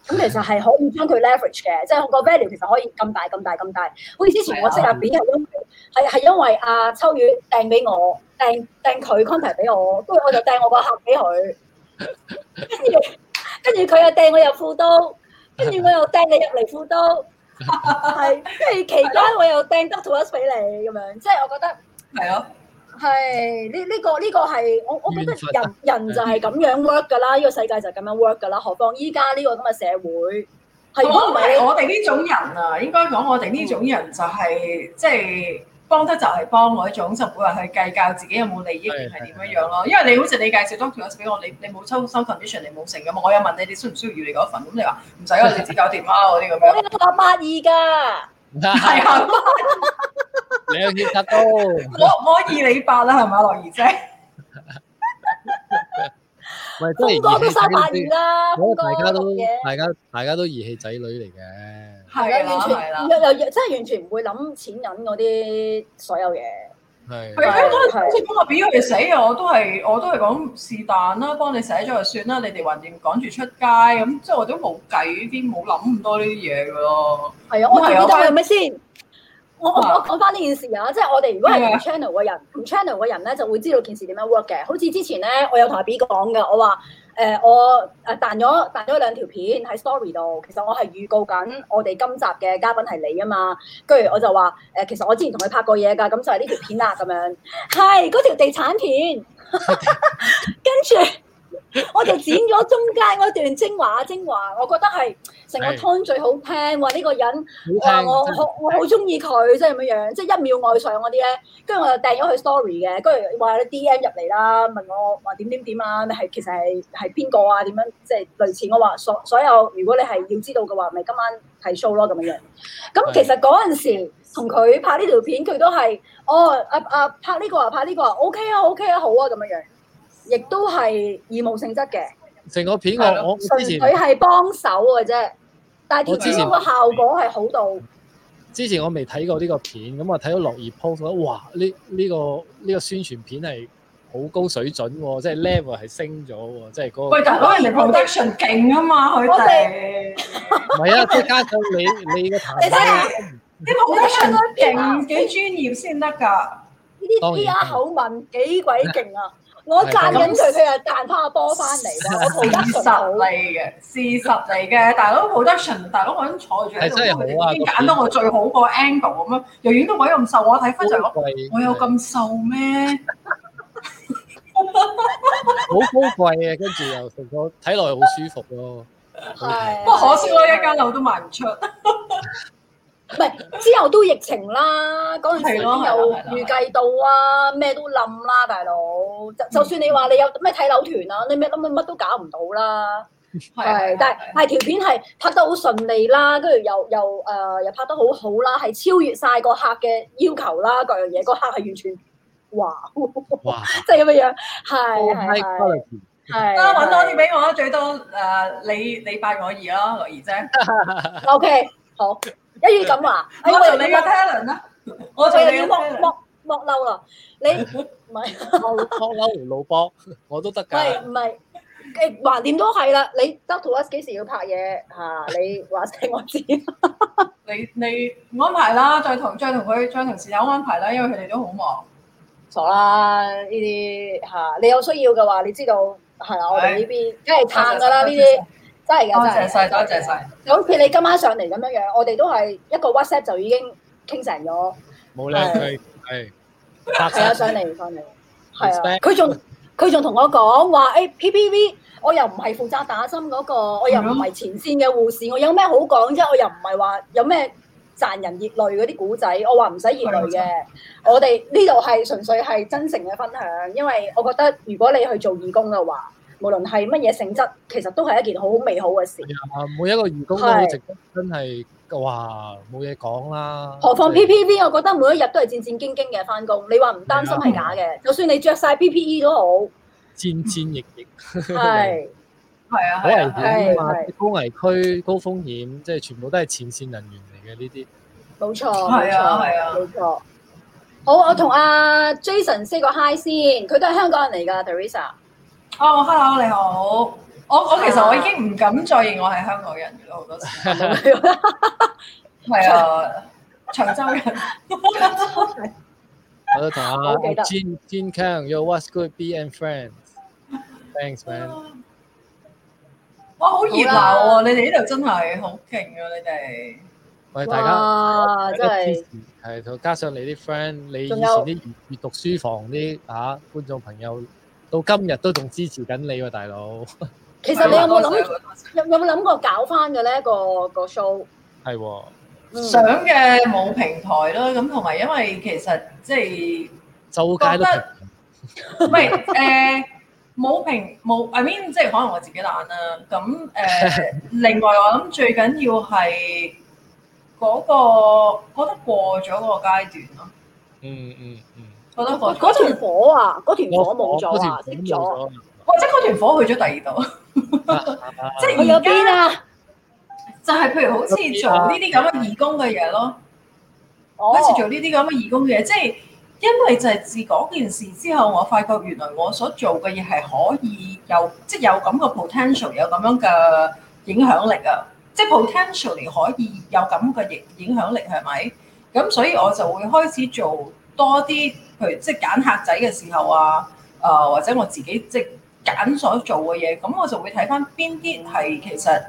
咁其實係可以將佢 leverage 嘅，即係個 value 其實可以咁大、咁大、咁大。好似之前我識阿炳，係因為係係因為阿秋月掟俾我，掟掟佢 contact 俾我，跟住我就掟我個盒俾佢，跟住跟住佢又掟我入富刀，跟住我又掟你入嚟富刀。係， 即係期間我又訂得 double tours 俾你咁樣，即係我覺得係啊，係呢呢個呢、呢個係我我覺得人人就係咁樣 work 噶啦，呢、呢個世界就係咁樣 work 噶啦，何況依家呢個咁嘅、這個、社會，如果唔係我哋呢種人啊，應該講我哋呢種人就係、是、即係。幫得就係幫我一種，就唔會話去計較自己有冇利益，係點樣樣咯。因為你好似你介紹當條友俾我，你你冇抽收 commission 嚟冇成嘅嘛。我又問你，你需唔需要要你嗰一份？咁你話唔使啊，你自己搞掂嗰啲咁樣。我八二㗎，係啊，你又叫特高？我我二你八啦，係咪啊？樂兒姐，唔該，好多都三八二啦，唔該，大家都大家都大家都義氣仔女嚟嘅。係啦，係啦，又又又真係完全唔會諗錢銀嗰啲所有嘢。係，係咁嗰個表格嚟寫，我都係我都係講是但啦，幫你寫咗就算啦。你哋橫掂趕住出街咁，即係我都冇計呢啲，冇諗咁多呢啲嘢嘅咯。係啊，我係啊，係咪先？我我我講翻呢件事啊，即係我哋如果係同 channel 嘅人，同 channel 嘅人咧就會知道件事點樣 work 嘅。好似之前咧，我有同阿 B 講嘅，我話。誒、呃、我誒彈咗彈咗兩條片喺 story 度，其實我係預告緊我哋今集嘅嘉賓係你啊嘛，跟住我就話誒、呃，其實我之前同佢拍過嘢㗎，咁就係呢條片啦，咁樣係嗰條地產片， 跟住。 我就剪咗中間嗰段精華精華，我覺得係成個 tone 最好聽，話呢是個人我好是我好，我我我好中意佢，即係咁樣樣，即係一秒愛上嗰啲咧。跟住我就掟咗佢 story 嘅，跟住話啲 DM 入嚟啦，問我話點點點啊，你係其實係係邊個啊？點樣，即係類似我話所所有，如果你係要知道嘅話，咪今晚睇 show 咯咁樣樣。咁其實嗰陣時同佢拍呢條片，佢都係，哦啊啊拍呢個啊拍呢個啊，OK 啊 OK 啊好啊咁樣樣。亦都係義務性質嘅。成個片我之前，佢係幫手嘅啫。但係，其實嗰個效果係好到。之前我未睇過呢個片，咁啊睇到落葉鋪啦，哇！呢呢、呢個呢、呢個宣傳片係好高水準喎，即係 level 係升咗喎，即係嗰個。喂，就係講人哋 production 勁啊嘛，佢哋。唔係我們 啊，再加上你你應該睇下。你真係啲 production 都勁幾專業先得㗎。呢啲 D R 口吻幾鬼勁啊！我賺緊佢，佢又賺趴波翻嚟咯。事實嚟嘅，事實嚟嘅。大佬 production，大佬揾坐住喺度，已經揀到我最好個 angle 咁樣，又影到我又咁瘦。我睇翻就我，我有咁瘦咩？好高貴嘅，跟住又食咗睇落去好舒服咯。不過可惜咯，一間樓都賣唔出。唔係，之後都疫情啦，嗰陣時已經預計到啊，咩都冧啦，大佬。就就算你話你有咩睇樓團啊，你咩乜乜都搞唔到啦，係。但係係條片係拍得好順利啦，跟住又又誒又拍得好好啦，係超越晒個客嘅要求啦，各樣嘢，個客係完全哇，即係咁嘅樣，係係。係，揾多啲俾我啦，最多誒，你你八我二咯，二姐。 OK，好。一於咁話，我由你莫聽一輪啦，我最近要莫莫莫嬲啦，你唔係我幫嬲唔露波，我都得㗎。唔係唔係，橫、哎、掂都係啦，你 Doctor Who 幾時要拍嘢嚇、啊？你話聲我知 你。你你安排啦，再同再同佢再同視友安排啦，因為佢哋都好忙。傻啦呢啲嚇，你有需要嘅話，你知道係啊，我哋呢邊梗係撐㗎啦呢啲。欸真係嘅，多謝晒謝！多謝晒。好似你今晚上嚟咁樣樣，我哋都係一個 WhatsApp 就已經傾成咗。冇兩句係。係啊的， 上嚟，上嚟。係啊，佢仲佢仲同我講話誒、欸、，PPV，我又唔係負責打針嗰個，我又唔係前線嘅護士，我有咩好講啫？我又唔係話有咩賺人熱淚嗰啲古仔，我話唔使熱淚嘅。的我哋呢度係純粹係真誠嘅分享，因為我覺得如果你去做義工嘅話。無論係乜嘢性質，其實都係一件好美好嘅事。每一個義工都值得，真係哇冇嘢講啦。何況 P P P，我覺得每一日都係戰戰兢兢嘅返工。你話唔擔心係假嘅，就算你着晒 P P E 都好，戰戰兢兢。係係啊，好危險啊嘛！高危區、高風險，即係全部都係前線人員嚟嘅呢啲。冇錯，係啊，係啊，冇錯。好，我同阿 Jason say 個 hi 先，佢都係香港人嚟㗎，Teresa。哦，hello，你好，我我其實我已經唔敢再認我係香港人咗，好多時候，係啊，長洲人。好多謝啊，Jin，Jin Kang，Your What's Good B and Friends，Thanks man。哇，好熱鬧啊！你哋呢度真係好勁啊！你哋，喂，大家真係係，再加上你啲 friend，你以前啲閱閱讀書房啲啊觀眾朋友。到今日都仲支持緊你喎，大佬。其實你有冇諗有有冇諗過搞翻嘅咧？個個 show 係相嘅冇平台咯，咁同埋因為其實即係周街都平唔係誒冇平冇，I mean 即係可能我自己懶啦。咁誒另外我諗最緊要係嗰個覺得過咗嗰個階段咯。嗯嗯嗯。嗰堆火，火啊！嗰、那、條、個、火冇咗啊，熄咗，或者嗰條火去咗第二度，即係而家就係譬如好似做呢啲咁嘅義工嘅嘢咯，好似、哦、做呢啲咁嘅義工嘅嘢，即、就、係、是、因為就係自嗰件事之後，我發覺原來我所做嘅嘢係可以有即係、就是、有咁嘅 potential，有咁樣嘅影響力啊，即、就、係、是、potential 嚟可以有咁嘅影影響力係咪？咁所以我就會開始做多啲。佢即係揀客仔嘅時候啊，誒、呃、或者我自己即係揀所做嘅嘢，咁我就會睇翻邊啲係其實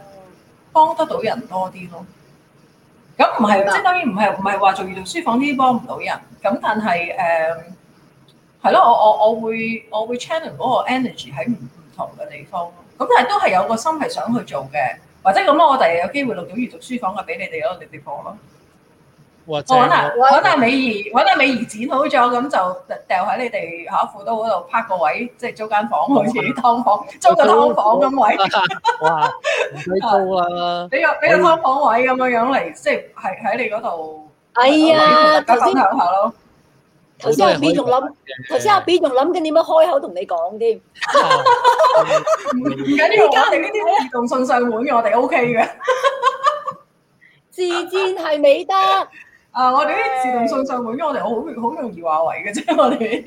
幫得到人多啲咯。咁唔係即係當然唔係唔係話做閱讀書房呢啲幫唔到人，咁但係誒係咯，我我我會我會 channel 嗰個 energy 喺唔唔同嘅地方咯。咁但係都係有個心係想去做嘅，或者咁我第日有機會錄到閱讀書房嘅俾你哋咯，你哋放咯。揾下得下美怡，揾下美怡剪好咗，咁就掉喺你哋下富都嗰度，拍個位，即係租間房好似啲湯房，租個湯房咁位。哇！你租啦？俾個俾個湯房位咁樣樣嚟，即係喺喺你嗰度。哎呀！頭先頭先阿 B 仲諗，頭先阿 B 仲諗緊點樣開口同你講添。唔緊要，依家我哋呢啲自動送上門嘅，我哋 O K 嘅。自薦係美德。啊！我哋啲自動送上門，因為我哋好好容易話為嘅啫，我哋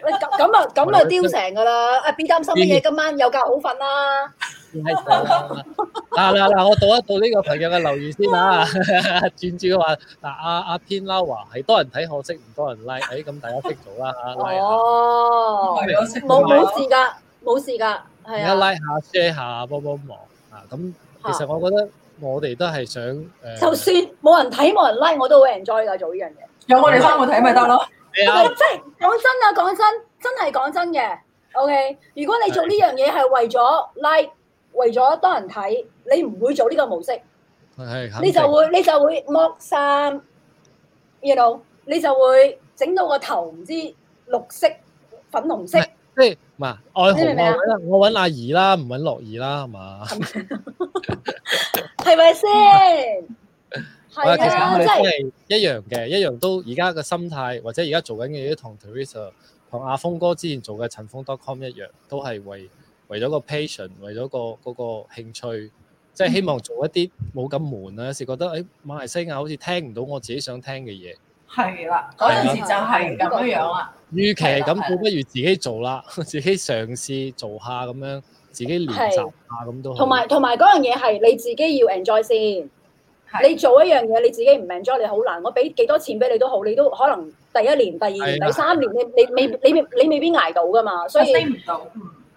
咁咁啊咁啊丟成噶啦！啊，邊擔心乜嘢，今晚有覺好瞓啦。係啊！嗱嗱嗱，我讀一讀呢個朋友嘅留言先啊。轉轉話嗱，阿阿 Pinaoa 係多人睇，可惜唔多人 like，誒咁大家識做啦嚇，like 下。哦，冇冇事㗎，冇事㗎，係啊，拉下 share 下幫幫忙啊！咁其實我覺得。我哋都係想，誒、呃，就算冇人睇冇人 like，我都會 enjoy 㗎，做呢樣嘢。有我哋三個睇咪得咯。我覺得即係講真啊，講真，真係講真嘅。OK，如果你做呢樣嘢係為咗 like，為咗多人睇，你唔會做呢個模式。係，你就會 you know? 你就會剝衫，知道？你就會整到個頭唔知綠色、粉紅色。嘛，我我我搵阿怡啦，唔搵樂兒啦，係嘛？係咪先？係啊，其實我哋都係一樣嘅，一樣都而家嘅心態，或者而家做緊嘅嘢，同 Teresa 同阿峰哥之前做嘅塵風 dot com 一樣，都係為為咗個 passion，為咗個嗰個興趣，即係希望做一啲冇咁悶啊。有時覺得誒馬來西亞好似聽唔到我自己想聽嘅嘢。.係啦，嗰陣時就係咁樣樣啦。與其咁，倒不如自己做啦，自己嘗試做下咁樣，自己練習下咁都。同埋同埋嗰樣嘢係你自己要 enjoy 先。你做一樣嘢，你自己唔 enjoy，你好難。我俾幾多錢俾你都好，你都可能第一年、第二年、第三年，你你你你你未必捱到噶嘛。所以，唔到，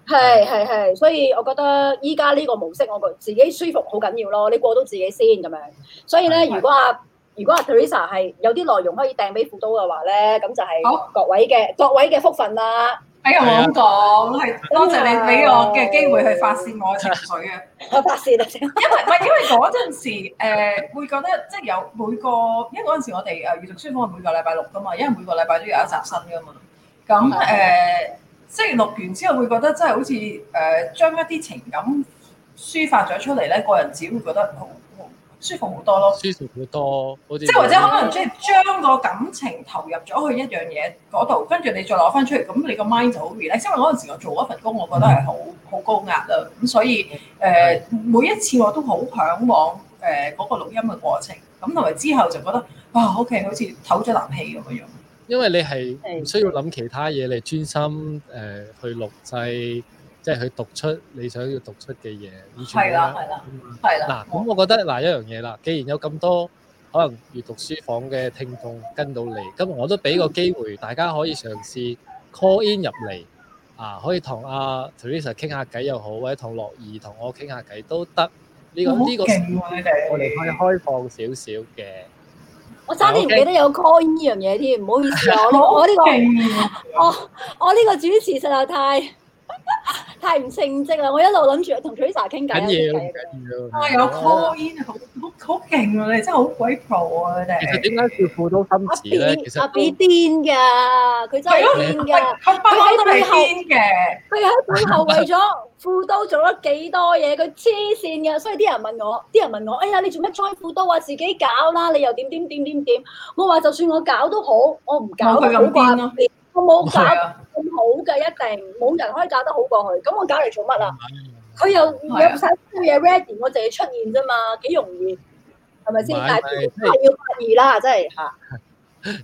係係係，所以我覺得依家呢個模式，我覺自己舒服好緊要咯。你過到自己先咁樣。所以咧，如果啊，如果阿 Teresa 係有啲內容可以掟俾輔導嘅話咧，咁就係各位嘅好各位嘅福分啦。哎呀呦，我咁講，係是多謝你俾我嘅機會去發泄我嘅情緒啊！哎、呦我發泄啦，因為唔係 因為嗰陣時誒、呃、會覺得即係有每個，因為嗰陣時我哋誒閱讀書房係每個禮拜六噶嘛，因為每個禮拜都有一集新噶嘛。咁誒、嗯嗯呃、即係錄完之後會覺得真係好似誒、呃、將一啲情感抒發咗出嚟咧，個人只會覺得唔好。舒服好多咯，舒服好多，即係或者可能即係將個感情投入咗去一樣嘢嗰度，跟住你再攞翻出嚟，咁你個 mind 就好 relax。因為嗰陣時我做嗰份工，我覺得係好好高壓啦，咁、嗯、所以誒、呃、的每一次我都好嚮往誒嗰、呃那個錄音嘅過程，咁同埋之後就覺得哇、哦、OK，好似唞咗啖氣咁嘅樣。因為你係唔需要諗其他嘢，你專心誒、呃、去錄製。即係去讀出你想要讀出嘅嘢，以前啦。係啦，係啦，嗱，咁、嗯啊、我覺得嗱一樣嘢啦，既然有咁多可能，閲讀書房嘅聽眾跟到嚟，咁我都俾個機會，大家可以嘗試 call in 入嚟啊，可以同阿 Teresa 傾下偈又好，或者同樂兒同我傾下偈都得。呢、這個呢、這個我哋可以開放少少嘅。們我差啲唔記得有 call in 呢樣嘢添，唔好意思，我我呢個我呢個主持實在太～太唔正職啦！我一路諗住同 Trisha 傾偈，我有 call in，好好好勁喎！你真係好鬼 pro 啊！你其實點解叫副刀心字咧？阿 B 癲㗎，佢真係癲㗎，佢喺背後嘅，佢喺背後為咗副刀做咗幾多嘢，佢黐線㗎。所以啲人問我，啲人問我，哎呀，你做咩做副刀啊？自己搞啦！你又點點點點點。我話就算我搞都好，我唔搞都好啊。我冇搞咁好嘅，一定冇人可以搞得好過去。咁我搞嚟做乜啊？佢又唔使啲嘢 ready，我就要出現啫嘛，幾容易，係咪先？但係都係要發熱啦，真係嚇。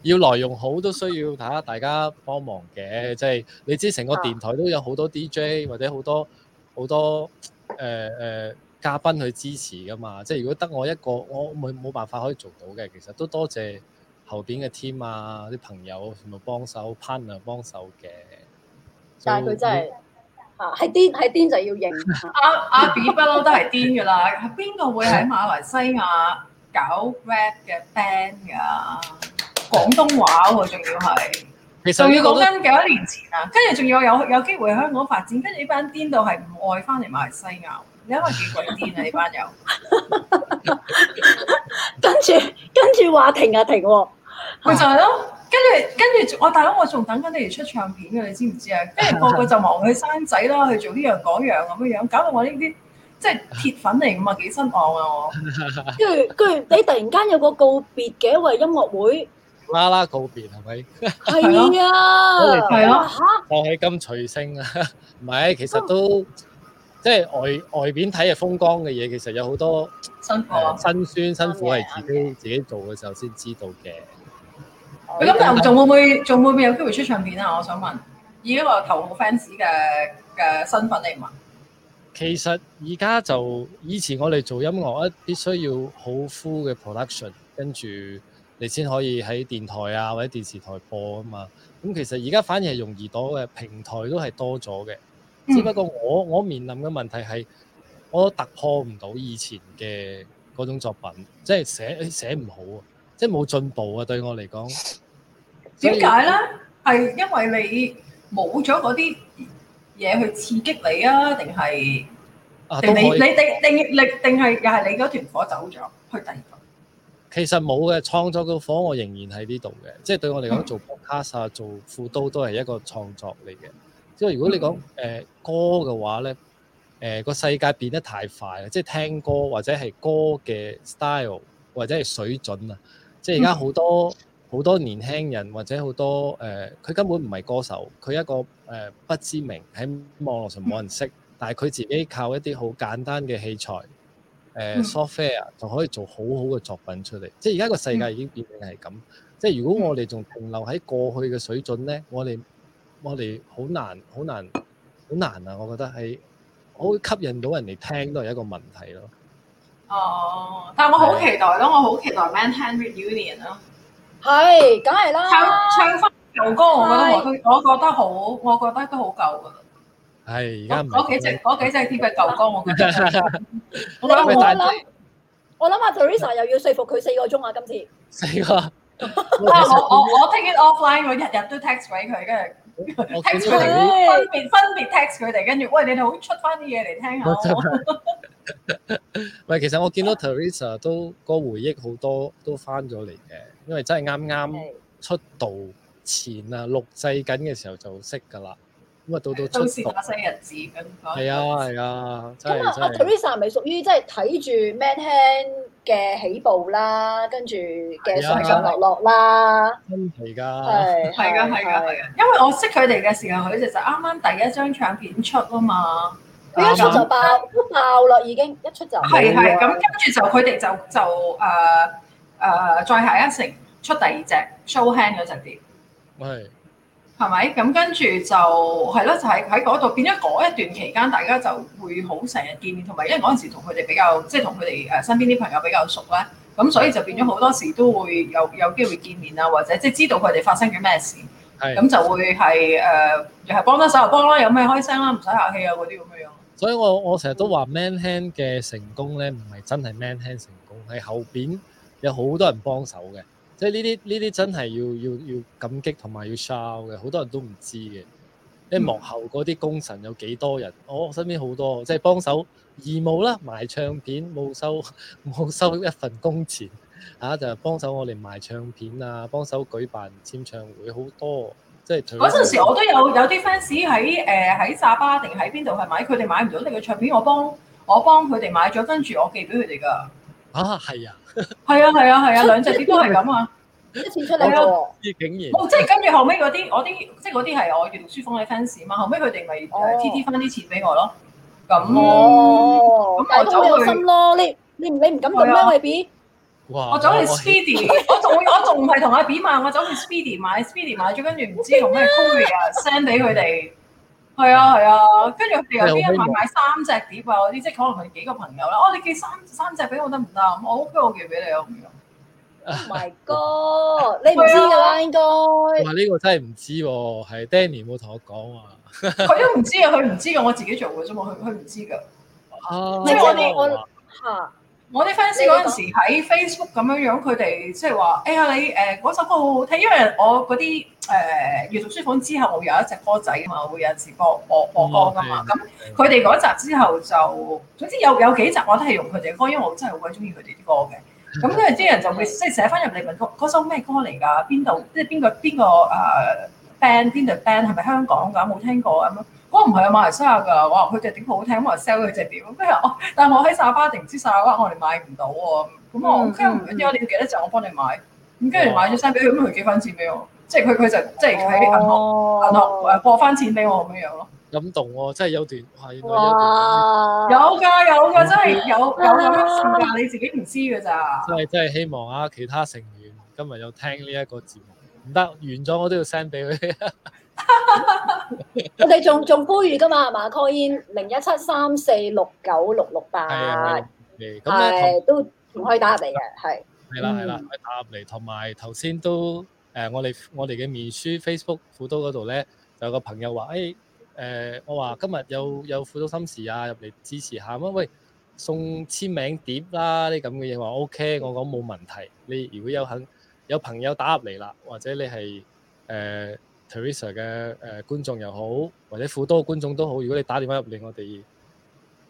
要內容好都需要嚇大家幫忙嘅，即係你知成個電台都有好多 DJ 或者好多好多誒誒嘉賓去支持噶嘛。即係如果得我一個，我冇冇辦法可以做到嘅。其實都多謝。後邊嘅 team 啊，啲朋友全部幫手，partner 幫手嘅。所以但係佢真係、嗯、啊，係癲係癲就要認、 啊。阿阿 B 不嬲都係癲㗎啦，係邊個會喺馬來西亞搞 rap 嘅 band 㗎？ 廣東話喎、啊，仲要係，仲其實 要講緊幾多年前啊，跟住仲要有有，有機會喺香港發展，跟住呢班癲到係唔愛翻嚟馬來西亞。因為幾鬼癲啊！呢班友，跟住跟住話停啊停喎，咪就係咯。跟住跟住我大佬，我仲等緊你哋出唱片嘅，你知唔知啊？跟住個個就忙去生仔啦，去做呢樣嗰樣咁嘅樣，搞到我呢啲即係鐵粉嚟咁啊，幾失望啊我。跟住跟住你突然間有個告別嘅一個音樂會啦啦告別係咪？係啊，係咯嚇，就係咁隨性啊，唔係其實都。即係外外邊睇嘅風光嘅嘢，其實有好多辛、呃、辛酸、辛苦係自己酸自己做嘅時候先知道嘅、嗯。你咁就仲會唔會仲會唔會有機會出唱片啊？我想問，以一個頭號 fans 嘅嘅身份嚟問。其實而家就以前我哋做音樂咧，必須要好 full 嘅 production，跟住你先可以喺電台啊或者電視台播啊嘛。咁其實而家反而係容易到嘅平，平台都係多咗嘅。只不過我我面臨嘅問題係，我都突破唔到以前嘅嗰種作品，即係寫寫唔好啊，即係冇進步啊，對我嚟講。點解咧？係因為你冇咗嗰啲嘢去刺激你啊？定係？啊，你你你定,定,定,定你定定你定係又係你嗰團火走咗去第二度。其實冇嘅創作嘅火，我仍然喺呢度嘅。即係對我嚟講，做 podcast 啊，做副刀都係一個創作嚟嘅。即係如果你講誒、呃、歌嘅話咧，誒、呃、個世界變得太快啦！即係聽歌或者係歌嘅 style 或者係水準啊，即係而家好多好、嗯、多年輕人或者好多誒，佢、呃、根本唔係歌手，佢一個誒、呃、不知名，喺網絡上冇人識，嗯、但係佢自己靠一啲好簡單嘅器材誒、呃、software 就可以做好好嘅作品出嚟。即係而家個世界已經變成係咁。嗯、即係如果我哋仲停留喺過去嘅水準咧，我哋～我哋好難，好難，好難啊！我覺得係我吸引到人哋聽都係一個問題咯。哦，但係我好期待咯是的，我好期待 Man Henry Union 咯、啊。係，梗係啦。唱唱翻舊歌我我是的 我，我覺得我我覺得好，我覺得好舊噶啦。係，而家唔嗰幾隻嗰幾隻貼嘅舊歌，我覺得。我諗我諗，我諗下 Teresa 又要說服佢四個鐘啊！今次四個。啊！我我我，我 take it offline，我日日都 text 俾佢，跟住。哦、我聽出嚟，分別分別 test 佢哋，跟住喂，你哋好出翻啲嘢嚟聽下。喂， 其實我見到 Teresa 都，個回憶好多都翻咗嚟嘅，因為真係啱啱出道前啊錄製緊嘅時候就識噶啦。咁啊，到到出發。生 日子，新人係啊係啊！咁啊，阿 Teresa 咪屬於即係睇住 Man Hand 嘅起步啦，跟住嘅上上落落啦。新奇㗎，係係㗎係㗎，係啊，因為我識佢哋嘅時候，佢其實啱啱第一張唱片出啊嘛，佢 一出就爆都爆啦，已經爆一出就係係咁，跟住就佢哋就就誒誒、uh, uh, 再下一城出第二隻 Show Hand 嗰隻碟。係。係咪？咁、嗯、跟住就係咯，就喺喺嗰度變咗嗰一段期間，大家就會好成日見面，同埋因為嗰陣時同佢哋比較，即係同佢哋誒身邊啲朋友比較熟咧，咁所以就變咗好多時都會有有機會見面啊，或者即係知道佢哋發生緊咩事，咁是的 就會係又係幫得手就幫咯，有咩開聲啦，唔使客氣啊嗰啲咁嘅樣。所以我我成日都話，man hand 嘅成功咧，唔係真係 man hand 成功，係後邊有好多人幫手嘅。即係呢啲呢啲真係要要要感激同埋要 show 嘅，好多人都唔知嘅。即係幕後嗰啲功臣有幾多人，嗯哦？我身邊好多，即、就、係、是、幫手義務啦，賣唱片冇收冇收一份工錢嚇、啊，就係幫手我哋賣唱片啊，幫手舉辦簽唱會好多。即係嗰陣時我，我都有有啲 fans 喺誒喺沙巴定喺邊度，係買佢哋買唔到你嘅唱片，我幫我幫佢哋買咗，跟住我寄俾佢哋㗎。啊，係啊，係啊，係啊，兩隻碟都係咁啊，俾啲錢出嚟咯。竟然，即係跟住後尾嗰啲，我啲即係嗰啲係我原書坊嘅 fans 嘛，後尾佢哋咪 tt 分啲錢俾我咯。咁咁我都好心咯，你你唔你唔敢咁咩？我係 B，我走去 Speedy，我仲我仲唔係同阿 B 嘛，我走去 Speedy 買，Speedy 買咗跟住唔知同咩 Courier send 俾佢哋。係啊，係啊，啊，啊，跟住佢哋有啲人買買三隻碟啊嗰啲，即係可能佢幾個朋友啦、啊。哦，你寄三三隻俾我得唔得？我好 glad 我寄俾你啊咁樣。Oh My God！ 你唔知㗎啦、啊，應該。哇！呢、這個真係唔知喎，係 Danny 冇同我講啊。佢都唔知啊，佢 唔知㗎、啊，我自己做㗎啫嘛，佢佢唔知㗎、啊。哦、 啊。即係我、啊、我嚇，我啲 fans 嗰陣時喺 Facebook 咁樣樣，佢哋即係話：，哎呀你誒嗰、呃、首歌好好聽，因為我嗰啲。誒，閱讀書房之後，我有一隻歌仔嘛，會有時播播播歌噶嘛。咁佢哋嗰集之後就總之有有幾集我都係用佢哋嘅歌，因為我真係好鬼中意佢哋啲歌嘅。咁跟住啲人就會即係寫翻入嚟問佢嗰首咩歌嚟㗎？邊度即係邊個邊、呃、個誒 band 邊度 band 係咪香港㗎？冇聽過咁咯？嗰個唔係啊，馬來西亞㗎。哇，佢哋點好聽，咁嚟 sell 佢隻碟。跟住我，但係我喺沙巴定唔知沙巴我哋買唔到喎。咁我 OK，依家你幾多集？我幫你買。咁跟住買咗 set 俾佢，咁佢幾分錢俾我？即係佢佢就即係喺銀行銀行誒過翻錢俾我咁樣樣咯。感動喎，真係有段係有有㗎有㗎。真係有有有錢你自己唔知㗎咋。真係真係希望啊，其他成員今日有聽呢一個節目，唔得完咗我都要 send 俾你。我哋仲仲呼籲㗎嘛係嘛？Call in 零一七三四六九六六八係啊，咁咧都仲可以打入嚟嘅係。係啦係啦，打入嚟，同埋頭先都。誒、呃，我哋我哋嘅面書 Facebook 輔導嗰度咧，就有個朋友話，誒、欸，誒、呃，我話今日有有輔導心事啊，入嚟支持下啊，喂，送簽名碟啦，啲咁嘅嘢話 OK，我講冇問題。你如果有肯有朋友打入嚟啦，或者你係誒、呃、Teresa 嘅誒、呃、觀眾又好，或者輔導嘅觀眾都好，如果你打電話入嚟，我哋。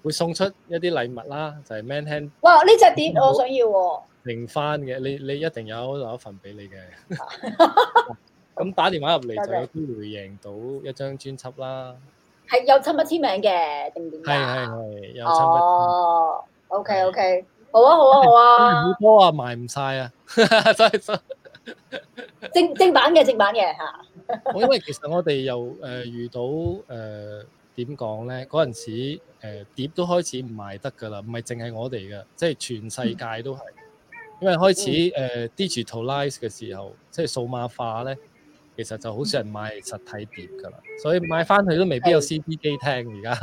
會送出一啲禮物啦，就係、是、Man Hand。哇！呢隻碟很我想要喎、啊。零番嘅，你你一定有留一份俾你嘅。咁 打電話入嚟就有機會贏到一張專輯啦。係有親筆簽名嘅定點啊？係係係，有親筆簽名。名哦，OK OK，好啊好啊好啊。好波啊，賣唔晒啊，真係正。正版嘅，正版嘅吓。 因為其實我哋又誒、呃、遇到誒點講咧，嗰、呃、陣時。誒、呃、碟都開始唔賣得㗎啦，唔係淨係我哋噶，即係全世界都係。因為開始誒、嗯呃、digitalize 嘅時候，即係數碼化咧，其實就好少人買實體碟㗎啦。所以買翻去都未必有 CD 機聽而家。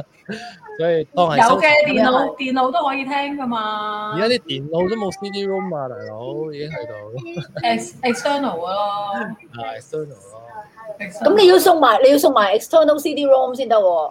所以的 當係有嘅電腦，電腦都可以聽㗎嘛。而家啲電腦都冇 CD-ROM 啊，大佬已經睇到 ex, external、 啊。External 咯，係 external 咯。咁你要送埋你要送埋 external CD-ROM 先得喎。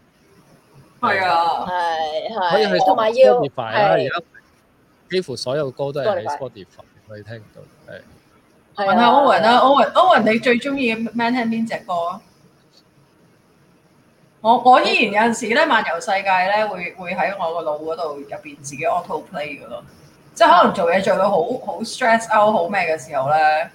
係啊，係係，可以去 Spotify 啦，係啊。而家幾乎所有歌都係喺 Spotify 可以聽到，係。係啊，問下 Owen 啊，Owen，Owen，你最中意 man 聽邊隻歌啊？我我依然有陣時咧，漫遊世界咧，會會喺我個腦嗰度入邊自己 auto play 噶咯。即係可能做嘢做到好好 stress out 好咩嘅時候咧，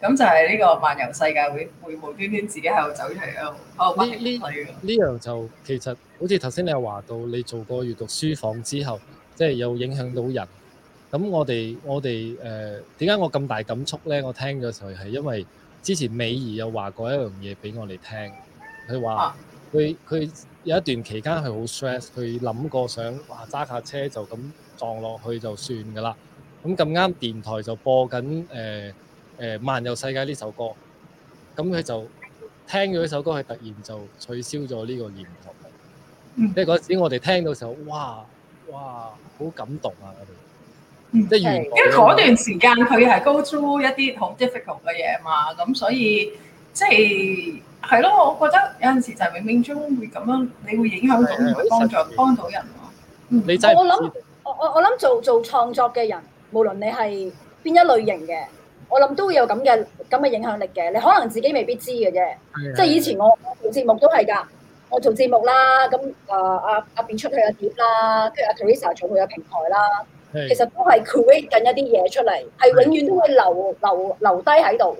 咁就係呢個漫遊世界會會無端端自己喺度走出嚟咯。哦。呢樣就其實。好似頭先你又話到，你做過閱讀書房之後，即係有影響到人。咁我哋我哋誒點解我咁大感觸咧？我聽嘅時候係因為之前美儀又話過一樣嘢俾我哋聽，佢話佢佢有一段期間係好 stress，佢諗過想哇揸架車就咁撞落去就算㗎啦。咁咁啱電台就播緊誒誒《漫遊世界》呢首歌，咁佢就聽咗呢首歌，佢突然就取消咗呢個念頭。嗯、即係嗰陣時我哋聽到時候，哇哇好感動啊！我哋，嗯、即係因為嗰段時間佢係高招一啲好 difficult 嘅嘢嘛，咁所以即係係咯，我覺得有陣時就係冥冥中會咁樣，你會影響到同埋幫助幫到人。你真係我諗，我我我諗做做創作嘅人，無論你係邊一類型嘅，我諗都會有咁嘅咁嘅影響力嘅。你可能自己未必知嘅啫的的，即係以前我做節目都係㗎。我做節目啦，咁啊啊啊，邊出佢嘅碟啦，跟住啊，Teresa 做佢嘅平台啦，其實都係 create 緊一啲嘢出嚟，係永遠都會留留留低喺度。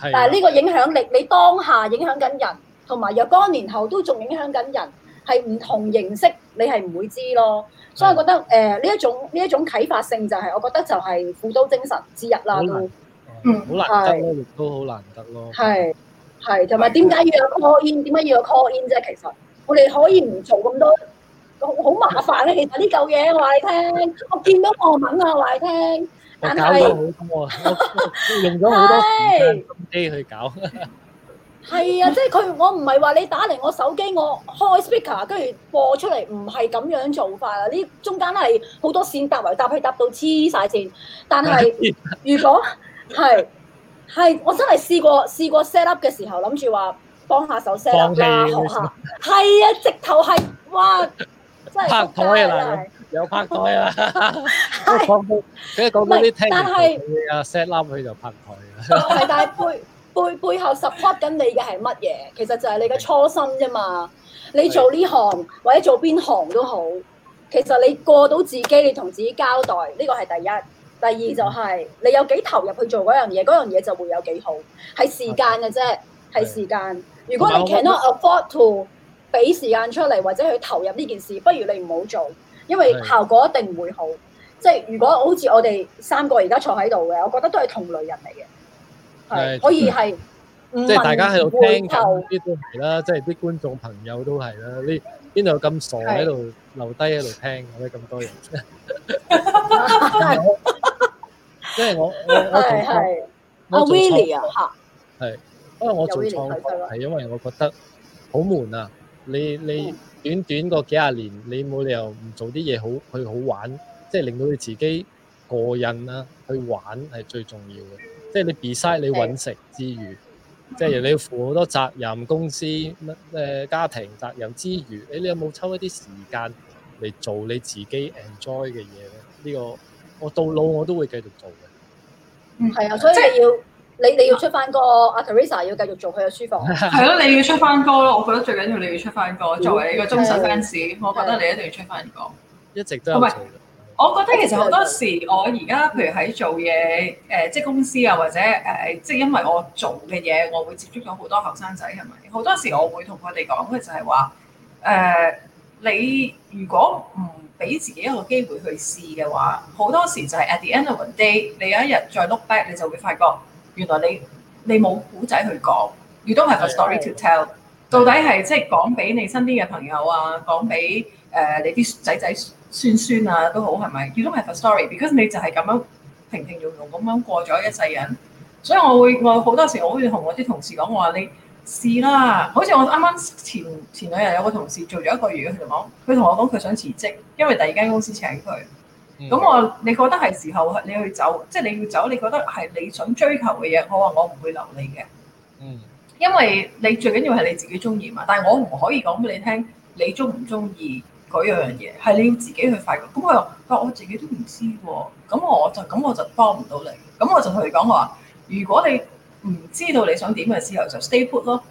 但係呢個影響力，你當下影響緊人，同埋若干年後都仲影響緊人，係唔同形式，你係唔會知咯。所以我覺得誒呢一種呢一種啟發性就係，我覺得就係富都精神之一啦。嗯，好難得咯，亦都好難得咯。係。係，同埋點解要有 call in？點解要有 call in 啫？其實我哋可以唔做咁多，好麻煩咧。其實呢嚿嘢我話你聽，我見到貨品我話你聽，但係用咗好多機去搞。係啊，即係佢我唔係話你打嚟我手機，我開 speaker，跟住播出嚟，唔係咁樣做法啊！呢中間都係好多線搭嚟，搭去搭到黐曬線。但係如果係。係，我真係試過試過 set up 嘅時候，諗住話幫下手 set 啦好下，係啊，直頭係哇，真係拍台啦，有拍台啊！即係講到聽，即係講到啲聽唔明。set up 佢就拍台啦。但係背背背，背後 support 緊你嘅係乜嘢？其實就係你嘅初心啫嘛。你做呢行，做行或者做邊行都好，其實你過到自己，你同自己交代，呢個係第一。第二就係、是、你有幾投入去做嗰樣嘢，嗰樣嘢就會有幾好。係時間嘅啫，係、嗯、時間。如果你 cannot afford to 俾時間出嚟，或者去投入呢件事，不如你唔好做，因為效果一定唔會好。嗯、即係如果好似我哋三個而家坐喺度嘅，我覺得都係同類人嚟嘅，係、嗯、是可以係。嗯、即係大家喺度聽就啲頭都係啦，即係啲觀眾朋友都係啦呢。邊度有咁傻喺度留低喺度聽？咁樣咁多人出，係 我，即係我我我做創，阿 Willie 係，因為我， 我，我做創作係、啊、因為我覺得好悶啊！你你短短個幾廿年，你冇理由唔做啲嘢好去好玩，即、就、係、是、令到你自己過癮啦、啊，去玩係最重要嘅。即、就、係、是、你 beside 你揾食之餘。即係你要負好多責任，公司乜、呃、家庭責任之餘，誒你有冇抽一啲時間嚟做你自己 enjoy 嘅嘢咧？呢、這個我到老我都會繼續做嘅。嗯，係啊，所以要你你要出翻歌，阿 Teresa 要繼續做佢嘅書房，係咯，你要出翻歌咯、啊。 我覺得最緊要你要出翻歌，作為一個忠實 fans，的我覺得你一定要出翻歌，一直都有。我覺得其實好多時，我而家譬如喺做嘢，誒、呃、即係公司啊，或者誒、呃、即係因為我做嘅嘢，我會接觸到好多後生仔，係咪？好多時我會同佢哋講嘅就係話，誒、呃、你如果唔俾自己一個機會去試嘅話，好多時就係 at the end of one day，你有一日再 look back，你就會發覺原來你你冇古仔去講，you don't have a story to tell 的。到底係即係講俾你身邊嘅朋友啊，講俾誒、呃、你啲仔仔？酸酸啊都好係咪？最終係個 story，because 你就係咁樣平平庸庸咁樣過咗一世人， 所以我會我好多時我會同我啲同事講，我話你試啦。好似我啱啱前，前前兩日有個同事做咗一個月，佢講，佢同我講佢想辭職，因為第二間公司請佢。咁我 你覺得係時候你去走，即係你要走，你覺得係你想追求嘅嘢，我話我唔會留你嘅。嗯。因為你最緊要係你自己中意嘛，但係我唔可以講俾你，你聽你你，你中唔中意？嗰樣嘢係你要自己去發覺，咁佢話：我我自己都唔知喎。哦，咁我就咁我就幫唔到你，咁我就同佢講，我話：如果你唔知道你想點嘅時候，就 stay put 咯，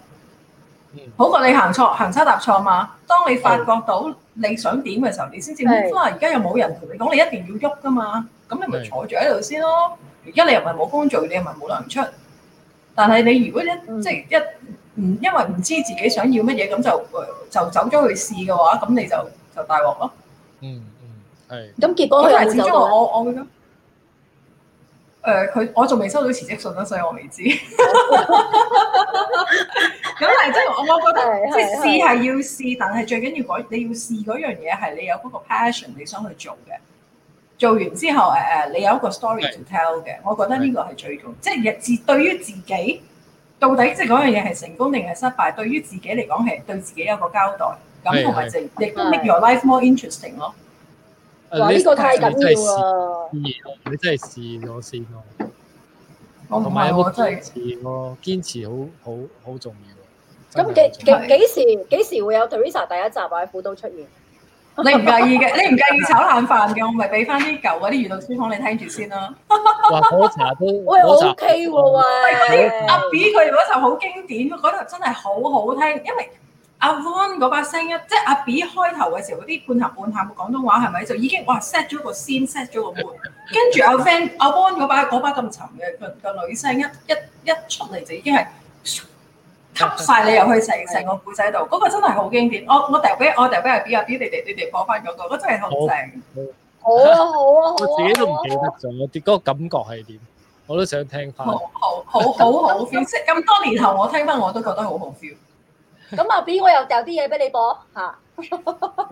好過你行錯，行差踏錯嘛。當你發覺到你想點嘅時候，嗯、你先至 move 而家又冇人同你講，你一定要喐噶嘛，咁你咪坐住喺度先咯。而家你又唔係冇工做，你又咪係冇糧出，但係你如果一、嗯、即係一唔因為唔知自己想要乜嘢，咁就就走咗去試嘅話，咁你就～就大鑊咯。嗯嗯，係。咁結果佢就我我會咁。誒、呃，佢我仲未收到辭職信啦，所以我未知。咁係即係我我覺得即係試係要試，但係最緊要改你要試嗰樣嘢係你有嗰個 passion 你想去做嘅。做完之後誒誒，uh, 你有一個 story to tell 嘅，是我覺得呢個係最重要。即係日自對於自己，到底即係嗰樣嘢係成功定係失敗？對於自己嚟講係對自己有一個交代。咁同埋淨亦都 make your life more interesting 咯。哇！呢個太緊要啊！你真係試過試我同埋我真係堅持咯，堅持好好好重要。咁幾幾幾時幾時會有 Teresa 第一集喺斧刀出現？你唔介意嘅？你唔介意炒冷飯嘅？我咪俾翻啲舊嗰啲娛樂專訪你聽住先啦。 我查都，我 OK 喎。阿 B 佢嗰首好經典，嗰首真係好好聽，因為。阿 Van 嗰把聲一，即係阿 B 開頭嘅時候嗰啲半鹹半淡嘅廣東話係咪？就已經哇 set 咗個先 set 咗個門，跟住阿 Friend 阿 Van 嗰把嗰把咁沉嘅嘅嘅女聲一一一出嚟就已經係吸晒你入去成成個故仔度，嗰、 嗯嗯、個真係好經典。我我掉俾我俾阿 B 阿 B，你哋你哋播翻嗰、嗰個，嗰、嗰個、真係好正。好好啊，我自己都唔記得咗，啲嗰個感覺係點，我都想聽翻。好好好好好 feel，咁 多年後我聽翻我都覺得好好 feel。咁啊！俾我又掉啲嘢俾你播嚇，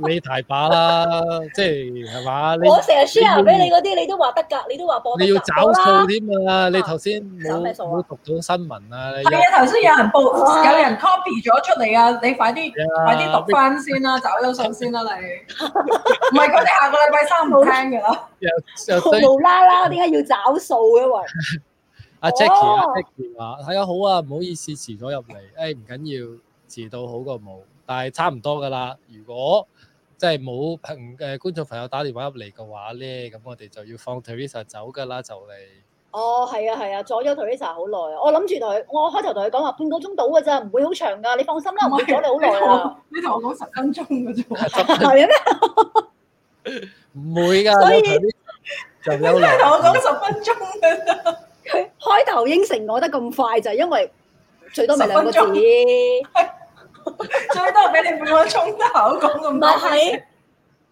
你大把啦，即係係嘛？我成日 share 俾你嗰啲，你都話得噶，你都話播你要找數添啊！你頭先冇咩數讀到新聞啊？你係啊！頭先有人報，有人 copy 咗出嚟啊！你快啲快啲讀翻先啦，找咗數先啦，你唔係，咁你下個禮拜三冇聽嘅啦。無啦啦，點解要找數因為喂，阿 Jacky，阿 Jacky 話：，係啊，好啊，唔好意思，遲咗入嚟。誒，唔緊要。遲到好過冇，但係差唔多㗎啦。如果即係冇朋誒觀眾朋友打電話入嚟嘅話咧，咁我哋就要放 Teresa 走㗎啦，就嚟。哦，係啊，係啊，阻咗 Teresa 好耐啊！我諗住同佢，我開頭同佢講話半個鐘到㗎啫，唔會好長㗎，你放心啦，唔會阻你好耐啊！你同我講十分鐘㗎啫，唔會㗎。所以就因為同我講十分鐘，佢開頭應承我得咁快就係因為最多咪兩個字。最多俾你半個鐘都好講咁多，唔係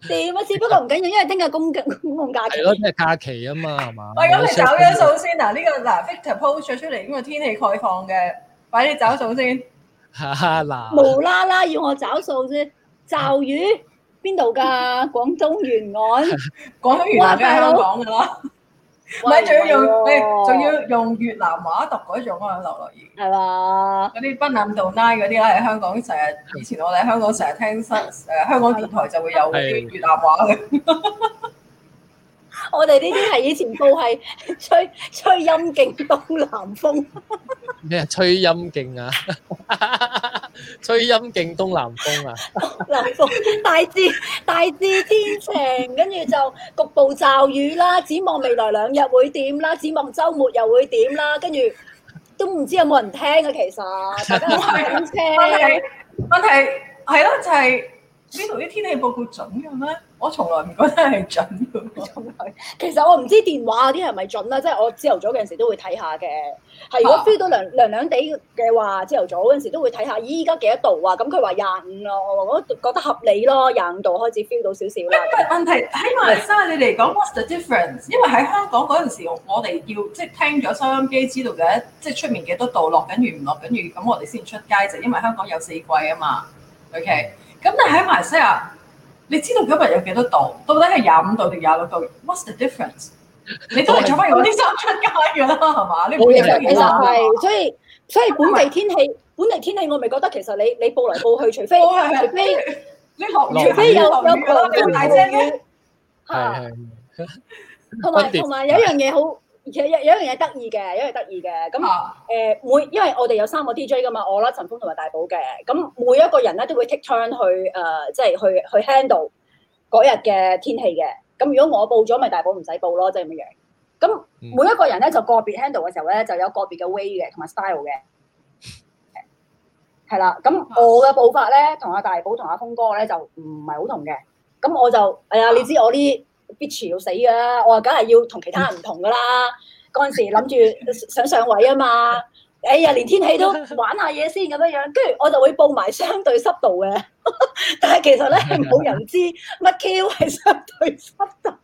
點啊？只不過唔緊要，因為聽日公假公共假期係咯，聽日假期啊嘛，係嘛？喂，咁你找咗數先嗱，呢個嗱 Victor Post 出嚟呢個天氣概況嘅，快啲你找數先。哈哈嗱，無啦啦要我找數先？驟雨邊度噶？廣東沿岸，廣東沿岸梗係香港㗎啦。咪仲喂要用，仲的要用越南話讀嗰種啊，流落語係啦，嗰啲不南道拉嗰啲咧，喺香港成日，以前我哋喺香港成日聽新誒香港電台就會有啲越南話嘅。的 我哋呢啲係以前都係吹吹陰勁東南風。咩 啊？吹陰勁啊！吹陰勁東南風啊！ 南風，大致大致天晴，跟住就局部驟雨啦。展望未來兩日會點啦？展望周末又會點啦？跟住都唔知有冇人聽啊！其實大家好少聽，問題係咯，就係、是。呢度啲天氣報告準嘅咩？我從來唔覺得係準嘅。 其實我唔知電話啲係咪準啦，即係我朝頭早嗰陣時都會睇下嘅。係如果 feel 到涼涼涼地嘅話，朝頭早嗰陣時都會睇下，咦，依家幾多度啊？咁佢話廿五咯，我覺得合理咯，廿五度開始 feel 到少少。因為問題起碼真係你嚟講，what's the difference？因為喺香港嗰陣時，我哋要即係聽咗收音機知道嘅，即係出面幾多度，落緊雨唔落緊雨，咁我哋先出街就因為香港有四季啊嘛，OK。咁但喺馬來西亞啊，你知道今日有幾多度？到底係廿五度定廿六度？What's the difference？你都係着翻嗰啲衫出街噶啦，係嘛？冇嘢、啊、其實係，所以所以本地天氣，是本地天氣我咪覺得其實你你報嚟報去，除非除非，哦、你除非有有雨咁大聲嘅，係同埋同埋有一樣嘢好。有一樣嘢得意嘅，因為得意嘅。咁誒每因為我哋有三個 DJ 噶嘛，我啦、陳峰同埋大寶嘅。咁每一個人咧都會 take turn 去誒、呃，即係去去 handle 嗰日嘅天氣嘅。咁如果我報咗，咪大寶唔使報咯，即係咁樣。咁每一個人咧就個別 handle 嘅時候咧，就有個別嘅 way 嘅，同埋 style 嘅。係啦，咁我嘅步伐咧，同阿大寶、同阿風哥咧，就唔係好同嘅。咁我就係啊、哎，你知我啲。b i t c h 要死噶啦，我話梗係要同其他人唔同噶啦。嗰陣 時諗住想上位啊嘛，哎呀連天氣都玩下嘢先咁樣樣，跟住我就會報埋相對濕度嘅。 但係其實咧冇人知乜 Q 係相對濕度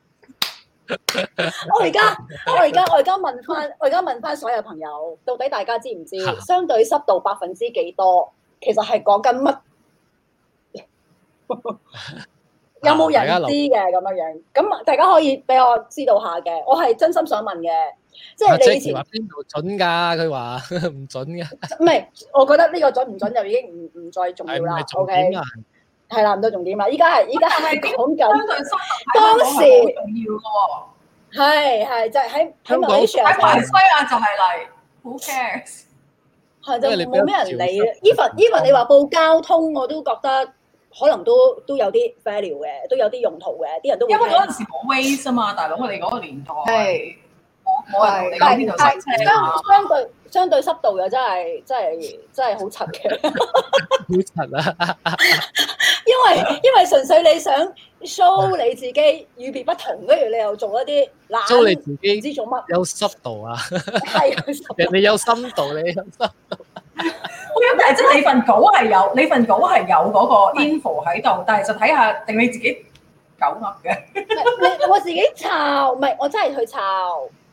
我。我而家我而家我而家問翻我而家問翻所有朋友，到底大家知唔知相對濕度百分之幾多？其實係講緊乜？ 有冇人知嘅咁樣樣？咁大家可以俾我知道下嘅，我係真心想問嘅。即係你以前話邊度準噶？佢話唔準嘅。唔 係，我覺得呢個準唔準就已經唔唔再重要啦。是是重點係啦，唔再 Okay? 重點啦。依家係依家係講緊當時好重要嘅喎。係時就係喺喺馬喺馬來西亞就係、是、嚟。Who cares? 就冇、是、咩人理 Even even, even 你話報交通，我都覺得。可能都都有啲 value 嘅，都有啲用途嘅，啲人都會因為嗰陣時冇 waste 啊嘛，大佬，我哋嗰個年代，冇冇人同你講邊度濕。相相對相對濕度又真係真係真係好塵嘅，好 塵啊！ 因為因為純粹你想 show 的你自己與別不同，跟住你又做一啲 show 你自己唔知做乜，有濕度啊！係有濕度，你有深度，你有深度。 咁但即係你份稿係有， 有，你份稿係有嗰個 info 喺度，但係就睇下定你自己狗噏嘅。我自己抄，唔係我真係去抄。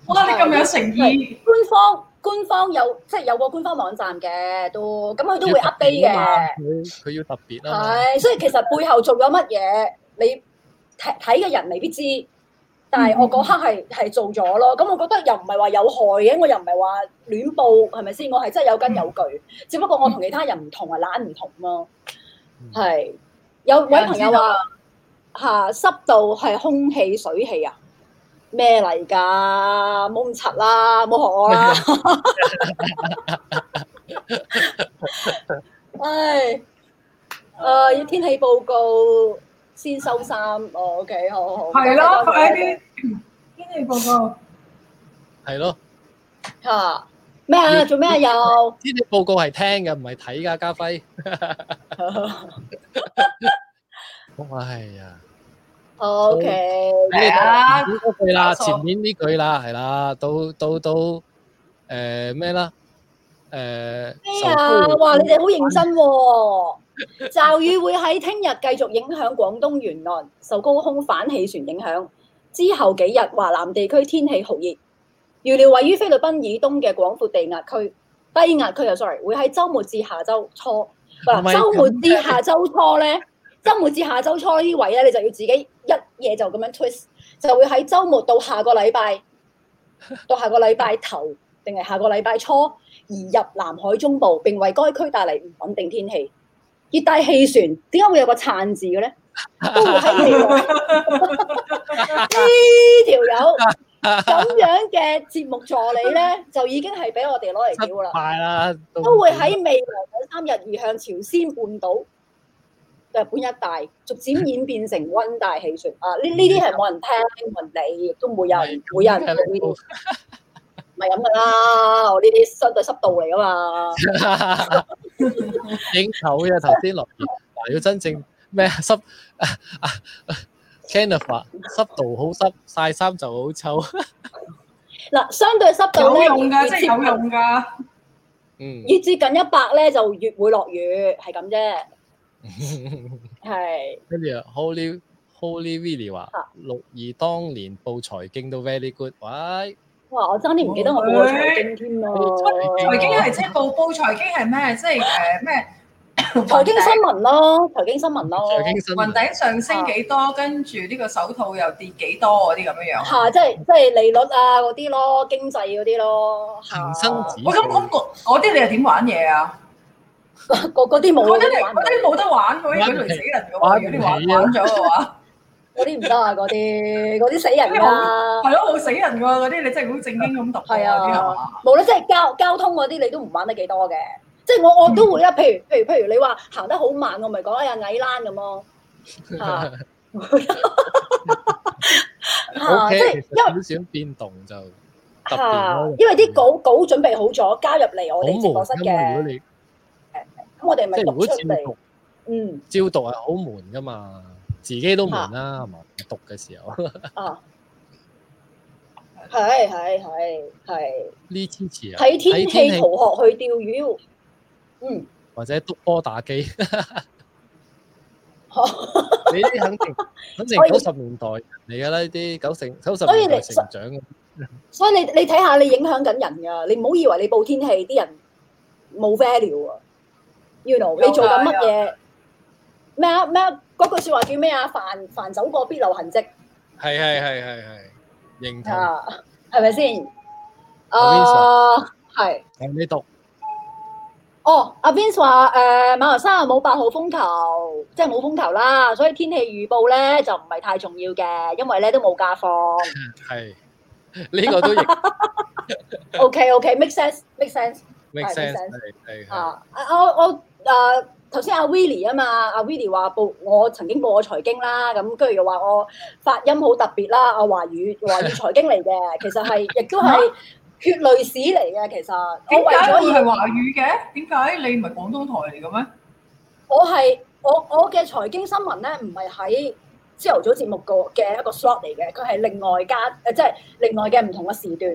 我覺得、哦、是你咁有誠意。官方官方有即係有個官方網站嘅都，咁佢都會 update 嘅。佢佢要特別啊嘛、啊。係，所以其實背後做咗乜嘢，你睇睇嘅人未必知。但係我嗰刻係係做咗咯，咁我覺得又唔係話有害嘅，我又唔係話亂報，係咪先？我係真係有根有據，只不過我同其他人唔同啊，懶唔同咯。係有位朋友話：吓濕度係空氣水氣啊？咩嚟㗎？冇咁柒啦，冇學我啦。唉，誒，要天氣報告，先收衫，OK，好好。係咯，睇啲天氣報告。係咯。嚇？咩啊？做咩啊？又？天氣報告係聽嘅，唔係睇㗎，家輝。哎呀。OK。係啦。唔好記啦，前面呢句啦，係啦，到到到誒咩啦？誒。咩啊？哇！你哋好認真喎。驟雨會喺聽日繼續影響廣東沿岸，受高空反氣旋影響之後幾日，華南地區天氣酷熱。預料位於菲律賓以東嘅廣闊地壓區低壓區啊，sorry，會喺周末至下周初嗱，周 末,末至下周初咧，周末至下周初呢位咧，你就要自己一夜就咁樣 twist，就會喺周末到下個禮拜到下個禮拜頭定係下個禮拜初移入南海中部，并為該區帶嚟唔穩定天氣。熱帶氣旋點解會有個撐字嘅咧？都會喺未來呢條友咁樣嘅節目助理咧，就已經係俾我哋攞嚟屌啦。都會喺未來兩三日移向朝鮮半島、日本一帶，逐漸演變成溫帶氣旋啊！呢呢啲係冇人聽，聽聞你亦都冇人，冇人冇。唔係咁噶啦，我呢啲相對濕度嚟噶嘛，影臭嘅頭先落雨，嗱要真正咩濕，Cannava 濕度好濕，曬衫就好臭。嗱相對濕度咧，有用噶，即係有用噶。嗯，越接近一百咧，就越會落雨，係咁啫。係。跟住啊，Holy Holy Willie 話：六二當年報財經都 very good，喂。哇！我爭啲唔記得佢。財經添、啊、咯，財經係即係報報財經係咩？即係誒咩？財經新聞咯、啊，財經新聞咯。財經新聞。雲頂上升幾多？是跟住呢個手套又跌幾多？嗰啲咁樣樣。嚇！即係即係利率啊嗰啲咯，經濟嗰啲咯。恒是生我覺得，我咁咁嗰嗰啲你又點玩嘢啊？嗰嗰啲冇。嗰啲你嗰啲冇得玩，嗰啲嗰類死人嘅話，嗰啲玩玩咗嘅話。 嗰啲唔得啊！嗰啲嗰啲死人啦、啊，係咯、嗯，好死人噶嗰啲，你真係好正經咁讀，係啊，冇啦，即係交交通嗰啲，你都唔玩得幾多嘅。即係我我都會啊，譬如譬如譬如，譬如你話行得好慢，我咪講啊，矮懶咁咯，即係因為少少變動就吓，啊、因為啲稿稿準備好咗，加入嚟我哋直播室嘅、嗯，如果你，咁、嗯、我哋咪即係如果照嗯，照讀係好悶噶嘛。自己都明啦，係嘛？讀嘅時候啊，係係係係。呢天詞啊，睇天氣逃學去釣魚，嗯，或者督波打機。你呢肯定肯定九十年代嚟噶啦，呢啲九成九十年代成長。所以你你睇下，你影響緊人噶，你唔好以為你報天氣啲人冇 value 啊，you know？你做緊乜嘢？咩啊咩啊！嗰句說話叫咩啊？凡凡走過必留痕跡。係係係係係認同。係咪先？啊、uh,，係、uh, 是。阿 Vinny 讀。哦、oh,，阿 Vinny 話誒，馬來西亞冇八號風球，即係冇風球啦，所以天氣預報咧就唔係太重要嘅，因為咧都冇假放。係。 呢、這個都。 OK OK，make、okay, sense，make sense，make sense，係 sense。啊 Make sense,！我我誒。頭先阿 Willie 啊嘛，阿 Willie 話報我曾經報過財經啦，咁跟住又話我發音好特別啦，阿、啊、華語華語財經嚟嘅， 其實係亦都係血淚史嚟嘅。 其實為咗要係華語嘅？點解你唔係廣東台嚟嘅咩？我係我我嘅財經新聞咧，唔係喺朝頭早節目個嘅一個 slot 嚟嘅，佢係另外加誒，即係另外嘅唔同嘅時段。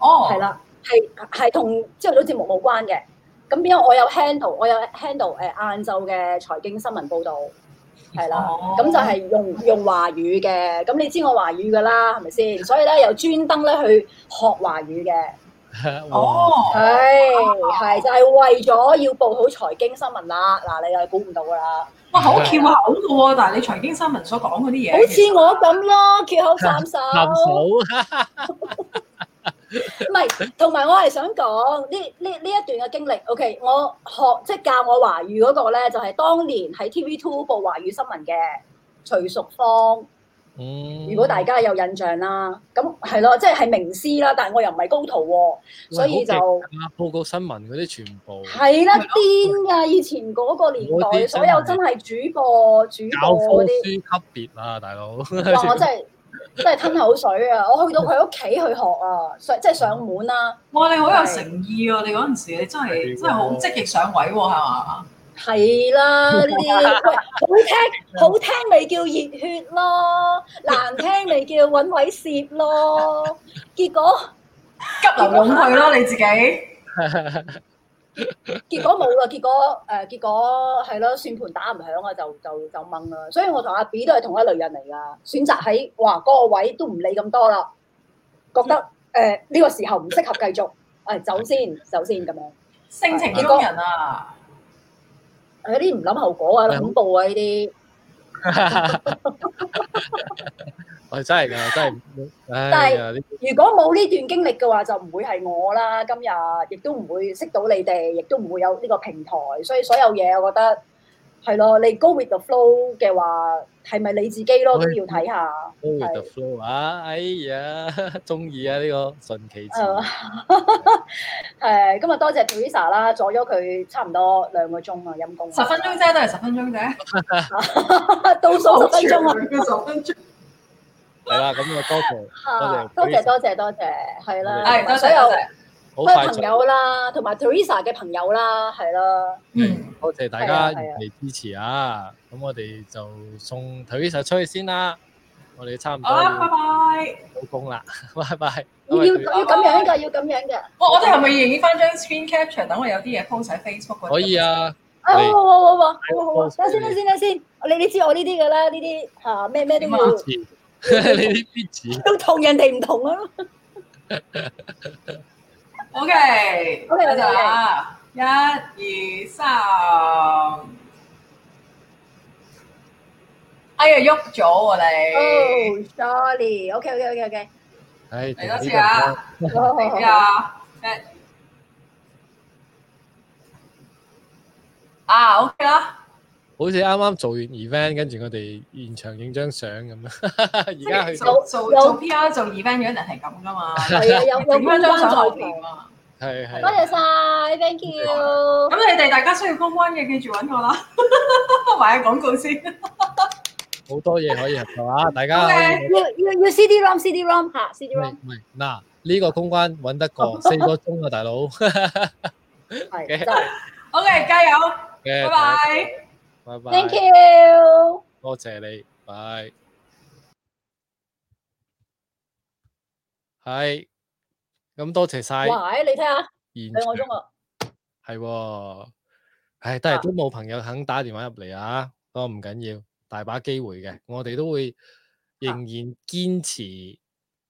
哦，係啦，係係同朝頭早節目冇關嘅。咁邊我我有 handle，我有 handle 誒晏晝嘅財經新聞報導，係啦，咁、oh. 嗯、就係、是、用用華語嘅，咁、嗯、你知我華語噶啦，係咪先？所以咧，又專登咧去學華語嘅，哦、oh.，係係就係、是、為咗要報好財經新聞啦，嗱、嗯，你又估唔到噶啦，哇 Yeah.，好翹口噶喎，但你財經新聞所講嗰啲嘢，好似我咁咯，翹口三手。 唔係，同埋 我係想講呢呢呢一段嘅經歷。OK，我學即係教我華語嗰個咧，就係、係、當年喺 TV Two 報華語新聞嘅徐淑芳。嗯，如果大家有印象啦，咁係咯，即係係名師啦，但係我又唔係高徒喎、啊，所以就報告新聞嗰啲全部係啦，癲㗎！ 以前嗰個年代， 所有真係主播、主播嗰啲教書級別啊，大佬。我真係～真係吞口水啊！我去到佢屋企去學啊，上即係上門啦、啊。哇！你好有誠意喎、啊，是你嗰陣時你真係的真係好積極上位喎、啊，係嘛？係啦，好聽好聽咪叫熱血咯，難聽咪叫揾位攝咯。結果急流勇去咯，你自己。結果冇啦，結果誒、呃，結果係咯，算盤打唔響啊，就就就掹啦。所以我同阿 B 都係同一類人嚟噶，選擇喺話嗰個位都唔理咁多啦，覺得誒呢、呃這個時候唔適合繼續，誒、哎、走先，走先咁樣。呃、性情中人啊，有啲唔諗後果啊，恐怖啊呢啲。的 我真係噶，真係。但係如果冇呢段經歷嘅話，就唔會係我啦。今日亦都唔會識到你哋，亦都唔會有呢個平台。所以所有嘢，我覺得係咯。你 go with the flow 嘅話，係咪你自己咯？都要睇下。go with the flow 啊！哎呀，中意啊！呢個順其自然。誒，今日多謝 Teresa 啦，阻咗佢差唔多兩個鐘啊，陰公。十分鐘啫，都係十分鐘啫。倒數十分鐘啊！十分鐘。係啦，咁啊，多謝，多謝，多謝，多謝，係啦，係，多謝所有，都係朋友啦，同埋 Teresa 嘅朋友啦，係啦。嗯，多謝大家嚟支持啊！咁我哋就送 Teresa 出去先啦。我哋差唔多，拜拜，老公啦，拜拜。要要咁樣噶，要咁樣嘅。哦，我哋係咪要影翻張 screen capture 等我有啲嘢放喺 Facebook 嗰？可以啊。啊，好好好好好好，先啦，先啦，先。你你知我呢啲噶啦，呢啲吓咩咩都要。你啲邊紙？都同人哋唔同啊！O K，O K，我就一、二、三，哎呀，喐咗啊你。Oh，sorry，O K，O K，O K，O K。係，幾多次啊？停住啊！一，啊，O K 啦。好似啱啱做完 event，跟住我哋現場影張相咁樣。而家去做 PR 做 event 嗰陣係咁噶嘛？係啊，有有影張相後面啊！係係。多謝晒 thank you。咁你哋大家需要公關嘅，記住揾我啦。埋下廣告先。好多嘢可以合作啊！大家、okay. 要，要，要 CD ROM，CD ROM 吓，CD ROM，啊。唔嗱，呢個公關揾得過四個鐘啊，大佬。係。OK，okay, okay, okay 加油！Okay, bye bye. 拜拜。拜拜！Thank you. 多謝你，拜、哎。係、嗯，咁多謝晒。喂，你聽下，係場看我中個，唉、哦，哎、但都係都冇朋友肯打電話入嚟啊。不過唔緊要，大把機會嘅，我哋都會仍然堅持，誒、啊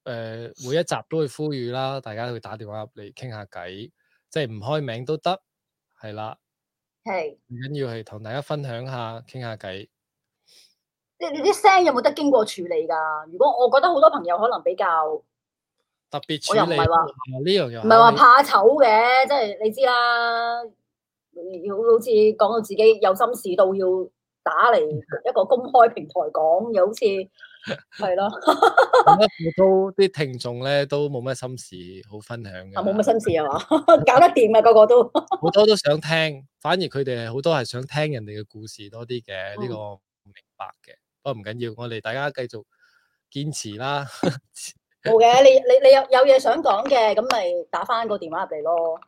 呃，每一集都會呼籲啦，大家去打電話入嚟傾下偈，即係唔開名都得，係啦。是係，唔緊要，係同大家分享下，傾下偈。即係你啲聲有冇得經過處理噶如果我覺得好多朋友可能比較特別處理，我又唔係話呢樣又唔係話怕醜嘅，即係你知啦。好似講到自己有心事到要打嚟，一個公開平台講，又好似。係咯是， 都啲聽眾咧都冇咩心事好分享嘅，冇乜心事係嘛，搞 得掂啊，個個都，好 多都想聽，反而佢哋係好多係想聽人哋嘅故事多啲嘅，呢、嗯、個唔明白嘅，不過唔緊要，我哋大家繼續堅持啦。冇 嘅，你你你有有嘢想講嘅，咁咪打翻個電話入嚟咯。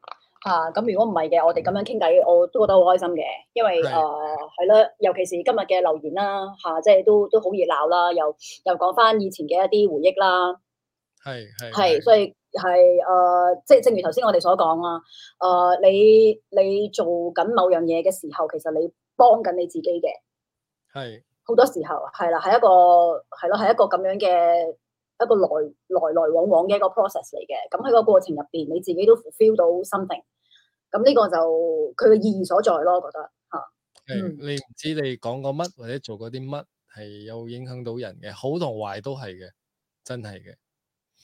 吓咁、啊、如果唔係嘅，我哋咁樣傾偈，我都覺得好開心嘅，因為誒係啦，尤其是今日嘅留言啦，吓、啊、即係都都好熱鬧啦，又又講返以前嘅一啲回憶啦，係係係，所以係誒、呃，即係正如頭先我哋所講啦，誒、呃、你你做緊某樣嘢嘅時候，其實你幫緊你自己嘅，係好 Right. 多時候係啦，係一個係咯，係一個咁樣嘅。一個來來來往往嘅一個 process 嚟嘅，咁喺個過程入邊，你自己都 feel 到 something，咁呢個就佢嘅意義所在咯，我覺得，啊，你唔知你講過乜或者做過啲乜係有影響到人嘅，好同壞都係嘅，真係嘅，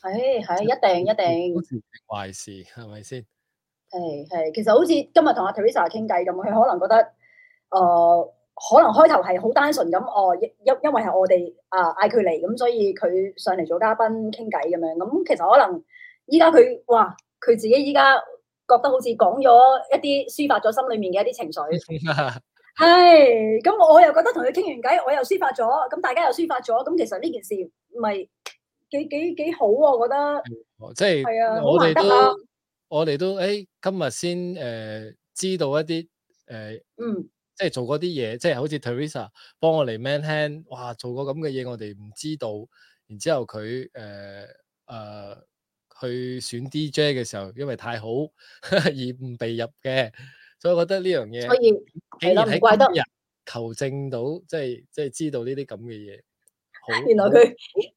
係係一定一定，壞事係咪先？係係，其實好似今日同阿 Teresa 傾偈咁，佢可能覺得，誒。可能開頭係好單純咁，哦，因因為係我哋啊嗌佢嚟，咁、嗯、所以佢上嚟做嘉賓傾偈咁樣。咁、嗯、其實可能依家佢話佢自己依家覺得好似講咗一啲抒發咗心裡面嘅一啲情緒。係咁、 哎，我又覺得同佢傾完偈，我又抒發咗，咁大家又抒發咗，咁其實呢件事唔係幾幾幾好喎、啊？我覺得，即係是、啊，我哋都，我哋都，誒、哎，今日先誒知道一啲誒，呃、嗯。即係做嗰啲嘢，即係好似 Teresa 幫我嚟 man hand，哇！做過咁嘅嘢我哋唔知道，然之後佢，誒誒去選 DJ 嘅時候，因為太好呵呵而唔被入嘅，所以我覺得呢樣嘢幾唔怪得求證到，即係即係知道呢啲咁嘅嘢。好，原來佢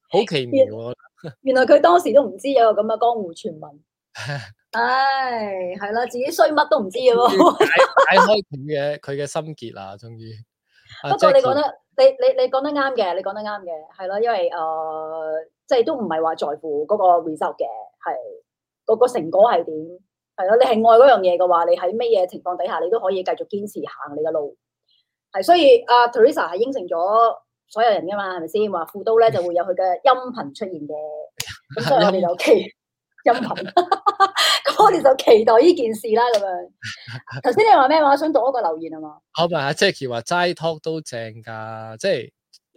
好奇妙，原來佢當時都唔知有個咁嘅江湖傳聞。 唉，係啦，自己衰乜都唔知嘅咯，解開佢嘅佢嘅心結啦，終於。不過你講得，你你你講得啱嘅，你講得啱嘅，係咯，因為誒、呃，即係都唔係話在乎嗰個 result 嘅，係嗰、嗰個成果係點，係咯，你係愛嗰樣嘢嘅話，你喺咩嘢情況底下，你都可以繼續堅持行你嘅路。係，所以阿、啊、Teresa 係應承咗所有人噶嘛，係咪先？話副都咧就會有佢嘅音頻出現嘅，咁 所以我哋有 OK 音頻，咁任 我哋就期待呢件事啦。咁樣，頭先你話咩話？想讀一個留言係嘛？我問阿 Jackie 話齋 talk 都正噶，即係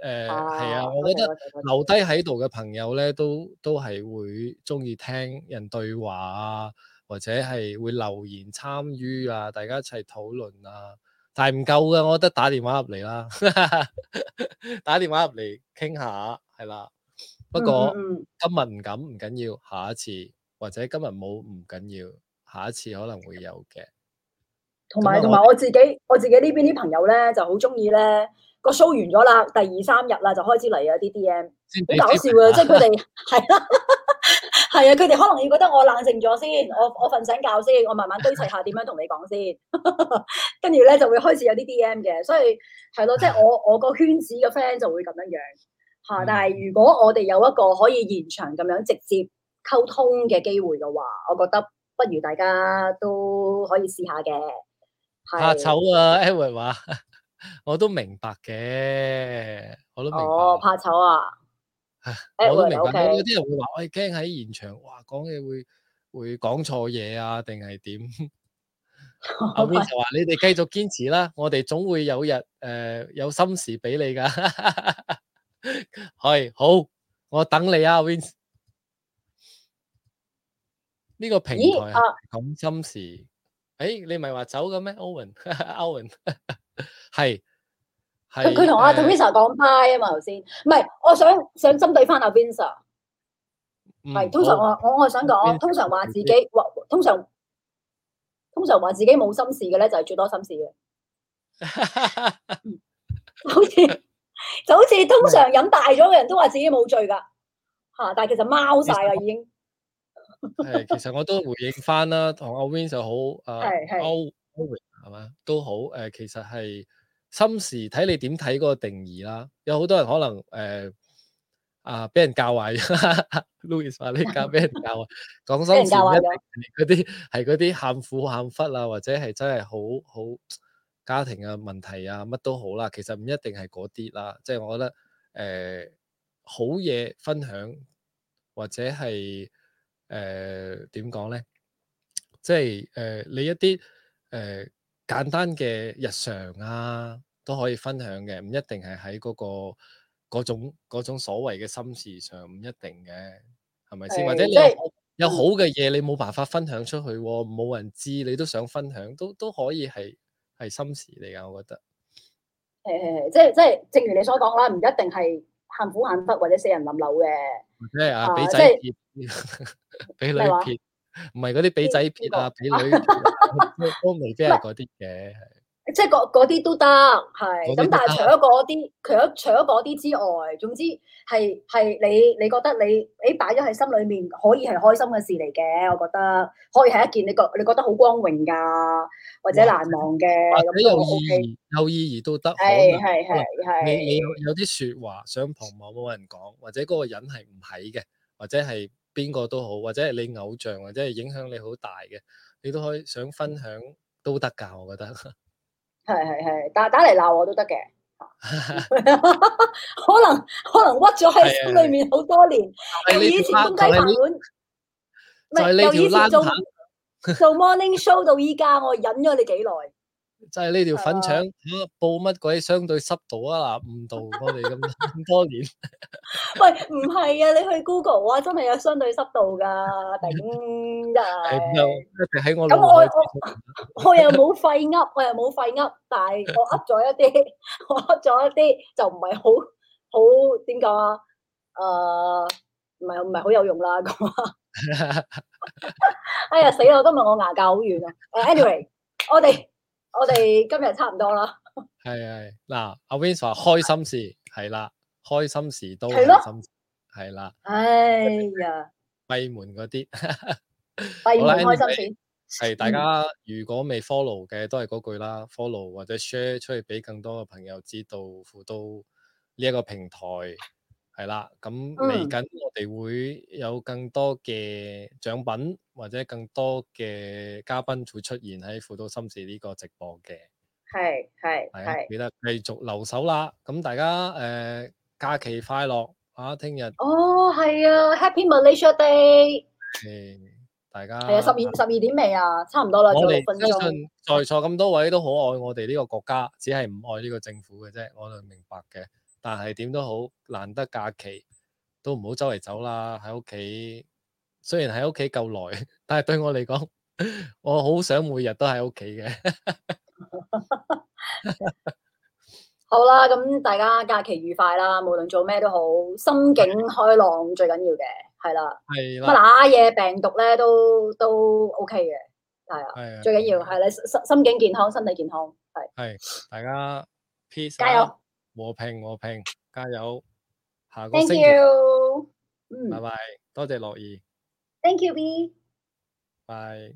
誒係啊。我覺得 okay, okay, okay. 留低喺度嘅朋友咧，都都係會中意聽人對話啊，或者係會留言參與啊，大家一齊討論啊。但係唔夠嘅，我覺得打電話入嚟啦， 打電話入嚟傾下係啦。不過今日唔敢，唔緊要，下一次或者今日冇，唔緊要，下一次可能會有嘅。同埋同埋我自己我自己呢邊啲朋友咧就好中意咧個 show 完咗啦，第二三日啦就開始嚟啊啲 D M，好搞笑，就是， 啊！即係佢哋係啦，係啊，佢哋可能要覺得我冷靜咗先，我我瞓醒覺先，我慢慢堆砌下點樣同你講先，跟住咧就會開始有啲 D M 嘅，所以係咯，即係，啊就是，我我個圈子嘅 friend 就會咁樣樣。吓！但係如果我哋有一個可以現場咁樣直接溝通嘅機會嘅話，我覺得不如大家都可以試下嘅。怕醜啊 Edward 話，well, 我都明白嘅，我都明。哦，怕醜啊！我都明白。有啲人會話：，喂，驚喺現場，哇，講嘢會會講錯嘢啊，定係點？後邊就話：，你哋繼續堅持啦，我哋總會有日，誒、呃，有心事俾你噶。 係好，我等你啊，Vincent。呢個平台講心事，誒，你唔係話走嘅咩，Owen？Owen 係佢佢同阿 Vincent 講 bye 啊嘛頭先，唔係，我想想針對翻阿 Vincent。唔係通常我我我想講，通常話自己通常通常話自己冇心事嘅咧，就係最多心事嘅，好似。就好似通常飲大咗嘅人都話自己冇醉噶吓，但係其實貓晒啦已經。係實， 其實我都回應翻啦，同阿 Win 就好，阿歐歐 Win 係嘛都好。誒、呃，其實係心事睇你點睇嗰個定義啦。有好多人可能誒、呃、啊，俾人教壞。 Louis 話你教俾人教啊。講 心事咧，嗰啲係嗰啲喊苦喊忽啊，或者係真係好好。 家庭嘅問題啊，乜都好啦，其實唔一定係嗰啲啦。即係我覺得誒好嘢分享，或者係誒點講咧？即係誒你一啲誒簡單嘅日常啊，都可以分享嘅。唔一定係喺嗰個嗰種嗰種所謂嘅心事上，唔一定嘅，係咪先？嗯、或者你有、嗯、有好嘅嘢，你冇辦法分享出去、哦，冇人知，你都想分享，都都可以係。係心事嚟㗎，我覺得。誒、欸，即係即係，正如你所講啦，唔一定係喊苦喊忽或者死人冧樓嘅。或者啊，俾仔撇，俾是女撇，唔係嗰啲俾仔撇啊，俾麼女撇、啊、 都未必係嗰啲嘅。 即係嗰啲都得，係。咁但係除咗嗰啲，除咗除咗嗰啲之外，總之係係你你覺得你你擺咗喺心裏面，可以係開心嘅事嚟嘅。我覺得可以係一件你覺你覺得好光榮㗎，或者難忘嘅。或者有意義，嗰個 okay，有意義都得，係係係係。你能你有啲説話想旁冇冇人講，或者嗰個人係唔喺嘅，或者係邊個都好，或者係你偶像，或者係影響你好大嘅，你都可以想分享都得㗎。我覺得。係係係打打嚟鬧我都得嘅，可能可能屈咗喺心裏面好多年，由以前公雞飯碗，唔係由以前做做 morning show 到依家，我忍咗你幾耐。就係呢條粉腸啊，報乜鬼相對濕度啊，嗱，誤導我哋咁多年。喂，唔係啊，你去 Google 啊，真係有相對濕度噶，頂噶。咁我我我又冇廢噏，我又冇廢噏，但係我噏咗一啲，我噏咗一啲就唔係好好點講啊？誒，唔係唔係好有用啦咁啊。哎呀，死啦！今日我牙骹好遠啊。誒，anyway，我哋。我哋今日差唔多啦，係係嗱，阿 Vinson 話開心事係啦，開心事都開心，係啦，的的哎呀，閉門嗰啲，閉 門開心事係大家如果未 follow 嘅都係嗰句啦，嗯，follow 或者 share 出去俾更多嘅朋友知道，輔到呢一個平台。係啦，咁嚟緊我哋會有更多嘅獎品，或者更多嘅嘉賓會出現喺《輔導心事》呢、這個直播嘅。係係係，記得繼續留守啦！咁大家誒、呃、假期快樂啊！聽日哦，係啊，Happy Malaysia Day！誒，大家係啊，十二十二點未啊？差唔多啦，仲有六分鐘。在座咁多位都好愛我哋呢個國家，只係唔愛呢個政府嘅啫，我就明白嘅。但係點都好，難得假期，都唔好周圍走啦。喺屋企，雖然喺屋企夠耐，但係對我嚟講，我好想每日都喺屋企嘅。 好啦，咁大家假期愉快啦！無論做咩都好，心境開朗最緊要嘅。係啦係啦，乜嘢病毒咧都都 OK 嘅，係啊，的最緊要係你心心境健康、身體健康，係係大家 peace，加油！和平和平，加油！下個星期，拜拜，多謝樂兒。Thank you, B. 拜。